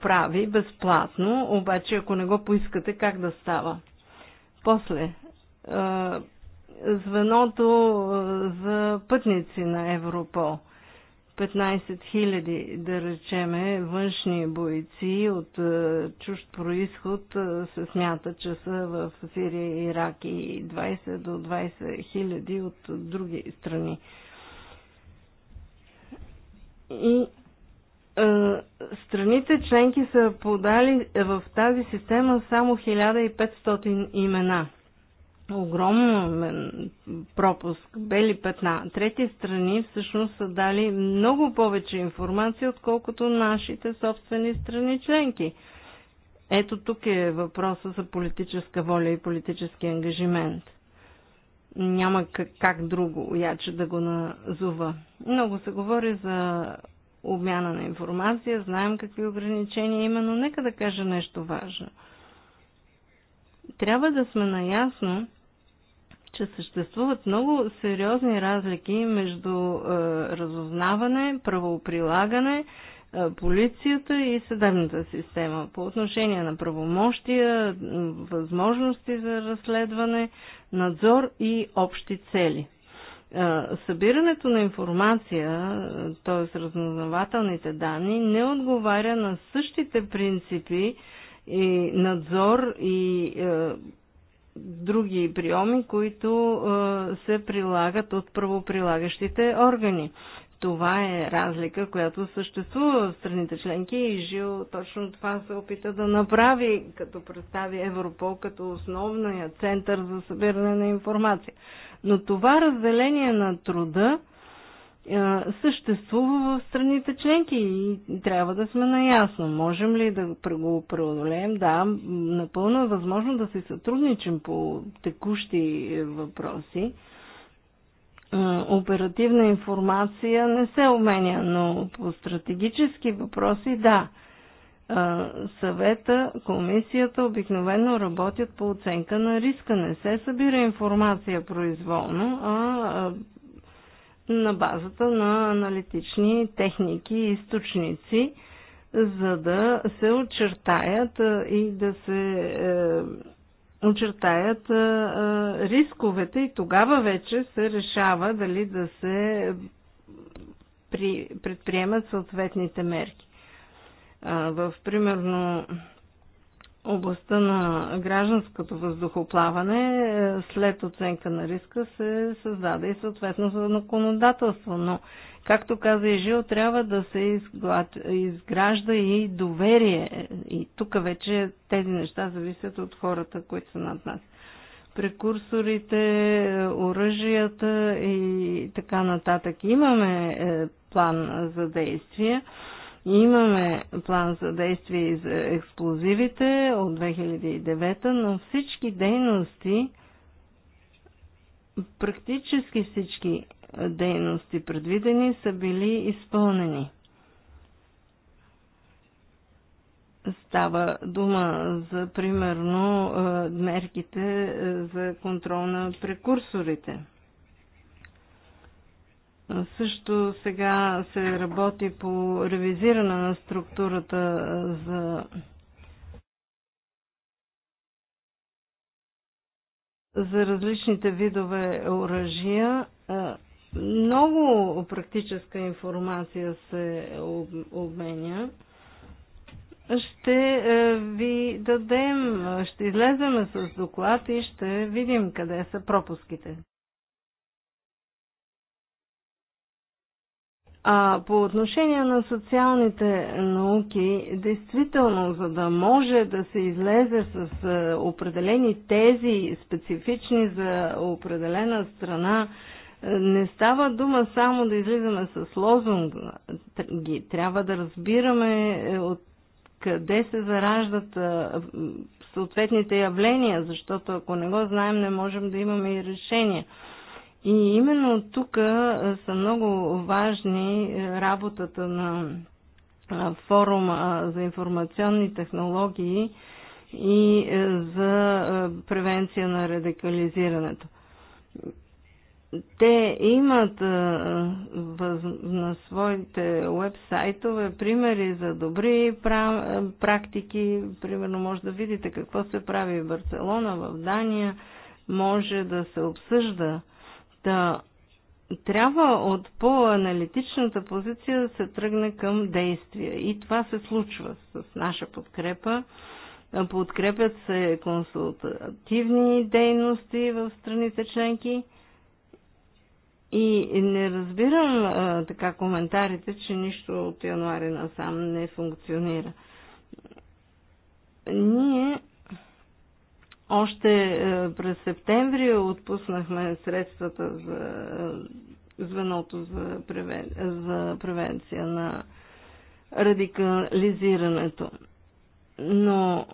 прави безплатно, обаче ако не го поискате, как да става? После, звеното за пътници на Европол – 15 000, да речеме, външни бойци от е, чужд происход е, се смята, че са в Сирия и Ирак и 20 до 20 000 от други страни. И е, страните членки са подали в тази система само 1500 имена огромен пропуск, бели петна. Трети страни всъщност са дали много повече информация, отколкото нашите собствени страни членки. Ето тук е въпроса за политическа воля и политически ангажимент. Няма как, как друго яче да го назова. Много се говори за обмяна на информация, знаем какви ограничения има, но нека да кажа нещо важно. Трябва да сме наясно, че съществуват много сериозни разлики между е, разузнаване, правоприлагане, е, полицията и съдебната система по отношение на правомощия, възможности за разследване, надзор и общи цели. Е, събирането на информация, т.е. разнознавателните данни, не отговаря на същите принципи и надзор и други приеми, които се прилагат от правоприлагащите органи. Това е разлика, която съществува в страните членки и Жил точно това се опита да направи, като представи Европол като основния център за събиране на информация. Но това разделение на труда съществува в страните членки и трябва да сме наясно. Можем ли да го преодолеем? Да, напълно е възможно да се сътрудничим по текущи е, въпроси. Оперативна информация не се уменя, но по стратегически въпроси да. Съвета, комисията обикновено работят по оценка на риска. Не се събира информация произволно, а на базата на аналитични техники и източници, за да се очертаят и да се е, очертаят е, рисковете и тогава вече се решава дали да се при, предприемат съответните мерки. в примерно областта на гражданското въздухоплаване е, след оценка на риска се създаде и съответно за законодателство. Но, както каза и Жил, трябва да се изгражда и доверие. И тук вече тези неща зависят от хората, които са над нас. Прекурсорите, оръжията и така нататък. Имаме е, план за действие Имаме план за действие и за експлозивите от 2009, но всички дейности, практически всички дейности предвидени са били изпълнени. Става дума за примерно е, мерките е, за контрол на прекурсорите – също сега се работи по ревизиране на структурата за за различните видове оръжия. Много практическа информация се обменя. Ще ви дадем, ще излезем с доклад и ще видим къде са пропуските. А по отношение на социалните науки, действително, за да може да се излезе с е, определени тези, специфични за определена страна, е, не става дума само да излизаме с лозунги. Трябва да разбираме е, от къде се зараждат съответните явления, защото ако не го знаем, не можем да имаме и решения. И именно тук са много важни работата на форума за информационни технологии и за превенция на радикализирането. Те имат на своите уебсайтове примери за добри практики. Примерно може да видите какво се прави в Барселона, в Дания. Може да се обсъжда да трябва от по-аналитичната позиция да се тръгне към действия. И това се случва с наша подкрепа. Подкрепят се консултативни дейности в страните членки. И не разбирам а, така коментарите, че нищо от януари насам не функционира. Ние още е, през септември отпуснахме средствата за е, звеното за, превен... за превенция на радикализирането. Но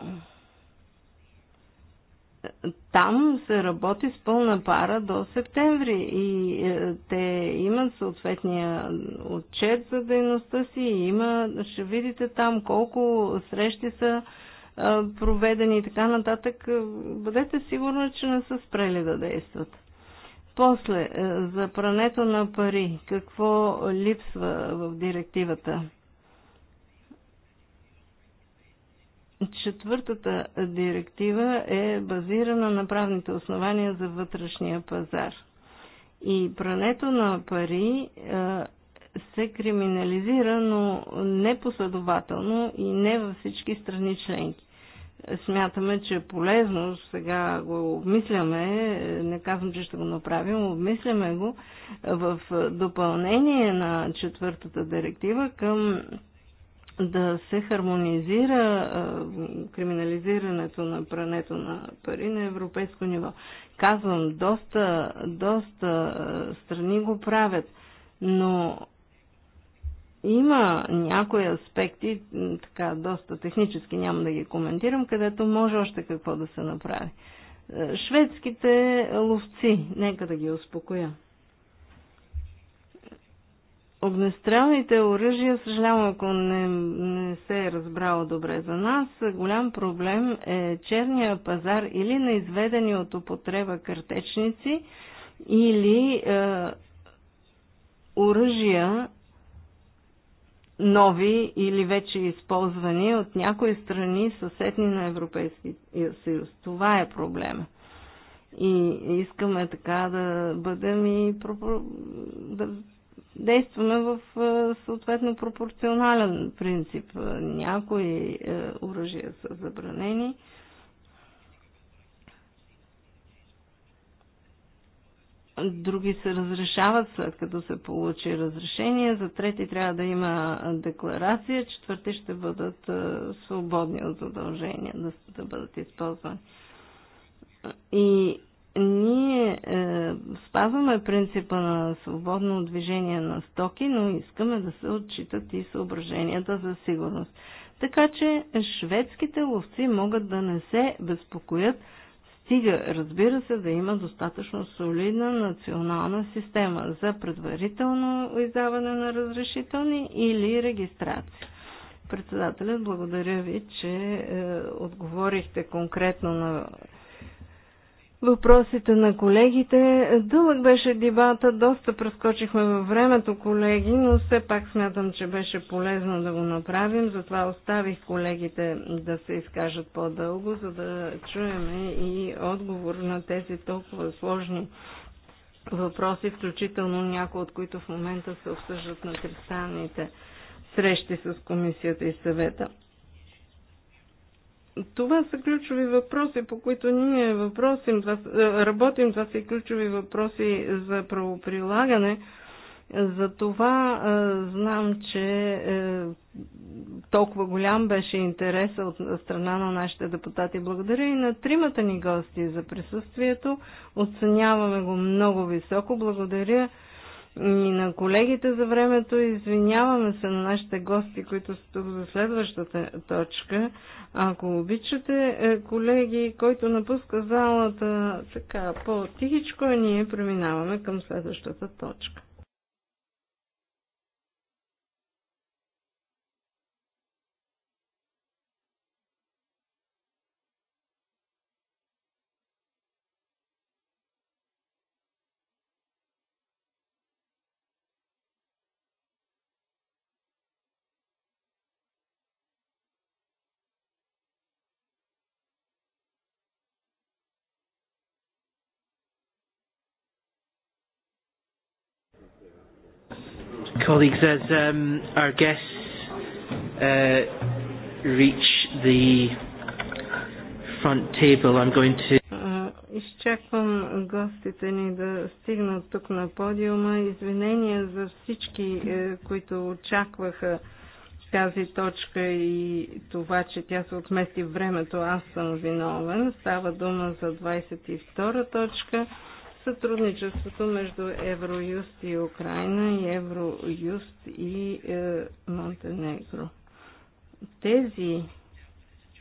е, там се работи с пълна пара до септември и те имат съответния отчет за дейността си и има, ще видите там колко срещи са проведени и така нататък, бъдете сигурни, че не са спрели да действат. После, за прането на пари, какво липсва в директивата? Четвъртата директива е базирана на правните основания за вътрешния пазар. И прането на пари се криминализира, но непоследователно и не във всички страни членки. Смятаме, че е полезно, сега го обмисляме, не казвам, че ще го направим, обмисляме го в допълнение на четвъртата директива към да се хармонизира криминализирането на прането на пари на европейско ниво. Казвам, доста, доста страни го правят, но има някои аспекти, така доста технически няма да ги коментирам, където може още какво да се направи. Е, шведските ловци, нека да ги успокоя. Огнестрелните оръжия, съжалявам ако не, не се е разбрало добре за нас, голям проблем е черния пазар или на изведени от употреба картечници, или е, оръжия нови или вече използвани от някои страни съседни на Европейския съюз. Това е проблема. И искаме така да бъдем и да действаме в е, съответно пропорционален принцип. Някои е, оръжия са забранени, други се разрешават след като се получи разрешение, за трети трябва да има декларация, четвърти ще бъдат свободни от задължения да, да бъдат използвани. И ние е, спазваме принципа на свободно движение на стоки, но искаме да се отчитат и съображенията за сигурност. Така че шведските ловци могат да не се безпокоят, Стига, разбира се, да има достатъчно солидна национална система за предварително издаване на разрешителни или регистрация. Председателят, благодаря ви, че е, отговорихте конкретно на въпросите на колегите. Дълъг беше дебата, доста прескочихме във времето, колеги, но все пак смятам, че беше полезно да го направим. Затова оставих колегите да се изкажат по-дълго, за да чуем и отговор на тези толкова сложни въпроси, включително някои от които в момента се обсъждат на тристранните срещи с комисията и съвета. Това са ключови въпроси, по които ние въпросим, това, е, работим. Това са и ключови въпроси за правоприлагане. За това е, знам, че е, толкова голям беше интереса от страна на нашите депутати. Благодаря и на тримата ни гости за присъствието. Оценяваме го много високо. Благодаря и на колегите за времето извиняваме се на нашите гости, които са тук за следващата точка. Ако обичате, е, колеги, който напуска залата така по-тихичко, е, ние преминаваме към следващата точка. Colleagues, as um, our guests uh, reach the front table, I'm going to. Uh, изчаквам гостите ни да стигнат тук на подиума. Извинения за всички, е, които очакваха тази точка и това, че тя се отмести времето, аз съм виновен. Става дума за 22 та точка сътрудничеството между Евроюст и Украина и Евроюст и е, Монтенегро. Тези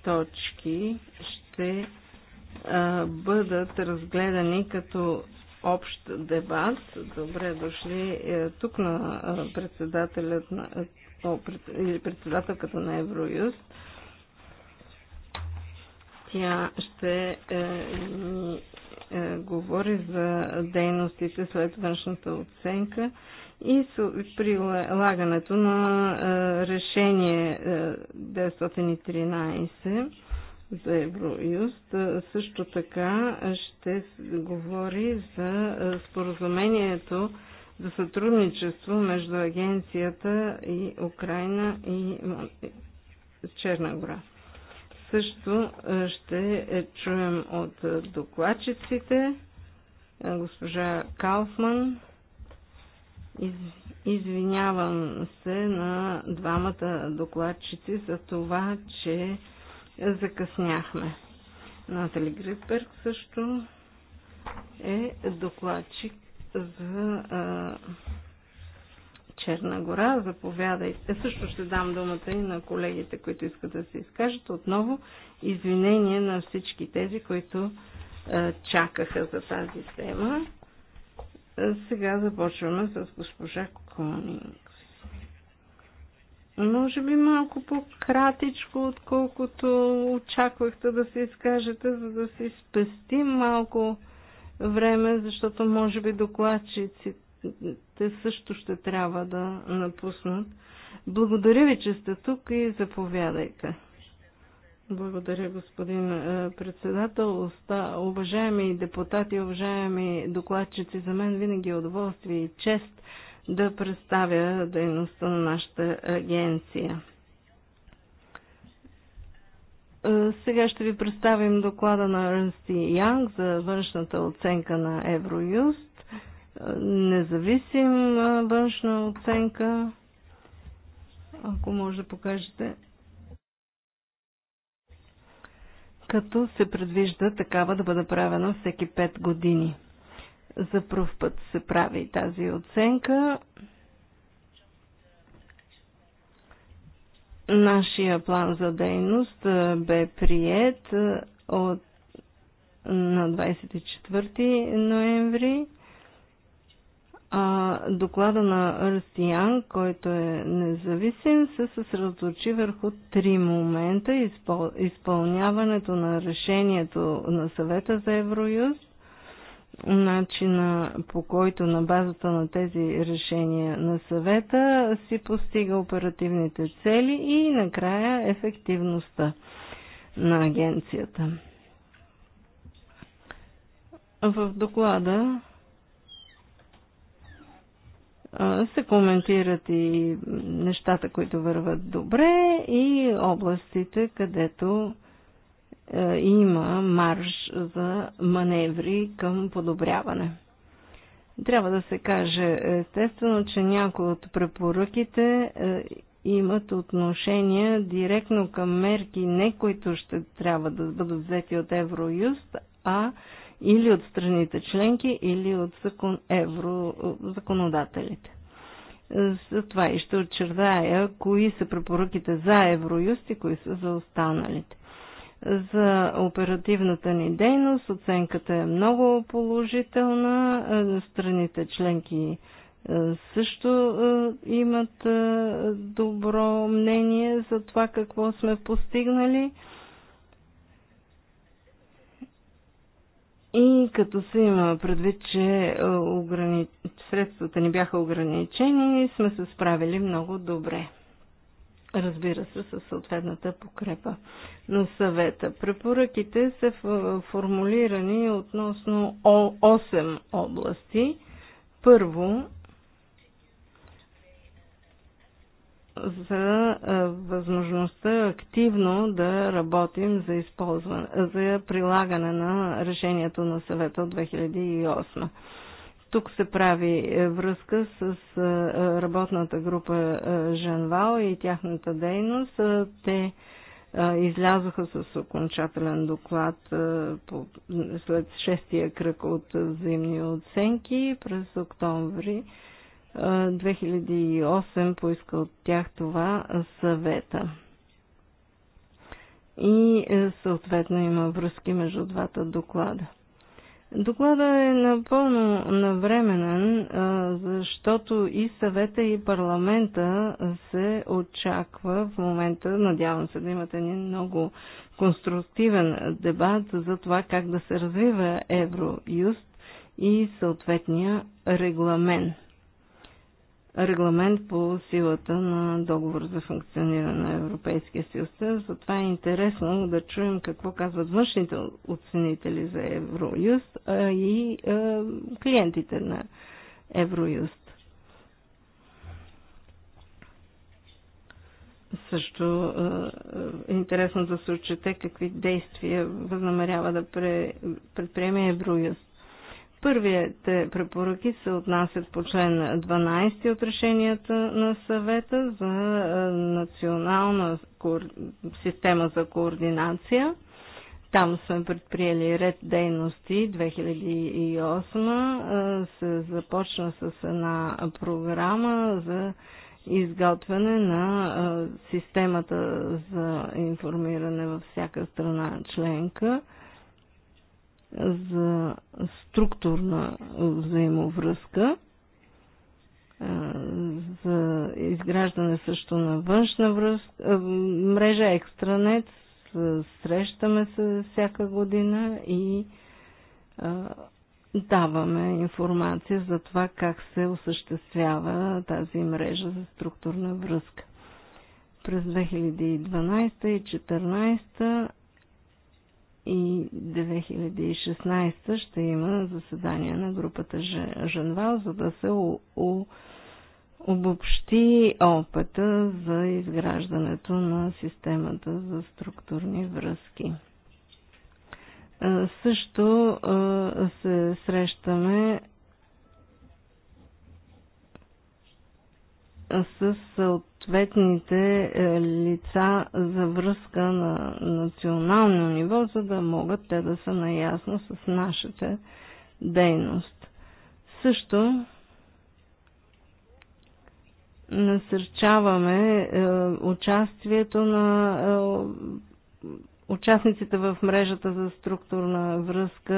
точки ще е, бъдат разгледани като общ дебат. Добре дошли е, тук на е, председателят на, е, о, пред, или председателката на Евроюст. Тя ще е, ни е, говори за дейностите след външната оценка и прилагането на е, решение 913 е, за Евроюст. Също така ще говори за споразумението за сътрудничество между агенцията и Украина и Черна гора. Също е, ще е, чуем от е, докладчиците госпожа Кауфман. извинявам се на двамата докладчици за това, че закъсняхме. Натали Гридберг също е докладчик за а, Черна гора. Заповядайте. Също ще дам думата и на колегите, които искат да се изкажат. Отново извинение на всички тези, които е, чакаха за тази тема. Е, сега започваме с госпожа Конингс. Може би малко по-кратичко, отколкото очаквахте да се изкажете, за да се спестим малко време, защото може би докладчиците те също ще трябва да напуснат. Благодаря ви, че сте тук и заповядайте. Благодаря, господин е, председател. Оста, уважаеми депутати, уважаеми докладчици, за мен винаги е удоволствие и чест да представя дейността на нашата агенция. Е, сега ще ви представим доклада на Ернсти Янг за външната оценка на Евроюст независим външна оценка, ако може да покажете, като се предвижда такава да бъде правена всеки 5 години. За първ път се прави тази оценка. Нашия план за дейност бе прият от, на 24 ноември а доклада на Ръстиян, който е независим, се съсредоточи върху три момента. Изпъл... Изпълняването на решението на съвета за Евроюз, начина по който на базата на тези решения на съвета си постига оперативните цели и накрая ефективността на агенцията. В доклада се коментират и нещата, които върват добре и областите, където е, има марж за маневри към подобряване. Трябва да се каже естествено, че някои от препоръките е, имат отношение директно към мерки, не които ще трябва да бъдат взети от Евроюст, а или от страните членки, или от закон, евро, законодателите. това и ще очертая кои са препоръките за Евроюст и кои са за останалите. За оперативната ни дейност оценката е много положителна. Страните членки е, също е, имат е, добро мнение за това какво сме постигнали. И като се има предвид, че е, ограни... средствата ни бяха ограничени, сме се справили много добре. Разбира се, със съответната покрепа на съвета. Препоръките са формулирани относно 8 области. Първо, за възможността активно да работим за, използване, за прилагане на решението на съвета от 2008. Тук се прави е, връзка с е, е, работната група Жанвал и тяхната дейност. Те излязоха с окончателен доклад след шестия кръг от взаимни оценки през октомври 2008 поиска от тях това съвета. И е, съответно има връзки между двата доклада. Доклада е напълно навременен, защото и съвета и парламента се очаква в момента, надявам се да имате един много конструктивен дебат за това как да се развива Евроюст и съответния регламент регламент по силата на договор за функциониране на Европейския съюз. Затова е интересно да чуем какво казват външните оценители за Евроюст и клиентите на Евроюст. също е интересно да се отчете какви действия възнамерява да предприеме Евроюст. Първите препоръки се отнасят по член 12 от решенията на съвета за национална система за координация. Там сме предприели ред дейности. 2008 се започна с една програма за изготвяне на системата за информиране във всяка страна членка за структурна взаимовръзка, за изграждане също на външна връзка, мрежа екстранет, срещаме се всяка година и даваме информация за това как се осъществява тази мрежа за структурна връзка. През 2012 и 2014 и 2016 ще има заседание на групата Женвал, за да се у, у, обобщи опита за изграждането на системата за структурни връзки. Също се срещаме с съответните е, лица за връзка на национално ниво, за да могат те да са наясно с нашата дейност. Също насърчаваме е, участието на е, участниците в мрежата за структурна връзка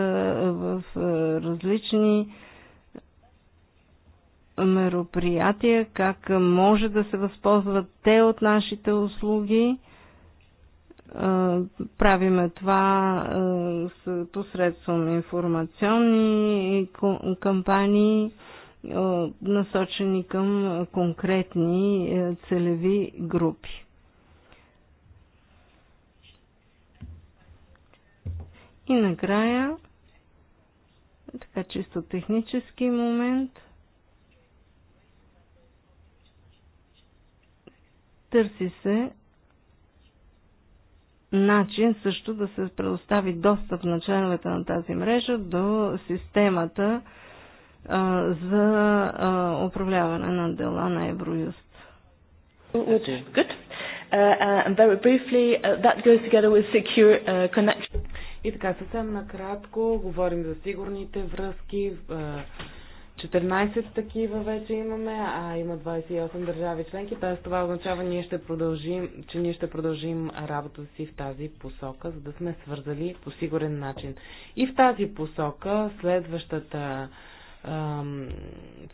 в различни мероприятия, как може да се възползват те от нашите услуги. Правиме това посредством информационни кампании, насочени към конкретни целеви групи. И накрая, така чисто технически момент, Търси се начин също да се предостави достъп на членовете на тази мрежа до системата а, за а, управляване на дела на Евроюст. Uh, uh, uh, И така, съвсем накратко, говорим за сигурните връзки, uh, 14 такива вече имаме, а има 28 държави членки, т.е. това означава, ние ще продължим, че ние ще продължим работата си в тази посока, за да сме свързали по сигурен начин. И в тази посока, следващата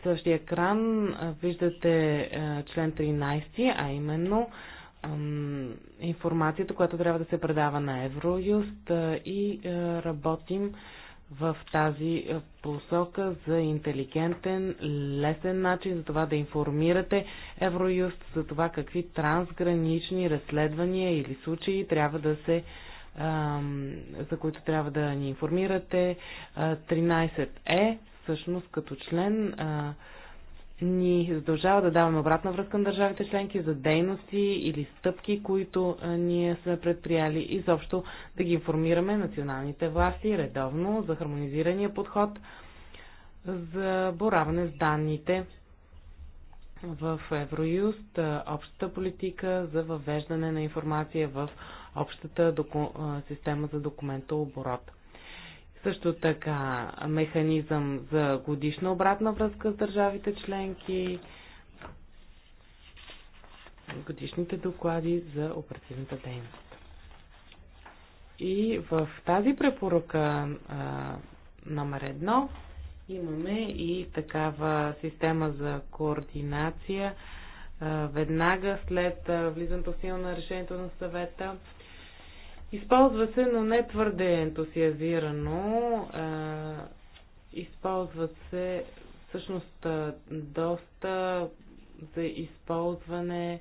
същия екран виждате член 13, а именно информацията, която трябва да се предава на Евроюст и работим в тази е, посока за интелигентен, лесен начин за това да информирате Евроюст за това какви трансгранични разследвания или случаи трябва да се за които трябва да ни информирате. 13 е, всъщност като член ни задължава да даваме обратна връзка на държавите членки за дейности или стъпки, които ние сме предприяли и заобщо да ги информираме националните власти редовно за хармонизирания подход за бораване с данните в Евроюст, общата политика за въвеждане на информация в общата доку... система за документооборот. оборот. Също така механизъм за годишна обратна връзка с държавите членки, годишните доклади за оперативната дейност. И в тази препоръка а, номер едно имаме и такава система за координация а, веднага след влизането в сила на решението на съвета. Използва се, но не твърде ентусиазирано. Използват се всъщност доста за използване,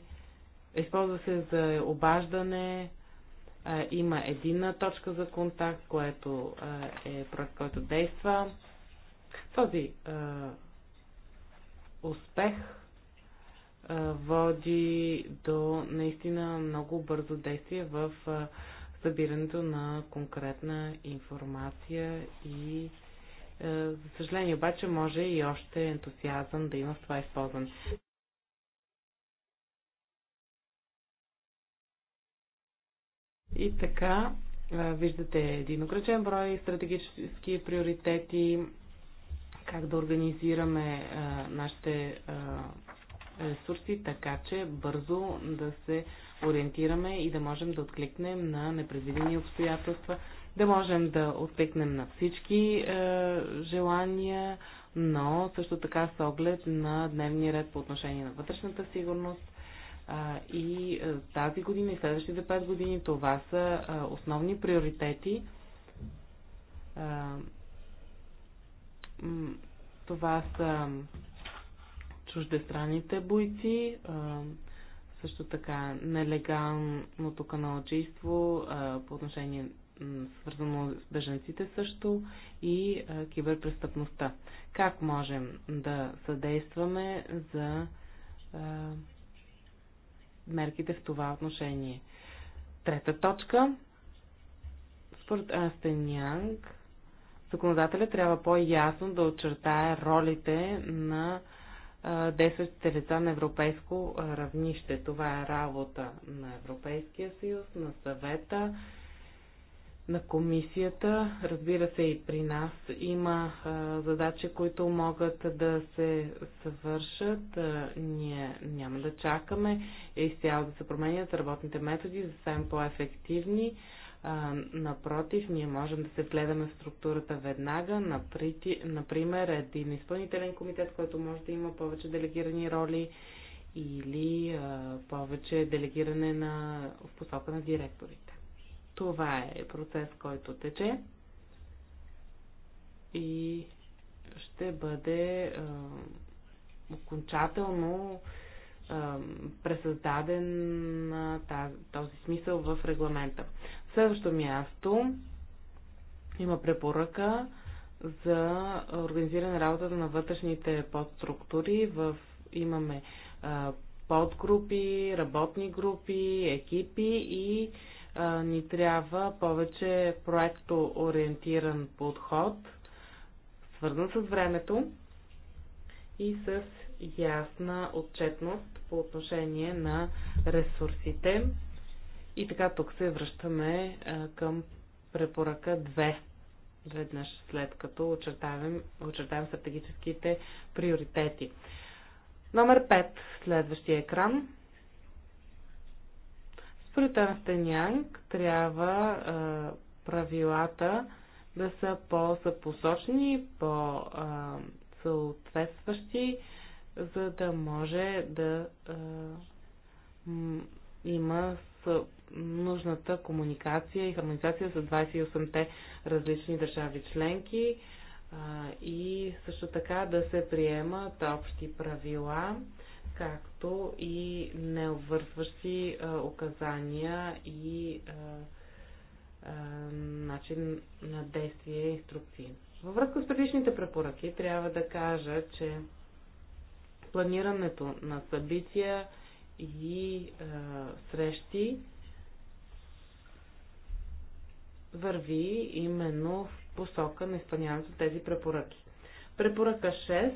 използва се за обаждане, има единна точка за контакт, което е проект, който действа. Този успех води до наистина много бързо действие в събирането на конкретна информация и е, за съжаление обаче може и още ентусиазъм да има в това използване. И така, е, виждате един ограничен брой стратегически приоритети, как да организираме е, нашите ресурси, така че бързо да се ориентираме и да можем да откликнем на непредвидени обстоятелства, да можем да откликнем на всички е, желания, но също така с оглед на дневния ред по отношение на вътрешната сигурност. Е, и е, тази година и следващите 5 години това са е, основни приоритети. Е, това са чуждестранните бойци. Е, също така нелегалното каналджийство по отношение свързано с беженците също и киберпрестъпността. Как можем да съдействаме за мерките в това отношение? Трета точка. Според Астен Янг, законодателя трябва по-ясно да очертае ролите на действащите лица на европейско равнище. Това е работа на Европейския съюз, на съвета, на комисията. Разбира се, и при нас има задачи, които могат да се свършат. Ние няма да чакаме изцяло да се променят работните методи, да станем по-ефективни а, напротив, ние можем да се вгледаме в структурата веднага. Наприти, например, един изпълнителен комитет, който може да има повече делегирани роли или а, повече делегиране на, в посока на директорите. Това е процес, който тече и ще бъде а, окончателно пресъздаден този смисъл в регламента. Следващо място има препоръка за организиране работата на вътрешните подструктури. В, имаме а, подгрупи, работни групи, екипи и а, ни трябва повече проектоориентиран подход, свързан с времето и с ясна отчетност по отношение на ресурсите и така тук се връщаме към препоръка 2 веднъж след като очертавам, очертавам стратегическите приоритети. Номер 5. Следващия екран. Според Анстен Янг трябва правилата да са по-съпосочни, по-съответстващи, за да може да има нужната комуникация и хармонизация с 28-те различни държави членки и също така да се приемат общи правила, както и необвързващи указания и начин на действие и инструкции. Във връзка с предишните препоръки трябва да кажа, че планирането на събития и срещи върви именно в посока на изпълняването тези препоръки. Препоръка 6,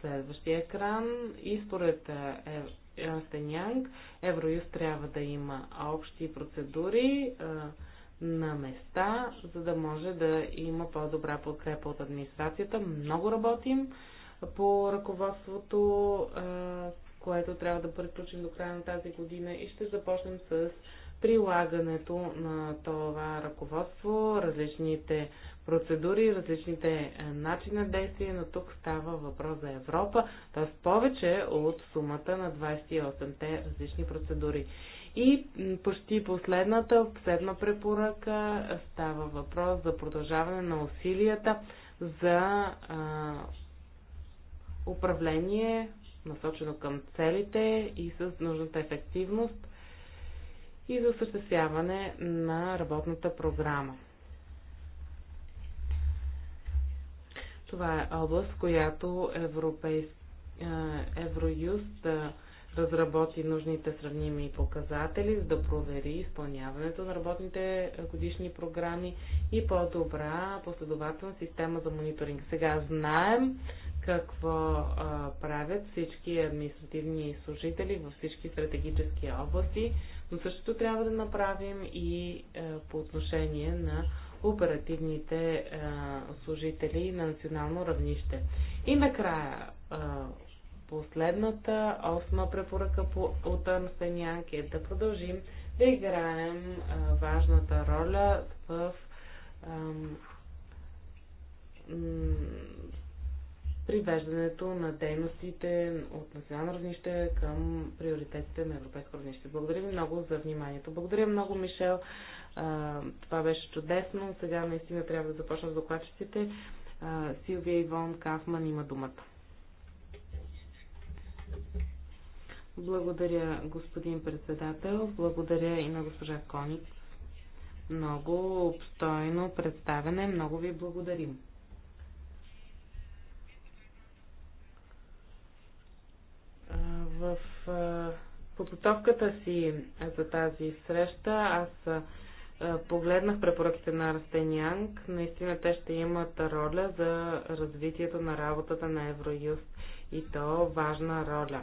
следващия екран и според Янстен е, е, Янг, Евроюз трябва да има общи процедури е, на места, за да може да има по-добра подкрепа от администрацията. Много работим по ръководството, което трябва да приключим до края на тази година и ще започнем с прилагането на това ръководство, различните процедури, различните е, начини на действие, но тук става въпрос за Европа, т.е. повече от сумата на 28-те различни процедури. И почти последната, седма препоръка, става въпрос за продължаване на усилията за а, управление, насочено към целите и с нужната ефективност и за осъществяване на работната програма. Това е област, която Европейс... Е, Евроюст разработи нужните сравними показатели, за да провери изпълняването на работните годишни програми и по-добра последователна система за мониторинг. Сега знаем какво правят всички административни служители във всички стратегически области. Но същото трябва да направим и е, по отношение на оперативните е, служители на национално равнище. И накрая, е, последната осма препоръка по, от Арнстенянки е да продължим да играем важната роля в привеждането на дейностите от национално равнище към приоритетите на европейско равнище. Благодаря ви много за вниманието. Благодаря много, Мишел. Това беше чудесно. Сега наистина трябва да започна с докладчиците. Силвия Ивон Кафман има думата. Благодаря, господин председател. Благодаря и на госпожа Коник. Много обстойно представене. Много ви благодарим. В подготовката си за тази среща аз погледнах препоръките на Растен Янг. Наистина те ще имат роля за развитието на работата на Евроюст и то важна роля.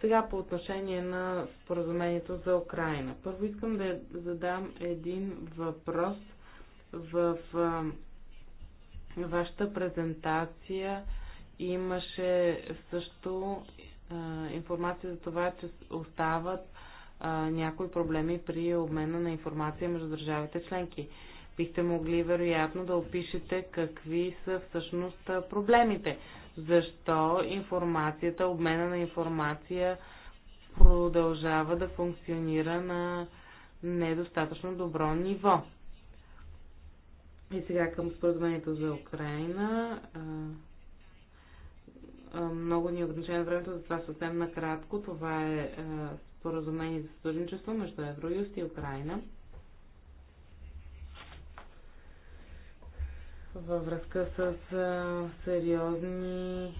Сега по отношение на споразумението за Украина. Първо искам да задам един въпрос в вашата презентация имаше също информация за това, че остават някои проблеми при обмена на информация между държавите членки. Бихте могли вероятно да опишете какви са всъщност проблемите. Защо информацията, обмена на информация продължава да функционира на недостатъчно добро ниво. И сега към споразумението за Украина много ни е ограничено времето, затова съвсем накратко. Това е споразумение за сътрудничество между Евроюст и Украина. Във връзка с сериозни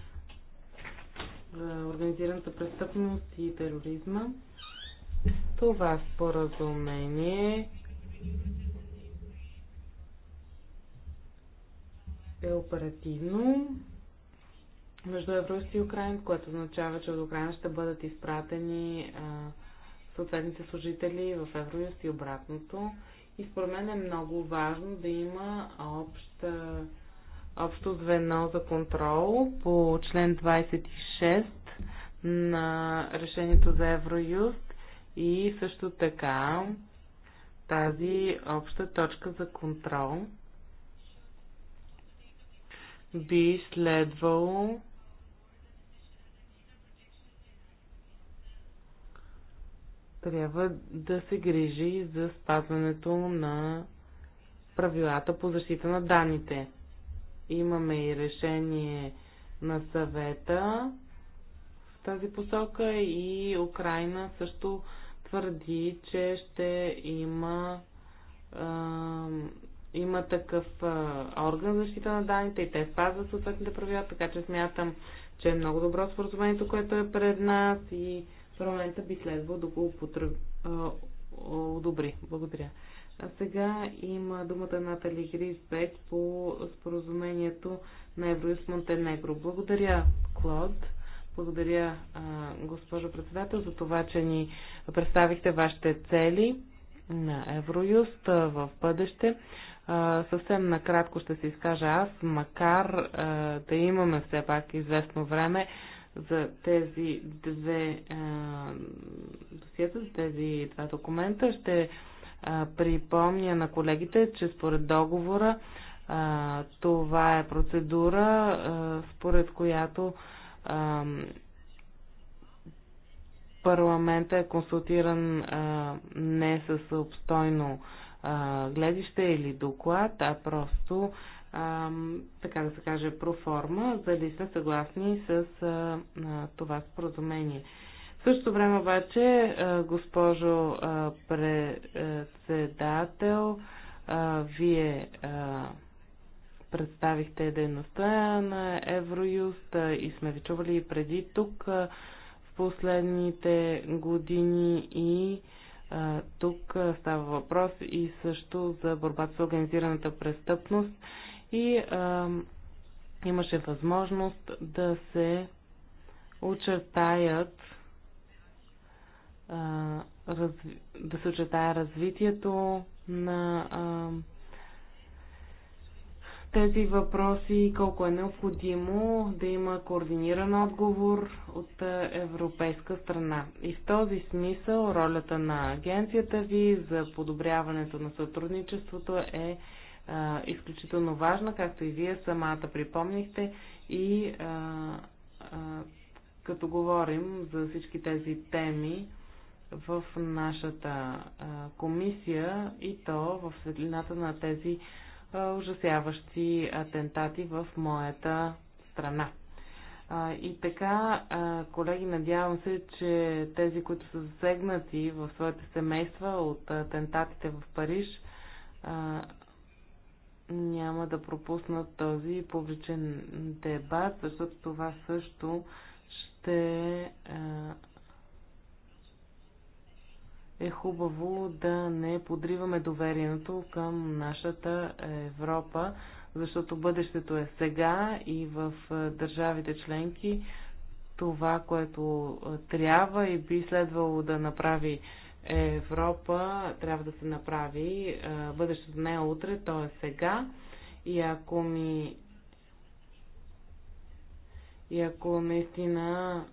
организираната престъпност и тероризма. Това споразумение е оперативно между Евросия и Украина, което означава, че от Украина ще бъдат изпратени а, съответните служители в Евросия и обратното. И според мен е много важно да има обща, общо звено за контрол по член 26 на решението за Евроюст и също така тази обща точка за контрол би следвало трябва да се грижи за спазването на правилата по защита на данните. Имаме и решение на съвета в тази посока и Украина също твърди, че ще има, а, има такъв орган за защита на данните и те спазват съответните правила, така че смятам, че е много добро споразумението, което е пред нас и парламента би следвал да го одобри. Благодаря. А сега има думата Натали Гризбек по споразумението на Евроюс Монтенегро. Благодаря, Клод. Благодаря, госпожо председател, за това, че ни представихте вашите цели на Евроюст в бъдеще. Съвсем накратко ще се изкажа аз, макар да имаме все пак известно време, за тези две досиета, за тези два документа. Ще припомня на колегите, че според договора това е процедура, според която парламента е консултиран не с обстойно гледище или доклад, а просто така да се каже, проформа, за да са съгласни с това споразумение. В същото време обаче, госпожо председател, вие представихте дейността на Евроюст и сме ви чували и преди тук в последните години и тук става въпрос и също за борбата с организираната престъпност и а, имаше възможност да се очертаят да се очертая развитието на а, тези въпроси и колко е необходимо да има координиран отговор от европейска страна. И в този смисъл ролята на агенцията ви за подобряването на сътрудничеството е а, изключително важна, както и вие самата припомнихте. И а, а, като говорим за всички тези теми в нашата а, комисия и то в светлината на тези а, ужасяващи атентати в моята страна. А, и така, а, колеги, надявам се, че тези, които са засегнати в своите семейства от атентатите в Париж, а, няма да пропуснат този публичен дебат, защото това също ще е хубаво да не подриваме доверието към нашата Европа, защото бъдещето е сега и в държавите членки това, което трябва и би следвало да направи Европа трябва да се направи. Бъдещето не е утре, то е сега. И ако ми. И ако наистина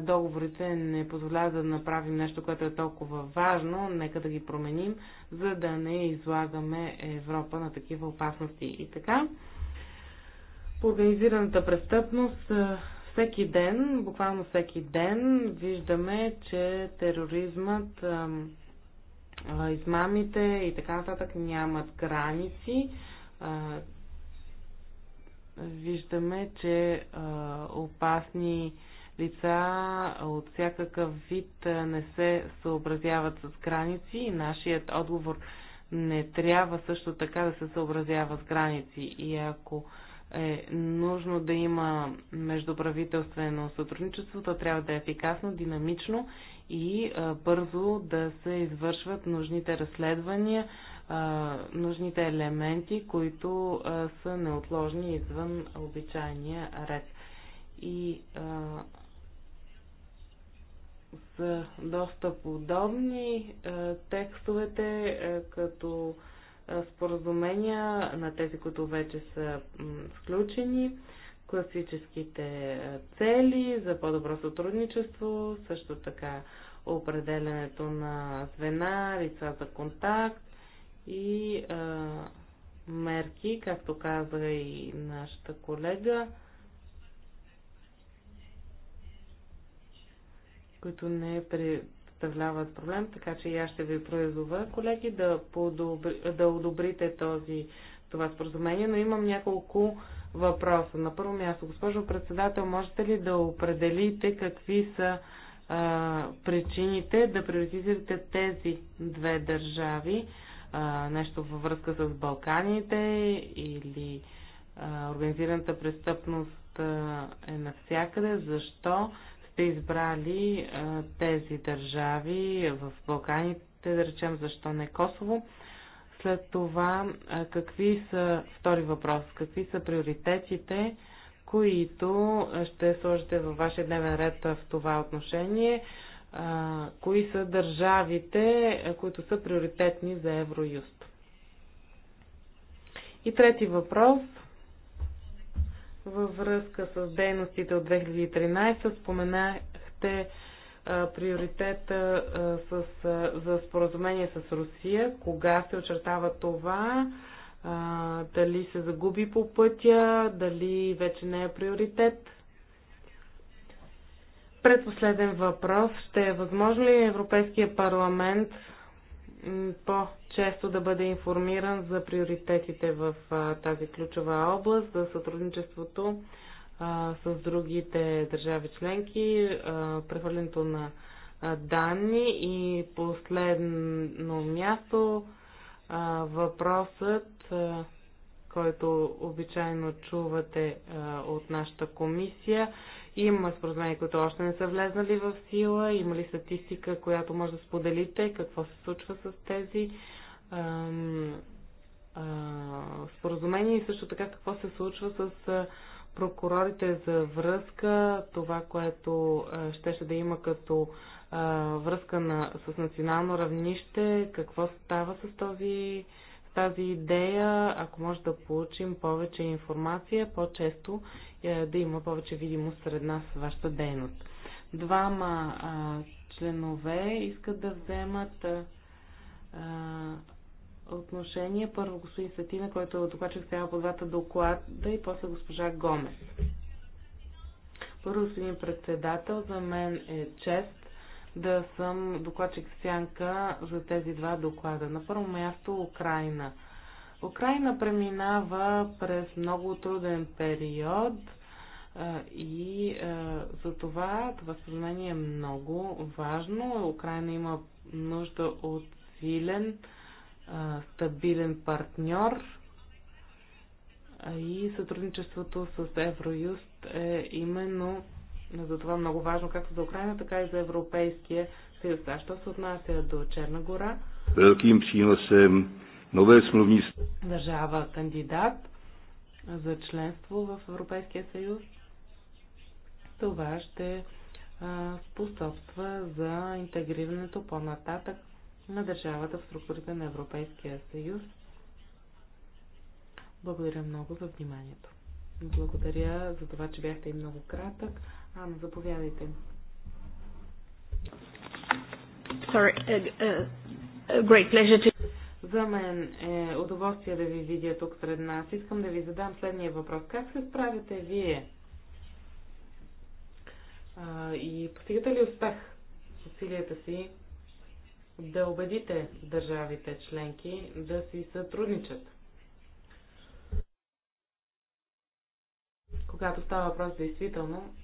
договорите не позволяват да направим нещо, което е толкова важно, нека да ги променим, за да не излагаме Европа на такива опасности. И така, по организираната престъпност всеки ден, буквално всеки ден, виждаме, че тероризмът, измамите и така нататък нямат граници. Виждаме, че опасни лица от всякакъв вид не се съобразяват с граници и нашият отговор не трябва също така да се съобразява с граници. И ако е нужно да има междуправителствено сътрудничество, то трябва да е ефикасно, динамично и а, бързо да се извършват нужните разследвания, а, нужните елементи, които а, са неотложни извън обичайния ред. И а, са доста подобни а, текстовете, а, като а, споразумения на тези, които вече са включени, класическите цели за по-добро сътрудничество, също така определенето на звена, лица за контакт и а, мерки, както каза и нашата колега, които не е при, представляват проблем, така че и аз ще ви призова, колеги, да, подобри, да одобрите този, това споразумение, но имам няколко въпроса. На първо място, госпожо председател, можете ли да определите какви са а, причините да приоритизирате тези две държави, а, нещо във връзка с Балканите или а, организираната престъпност а, е навсякъде, защо сте избрали а, тези държави в Балканите, да речем защо не Косово. След това, а, какви са, втори въпрос, какви са приоритетите, които ще сложите във вашия дневен ред в това отношение? А, кои са държавите, които са приоритетни за Евроюст? И трети въпрос – във връзка с дейностите от 2013. Споменахте а, приоритета а, с, а, за споразумение с Русия. Кога се очертава това? А, дали се загуби по пътя? Дали вече не е приоритет? Предпоследен въпрос. Ще е възможно ли Европейския парламент по-често да бъде информиран за приоритетите в тази ключова област, за сътрудничеството с другите държави членки, прехвърлянето на данни и последно място въпросът, който обичайно чувате от нашата комисия има споразумения, които още не са влезнали в сила. Има ли статистика, която може да споделите? Какво се случва с тези ам, а, споразумения и също така какво се случва с а, прокурорите за връзка, това, което а, щеше да има като а, връзка на, с национално равнище, какво става с този тази идея, ако може да получим повече информация, по-често е, да има повече видимост сред нас вашата дейност. Двама а, членове искат да вземат а, отношение. Първо господин Сатина, който е докладчик сега по двата доклада и после госпожа Гомес. Първо, господин председател, за мен е чест да съм докладчик сянка за тези два доклада. На първо място Украина. Украина преминава през много труден период и за това това споразумение е много важно. Украина има нужда от силен, стабилен партньор и сътрудничеството с Евроюст е именно за това много важно както за Украина, така и за Европейския съюз. А що се отнася до Черна гора? Великим приносем Нове смловни... Държава кандидат за членство в Европейския съюз. Това ще способства за интегрирането по-нататък на държавата в структурите на Европейския съюз. Благодаря много за вниманието. Благодаря за това, че бяхте и много кратък. Ана, заповядайте. Sorry, uh, uh, great pleasure to за мен е удоволствие да ви видя тук сред нас. Искам да ви задам следния въпрос. Как се справяте вие? А, и постигате ли успех с усилията си да убедите държавите членки да си сътрудничат? Когато става въпрос действително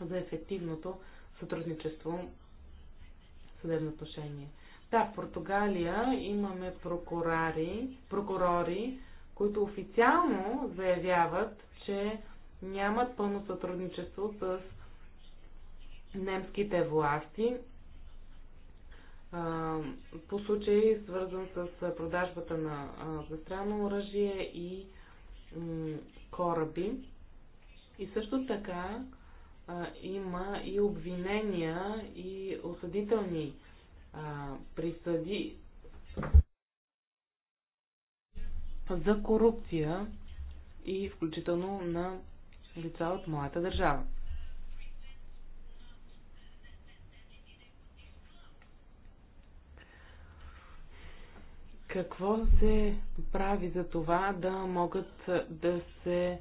за ефективното сътрудничество в съдебно отношение. Да, в Португалия имаме прокурори, прокурори, които официално заявяват, че нямат пълно сътрудничество с немските власти по случай свързан с продажбата на застрано оръжие и кораби. И също така има и обвинения и осъдителни а, присъди за корупция и включително на лица от моята държава. Какво се прави за това да могат да се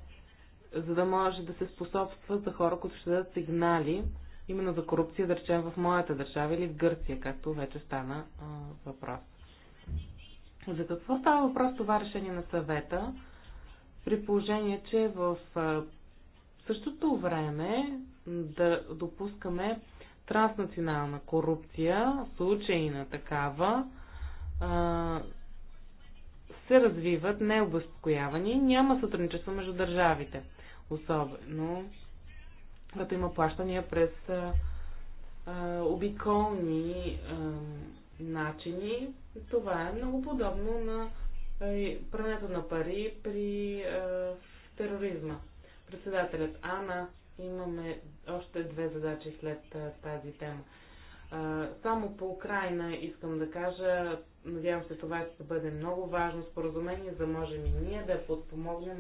за да може да се способства за хора, които ще дадат сигнали именно за корупция, да речем, в моята държава или в Гърция, както вече стана а, въпрос. За какво става въпрос това решение на съвета, при положение, че в а, същото време да допускаме транснационална корупция, случаи на такава, а, се развиват необезпокоявани, няма сътрудничество между държавите. Особено когато има плащания през а, а, обиколни а, начини. Това е много подобно на а, прането на пари при а, тероризма. Председателят Ана, имаме още две задачи след а, тази тема. А, само по Украина искам да кажа, надявам се това ще бъде много важно споразумение, за можем и ние да подпомогнем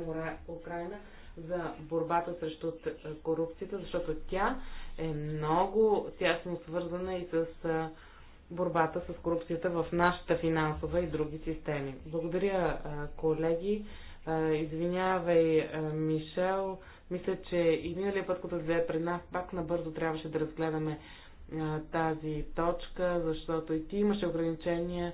Украина за борбата срещу корупцията, защото тя е много тясно свързана и с борбата с корупцията в нашата финансова и други системи. Благодаря, колеги. Извинявай, Мишел. Мисля, че и миналия път, когато взе пред нас, пак набързо трябваше да разгледаме тази точка, защото и ти имаше ограничения.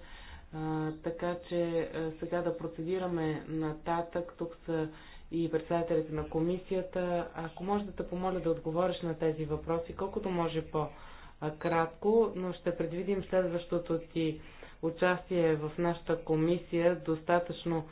така че сега да процедираме нататък. Тук са и председателите на комисията. Ако може да те помоля да отговориш на тези въпроси, колкото може по-кратко, но ще предвидим следващото ти участие в нашата комисия достатъчно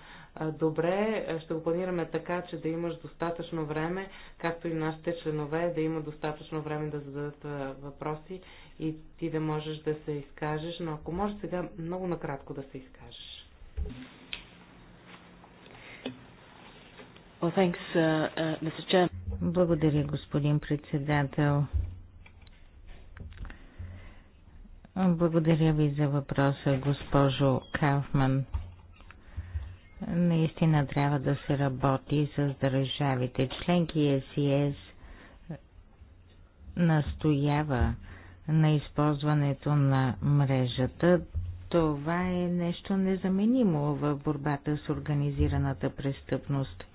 добре. Ще го планираме така, че да имаш достатъчно време, както и нашите членове, да има достатъчно време да зададат въпроси и ти да можеш да се изкажеш. Но ако можеш сега много накратко да се изкажеш. Uh, uh, Благодаря, господин председател. Благодаря ви за въпроса, госпожо Кафман. Наистина трябва да се работи с държавите. Членки СИС е настоява на използването на мрежата. Това е нещо незаменимо в борбата с организираната престъпност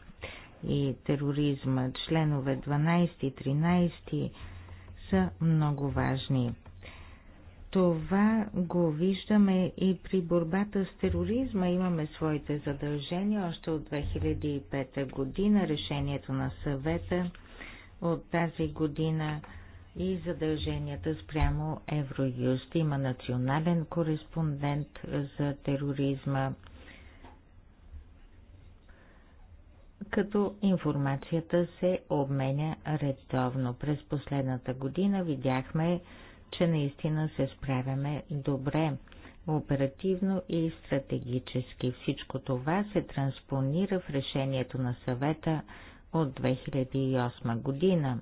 и тероризма. Членове 12 и 13 са много важни. Това го виждаме и при борбата с тероризма. Имаме своите задължения още от 2005 година, решението на съвета от тази година и задълженията спрямо Евроюст. Има национален кореспондент за тероризма. като информацията се обменя редовно. През последната година видяхме, че наистина се справяме добре оперативно и стратегически. Всичко това се транспонира в решението на съвета от 2008 година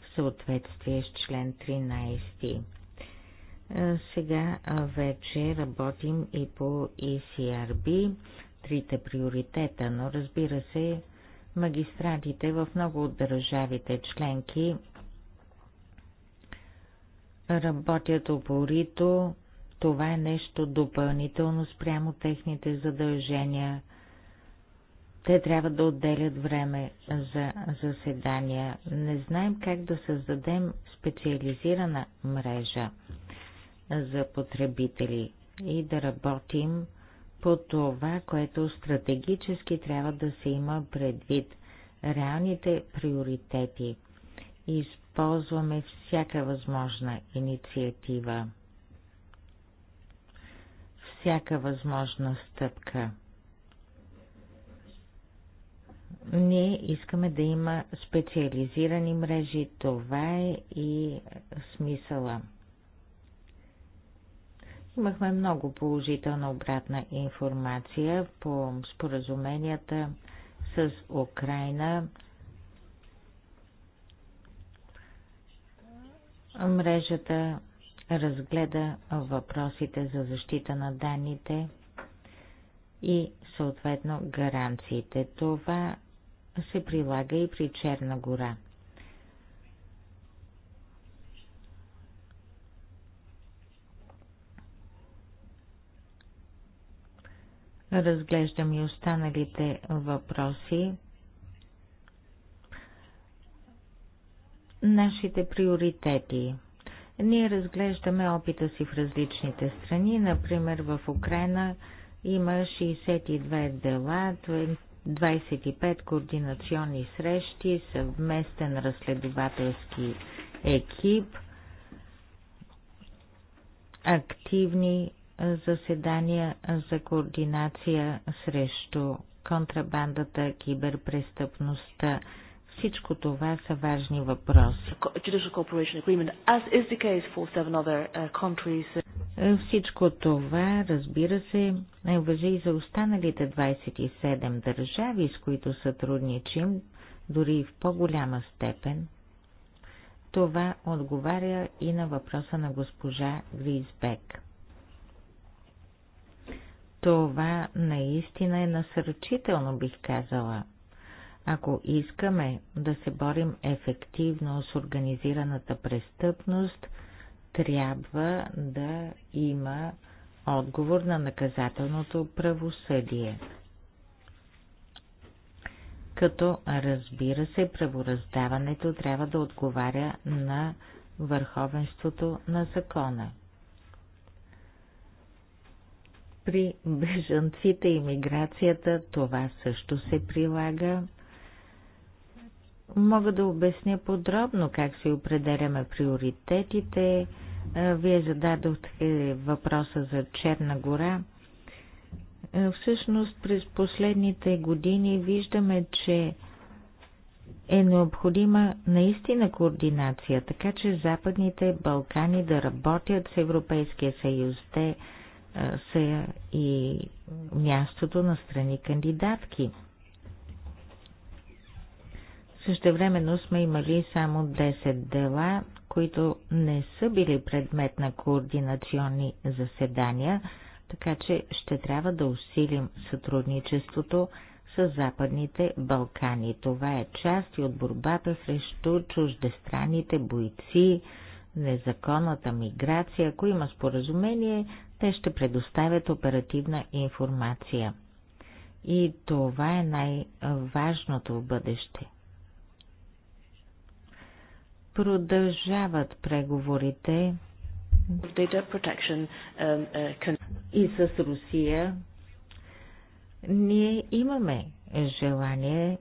в съответствие с член 13. Е, сега вече работим и по ECRB, трите приоритета, но разбира се, магистратите в много от държавите членки работят упорито, Това е нещо допълнително спрямо техните задължения. Те трябва да отделят време за заседания. Не знаем как да създадем специализирана мрежа за потребители и да работим по това, което стратегически трябва да се има предвид – реалните приоритети. Използваме всяка възможна инициатива, всяка възможна стъпка. Ние искаме да има специализирани мрежи, това е и смисъла. Имахме много положителна обратна информация по споразуменията с Украина. Мрежата разгледа въпросите за защита на данните и съответно гаранциите. Това се прилага и при Черна гора. Разглеждам и останалите въпроси. Нашите приоритети. Ние разглеждаме опита си в различните страни. Например, в Украина има 62 дела, 25 координационни срещи, съвместен разследователски екип, активни заседания за координация срещу контрабандата, киберпрестъпността. Всичко това са важни въпроси. Uh, Всичко това, разбира се, важи и за останалите 27 държави, с които сътрудничим, дори и в по-голяма степен. Това отговаря и на въпроса на госпожа Гризбек. Това наистина е насърчително, бих казала. Ако искаме да се борим ефективно с организираната престъпност, трябва да има отговор на наказателното правосъдие. Като разбира се, правораздаването трябва да отговаря на върховенството на закона. При бежанците и миграцията това също се прилага. Мога да обясня подробно как се определяме приоритетите. Вие зададохте въпроса за Черна гора. Всъщност през последните години виждаме, че е необходима наистина координация, така че Западните Балкани да работят с Европейския съюз. Те са и мястото на страни кандидатки. Същевременно сме имали само 10 дела, които не са били предмет на координационни заседания, така че ще трябва да усилим сътрудничеството с Западните Балкани. Това е част и от борбата срещу чуждестранните бойци, незаконната миграция. Ако има споразумение, те ще предоставят оперативна информация. И това е най-важното в бъдеще. Продължават преговорите um, uh, и с Русия. Ние имаме желание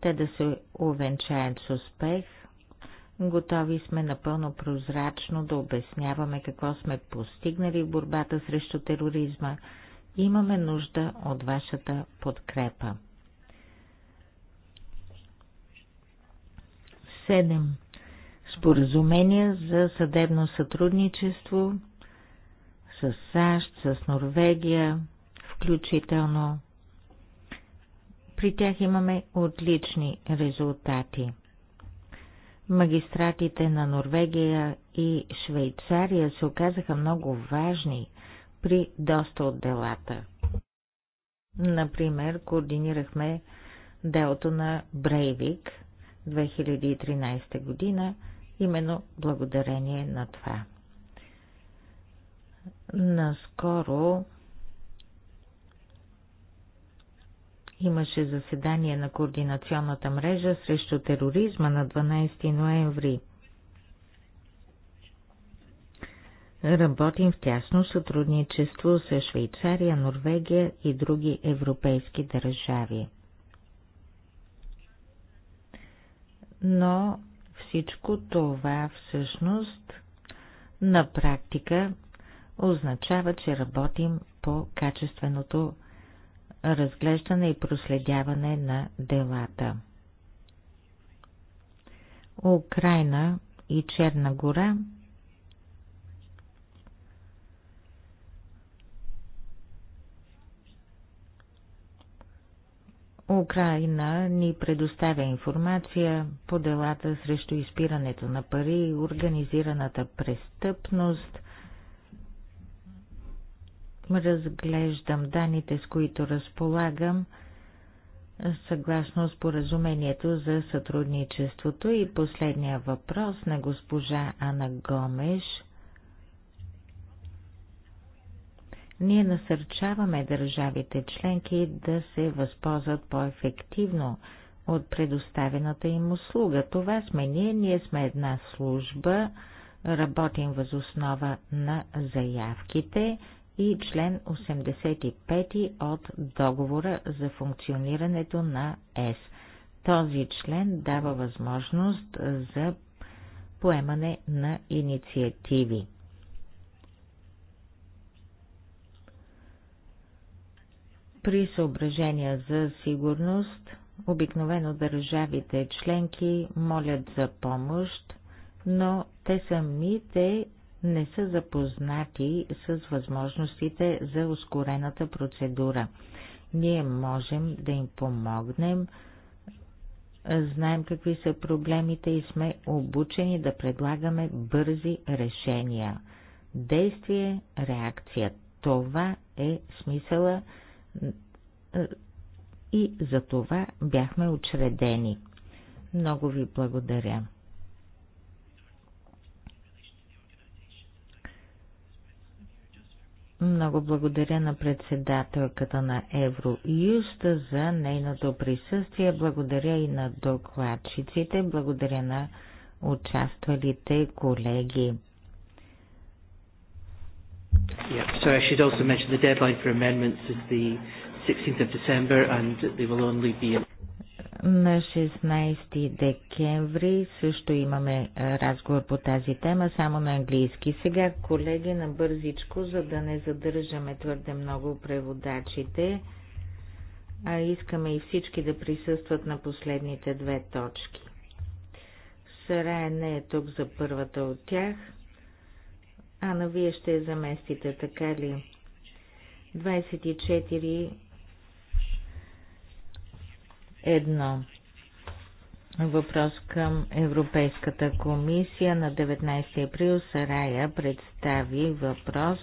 те да се увенчаят с успех – Готови сме напълно прозрачно да обясняваме какво сме постигнали в борбата срещу тероризма. Имаме нужда от вашата подкрепа. 7. Споразумения за съдебно сътрудничество с САЩ, с Норвегия, включително. При тях имаме отлични резултати – Магистратите на Норвегия и Швейцария се оказаха много важни при доста от делата. Например, координирахме делото на Брейвик 2013 година, именно благодарение на това. Наскоро Имаше заседание на координационната мрежа срещу тероризма на 12 ноември. Работим в тясно сътрудничество с Швейцария, Норвегия и други европейски държави. Но всичко това всъщност на практика означава, че работим по качественото разглеждане и проследяване на делата. Украина и Черна гора Украина ни предоставя информация по делата срещу изпирането на пари, организираната престъпност, разглеждам данните, с които разполагам, съгласно споразумението за сътрудничеството и последния въпрос на госпожа Ана Гомеш. Ние насърчаваме държавите членки да се възползват по-ефективно от предоставената им услуга. Това сме ние, ние сме една служба, работим възоснова на заявките, и член 85 от договора за функционирането на ЕС. Този член дава възможност за поемане на инициативи. При съображения за сигурност, обикновено държавите членки молят за помощ, но те самите не са запознати с възможностите за ускорената процедура. Ние можем да им помогнем, знаем какви са проблемите и сме обучени да предлагаме бързи решения. Действие, реакция. Това е смисъла и за това бяхме учредени. Много ви благодаря. Много благодаря на председателката на Евроюст за нейното присъствие. Благодаря и на докладчиците. Благодаря на участвалите колеги. Yeah, sorry, I should also mention the deadline for amendments is the 16th of December and they will only be... На 16 декември също имаме разговор по тази тема, само на английски. Сега, колеги, на бързичко, за да не задържаме твърде много преводачите, а искаме и всички да присъстват на последните две точки. Сарая не е тук за първата от тях. Ана, вие ще я заместите, така ли? 24 едно. Въпрос към Европейската комисия на 19 април Сарая представи въпрос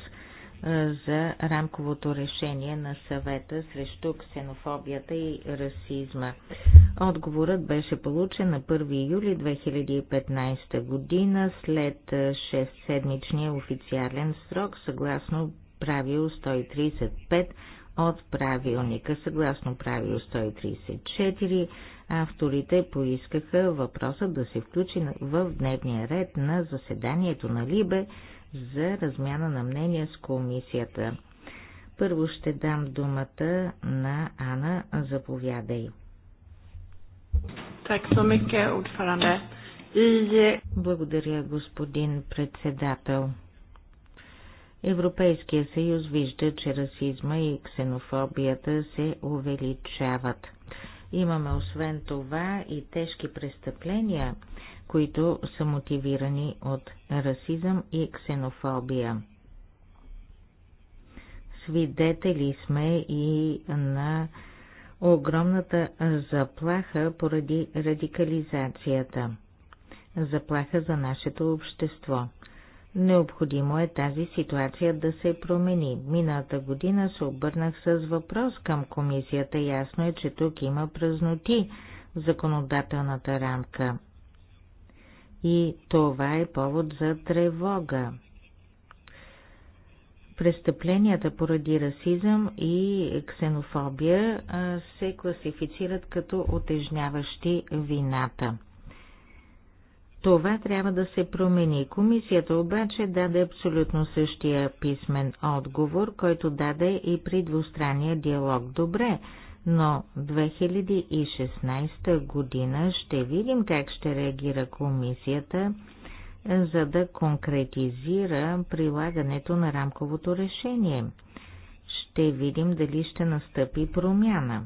за рамковото решение на съвета срещу ксенофобията и расизма. Отговорът беше получен на 1 юли 2015 година след 6-седмичния официален срок съгласно правило 135 от правилника. Съгласно правило 134, авторите поискаха въпросът да се включи в дневния ред на заседанието на Либе за размяна на мнения с комисията. Първо ще дам думата на Ана. Заповядай. Так Благодаря, господин председател. Европейския съюз вижда, че расизма и ксенофобията се увеличават. Имаме освен това и тежки престъпления, които са мотивирани от расизъм и ксенофобия. Свидетели сме и на огромната заплаха поради радикализацията. Заплаха за нашето общество – Необходимо е тази ситуация да се промени. Мината година се обърнах с въпрос към комисията. Ясно е, че тук има празноти в законодателната рамка. И това е повод за тревога. Престъпленията поради расизъм и ксенофобия се класифицират като отежняващи вината. Това трябва да се промени. Комисията обаче даде абсолютно същия писмен отговор, който даде и при двустранния диалог. Добре, но 2016 година ще видим как ще реагира комисията, за да конкретизира прилагането на рамковото решение. Ще видим дали ще настъпи промяна.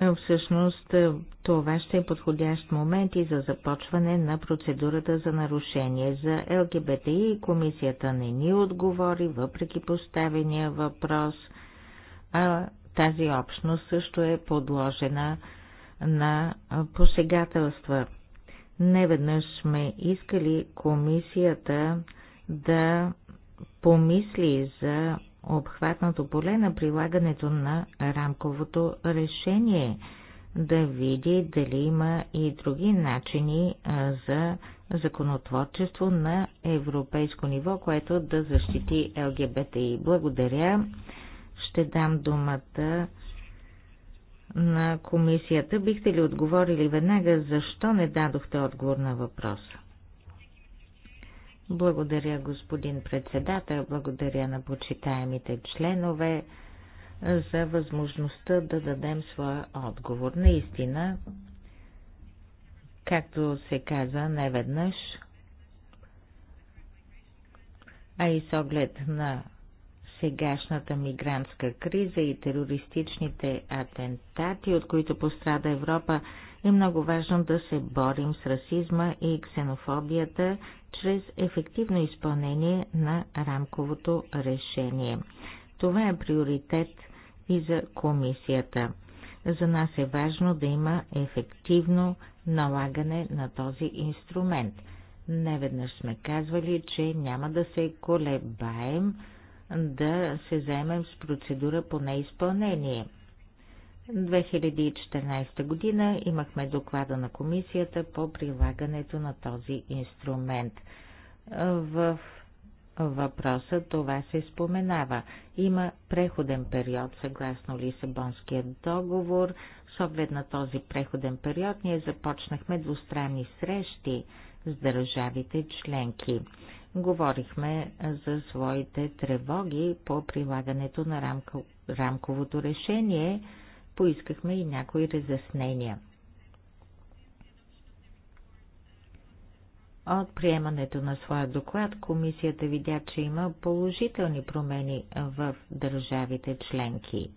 Е, всъщност е, това ще е подходящ момент и за започване на процедурата за нарушение за ЛГБТ, и Комисията не ни отговори, въпреки поставения въпрос, а тази общност също е подложена на посегателства. Неведнъж сме искали комисията да помисли за обхватното поле на прилагането на рамковото решение, да види дали има и други начини за законотворчество на европейско ниво, което да защити ЛГБТИ. Благодаря. Ще дам думата на комисията. Бихте ли отговорили веднага защо не дадохте отговор на въпроса? Благодаря, господин председател, благодаря на почитаемите членове за възможността да дадем своя отговор. Наистина, както се каза неведнъж, а и с оглед на сегашната мигрантска криза и терористичните атентати, от които пострада Европа, е много важно да се борим с расизма и ксенофобията чрез ефективно изпълнение на рамковото решение. Това е приоритет и за комисията. За нас е важно да има ефективно налагане на този инструмент. Неведнъж сме казвали, че няма да се колебаем да се заемем с процедура по неизпълнение – 2014 година имахме доклада на комисията по прилагането на този инструмент. В въпроса това се споменава. Има преходен период съгласно Лисабонския договор. С оглед на този преходен период ние започнахме двустранни срещи с държавите членки. Говорихме за своите тревоги по прилагането на рамко, рамковото решение – поискахме и някои разяснения. От приемането на своя доклад комисията видя, че има положителни промени в държавите членки.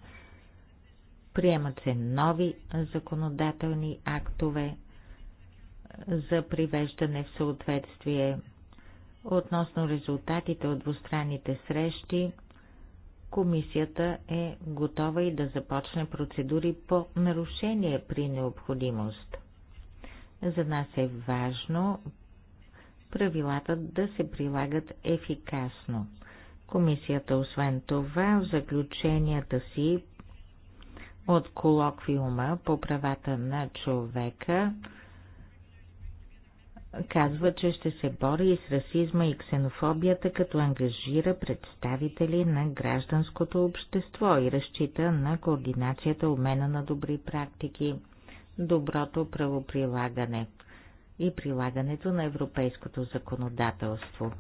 Приемат се нови законодателни актове за привеждане в съответствие относно резултатите от двустранните срещи комисията е готова и да започне процедури по нарушение при необходимост. За нас е важно правилата да се прилагат ефикасно. Комисията освен това в заключенията си от колоквиума по правата на човека казва, че ще се бори и с расизма и ксенофобията, като ангажира представители на гражданското общество и разчита на координацията, обмена на добри практики, доброто правоприлагане и прилагането на европейското законодателство.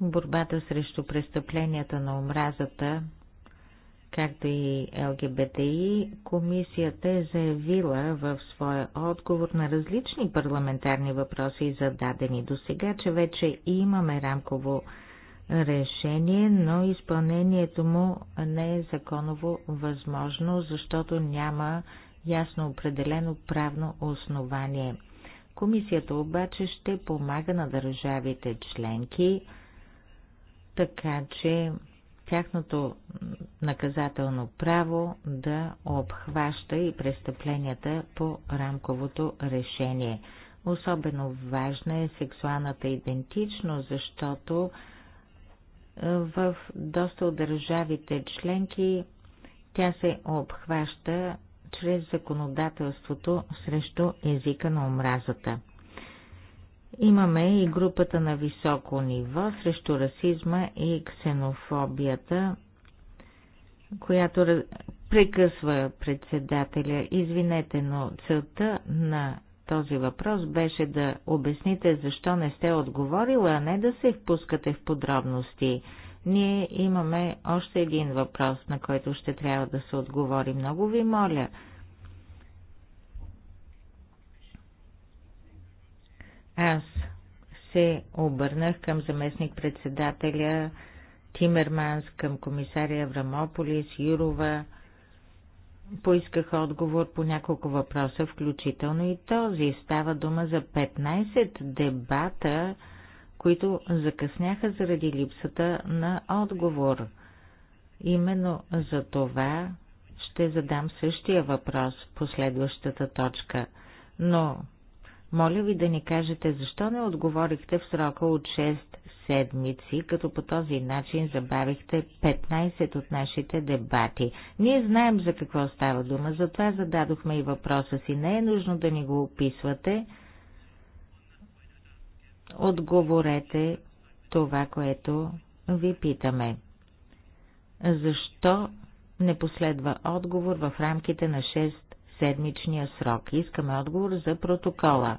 Борбата срещу престъпленията на омразата както и ЛГБТИ, комисията е заявила в своя отговор на различни парламентарни въпроси, зададени до сега, че вече имаме рамково решение, но изпълнението му не е законово възможно, защото няма ясно определено правно основание. Комисията обаче ще помага на държавите членки, така че тяхното наказателно право да обхваща и престъпленията по рамковото решение. Особено важна е сексуалната идентичност, защото е, в доста от държавите членки тя се обхваща чрез законодателството срещу езика на омразата. Имаме и групата на високо ниво срещу расизма и ксенофобията, която прекъсва председателя. Извинете, но целта на този въпрос беше да обясните защо не сте отговорила, а не да се впускате в подробности. Ние имаме още един въпрос, на който ще трябва да се отговори. Много ви моля, Аз се обърнах към заместник-председателя Тимерманс, към комисаря Врамополис, Юрова. Поисках отговор по няколко въпроса, включително и този. Става дума за 15 дебата, които закъсняха заради липсата на отговор. Именно за това ще задам същия въпрос по следващата точка. Но моля ви да ни кажете защо не отговорихте в срока от 6 седмици, като по този начин забавихте 15 от нашите дебати. Ние знаем за какво става дума, затова зададохме и въпроса си. Не е нужно да ни го описвате. Отговорете това, което ви питаме. Защо не последва отговор в рамките на 6 седмичния срок. Искаме отговор за протокола.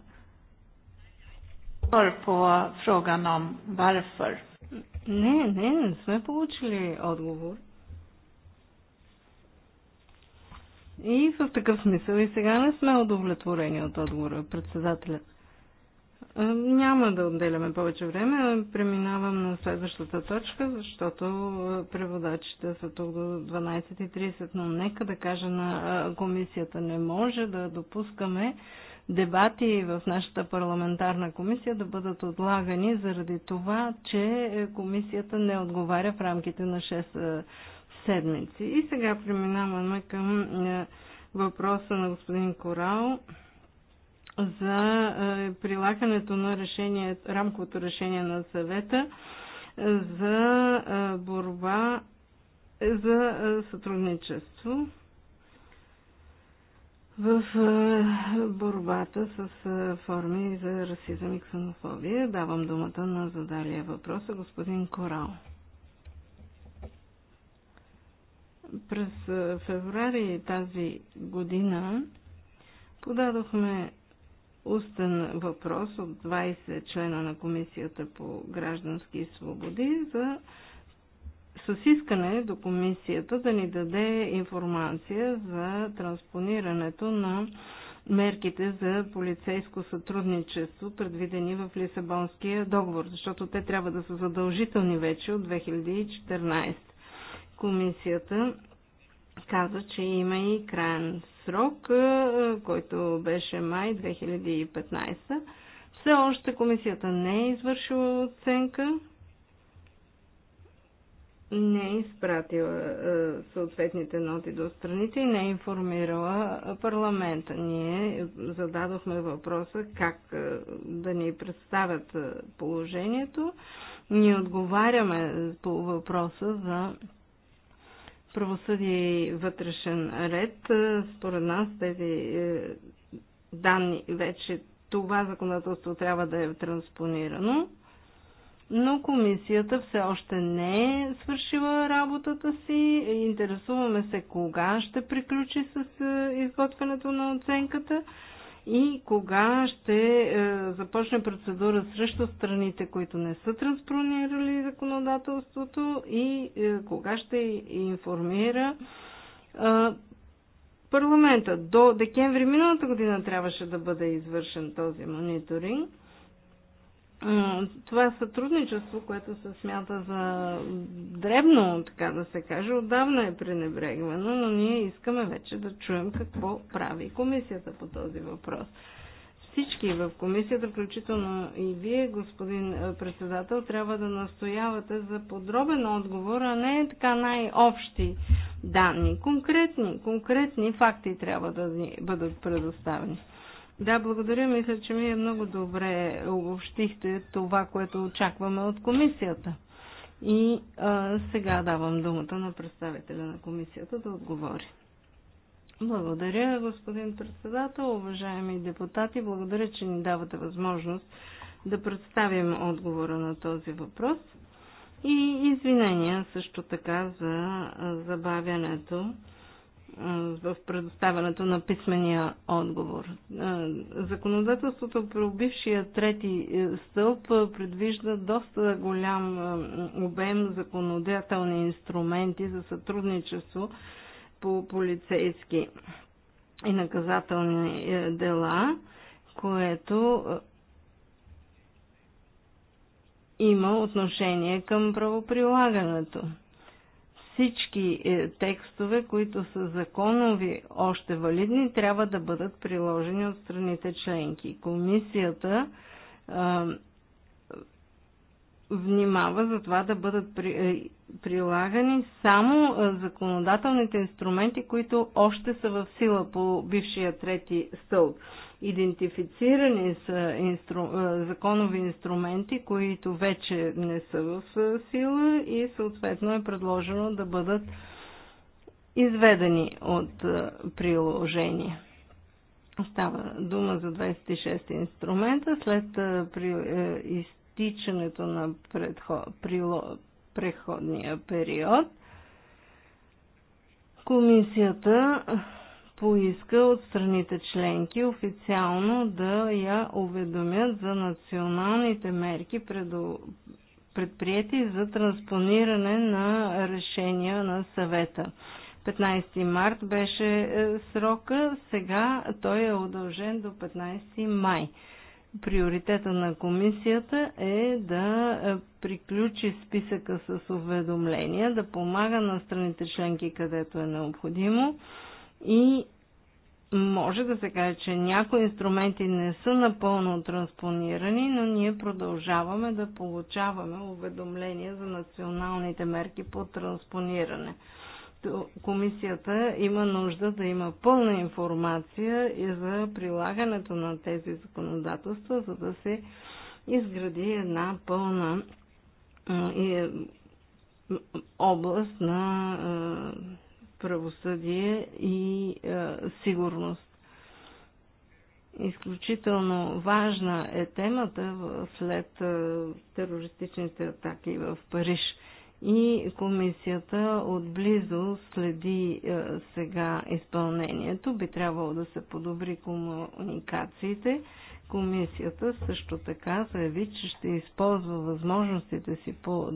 Не, не, не сме получили отговор. И в такъв смисъл и сега не сме удовлетворени от отговора, председателят. Е, няма да отделяме повече време. Преминавам на следващата точка, защото е, преводачите са тук до 12.30, но нека да кажа на е, комисията. Не може да допускаме дебати в нашата парламентарна комисия да бъдат отлагани заради това, че комисията не отговаря в рамките на 6 седмици. И сега преминаваме към въпроса на господин Корал за е, прилагането на решение, рамковото решение на съвета е, за е, борба за сътрудничество в борбата с форми за расизъм и ксенофобия. Давам думата на задалия въпроса господин Корал. През феврари тази година подадохме устен въпрос от 20 члена на Комисията по граждански свободи за с искане до комисията да ни даде информация за транспонирането на мерките за полицейско сътрудничество, предвидени в Лисабонския договор, защото те трябва да са задължителни вече от 2014. Комисията каза, че има и крайен срок, който беше май 2015. Все още комисията не е извършила оценка, не е изпратила съответните ноти до страните и не е информирала парламента. Ние зададохме въпроса как да ни представят положението. Ние отговаряме по въпроса за правосъдие и вътрешен ред. Е, според нас тези е, данни вече това законодателство трябва да е транспонирано, но комисията все още не е свършила работата си. Интересуваме се кога ще приключи с е, изготвянето на оценката и кога ще е, започне процедура срещу страните, които не са транспронирали законодателството и е, кога ще информира е, парламента. До декември миналата година трябваше да бъде извършен този мониторинг това сътрудничество, което се смята за дребно, така да се каже, отдавна е пренебрегвано, но ние искаме вече да чуем какво прави комисията по този въпрос. Всички в комисията, включително и вие, господин председател, трябва да настоявате за подробен отговор, а не така най-общи данни. Конкретни, конкретни факти трябва да ни бъдат предоставени. Да, благодаря. Мисля, че ми е много добре обобщихте това, което очакваме от комисията. И а, сега давам думата на представителя на комисията да отговори. Благодаря, господин председател, уважаеми депутати. Благодаря, че ни давате възможност да представим отговора на този въпрос. И извинения също така за забавянето в предоставянето на писмения отговор. Законодателството при бившия трети е, стълб предвижда доста голям обем законодателни инструменти за сътрудничество по полицейски и наказателни е, дела, което е, има отношение към правоприлагането всички е, текстове, които са законови още валидни, трябва да бъдат приложени от страните членки. Комисията е, внимава за това да бъдат при, е, прилагани само е, законодателните инструменти, които още са в сила по бившия трети стълб. Идентифицирани са инстру, е, законови инструменти, които вече не са в сила и съответно е предложено да бъдат изведени от приложение. Става дума за 26 инструмента. След при, е, изтичането на преходния период, комисията поиска от страните членки официално да я уведомят за националните мерки, предприяти за транспониране на решения на съвета. 15 март беше е, срока, сега той е удължен до 15 май приоритета на комисията е да е, приключи списъка с уведомления, да помага на страните членки, където е необходимо и може да се каже, че някои инструменти не са напълно транспонирани, но ние продължаваме да получаваме уведомления за националните мерки по транспониране комисията има нужда да има пълна информация и за прилагането на тези законодателства, за да се изгради една пълна област на правосъдие и сигурност. Изключително важна е темата след терористичните атаки в Париж – и комисията отблизо следи е, сега изпълнението. Би трябвало да се подобри комуникациите. Комисията също така заяви, че ще използва възможностите си по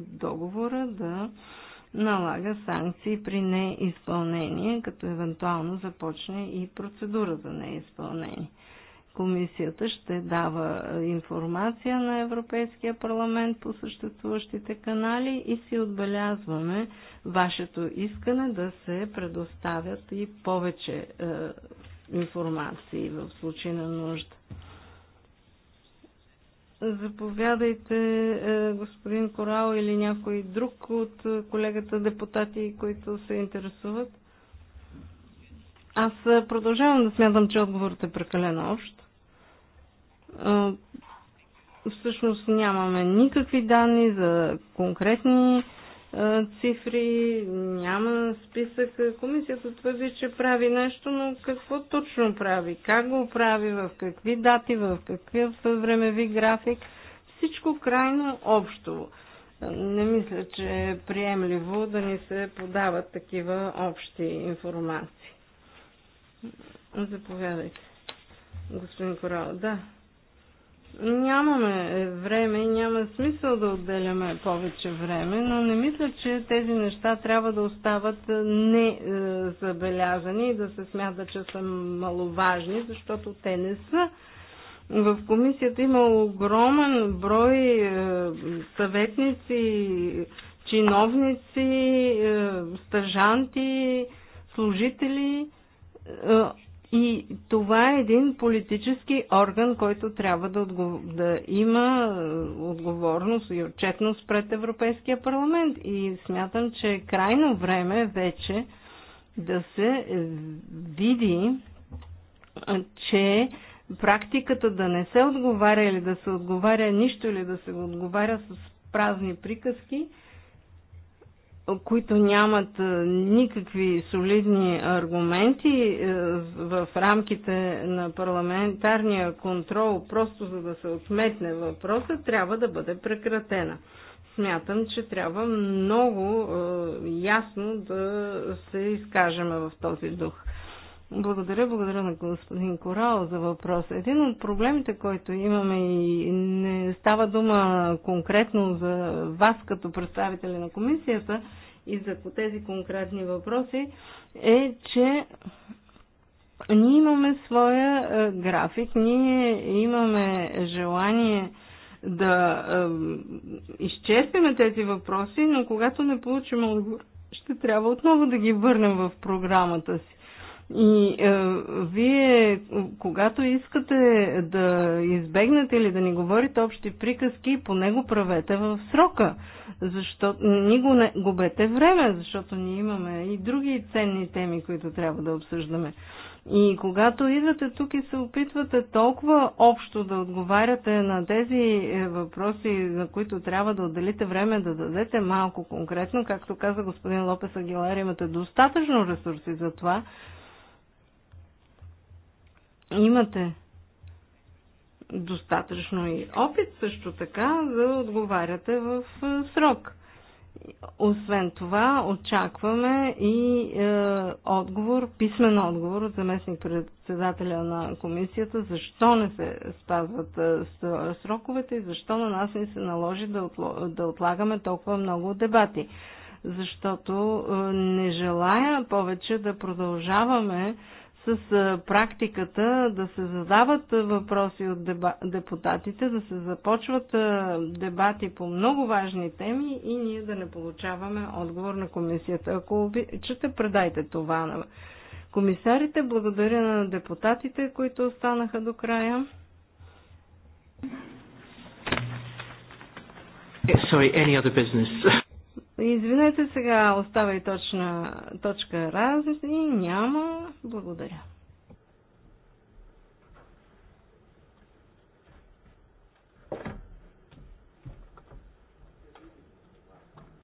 договора да налага санкции при неизпълнение, като евентуално започне и процедура за неизпълнение. Комисията ще дава е, информация на Европейския парламент по съществуващите канали и си отбелязваме вашето искане да се предоставят и повече е, информации в случай на нужда. Заповядайте, е, господин Корал или някой друг от е, колегата депутати, които се интересуват. Аз продължавам да смятам, че отговорът е прекалено общ. Всъщност нямаме никакви данни за конкретни цифри, няма списък. Комисията твърди, че прави нещо, но какво точно прави? Как го прави? В какви дати? В какъв времеви график? Всичко крайно общо. Не мисля, че е приемливо да ни се подават такива общи информации. Заповядайте, господин Корал. Да. Нямаме време, няма смисъл да отделяме повече време, но не мисля, че тези неща трябва да остават незабелязани и да се смята, че са маловажни, защото те не са. В комисията има огромен брой е, съветници, чиновници, е, стажанти, служители – е, и това е един политически орган, който трябва да, отгов... да има е, отговорност и отчетност пред Европейския парламент. И смятам, че е крайно време вече да се е, види, че практиката да не се отговаря или да се отговаря нищо или да се отговаря с празни приказки – които нямат никакви солидни аргументи в рамките на парламентарния контрол, просто за да се отметне въпроса, трябва да бъде прекратена. Смятам, че трябва много ясно да се изкажем в този дух. Благодаря, благодаря на господин Корал за въпрос. Един от проблемите, който имаме и не става дума конкретно за вас като представители на комисията, и за тези конкретни въпроси е, че ние имаме своя е, график, ние имаме желание да е, изчезнем тези въпроси, но когато не получим отговор, ще трябва отново да ги върнем в програмата си. И е, вие, когато искате да избегнете или да ни говорите общи приказки, поне го правете в срока защото ни го не, губете време, защото ние имаме и други ценни теми, които трябва да обсъждаме. И когато идвате тук и се опитвате толкова общо да отговаряте на тези е, въпроси, на които трябва да отделите време да дадете малко конкретно, както каза господин Лопес Агилар, имате достатъчно ресурси за това. Имате достатъчно и опит също така за да отговаряте в е, срок. Освен това, очакваме и е, отговор, писмен отговор от заместник председателя на комисията, защо не се спазват е, сроковете и защо на нас ни се наложи да, отло, да отлагаме толкова много дебати. Защото е, не желая повече да продължаваме е, с практиката да се задават въпроси от депутатите, да се започват дебати по много важни теми и ние да не получаваме отговор на комисията. Ако обичате, предайте това на комисарите. Благодаря на депутатите, които останаха до края. Sorry, any other business? Извинете сега, остава и точна точка разни. Няма. Благодаря.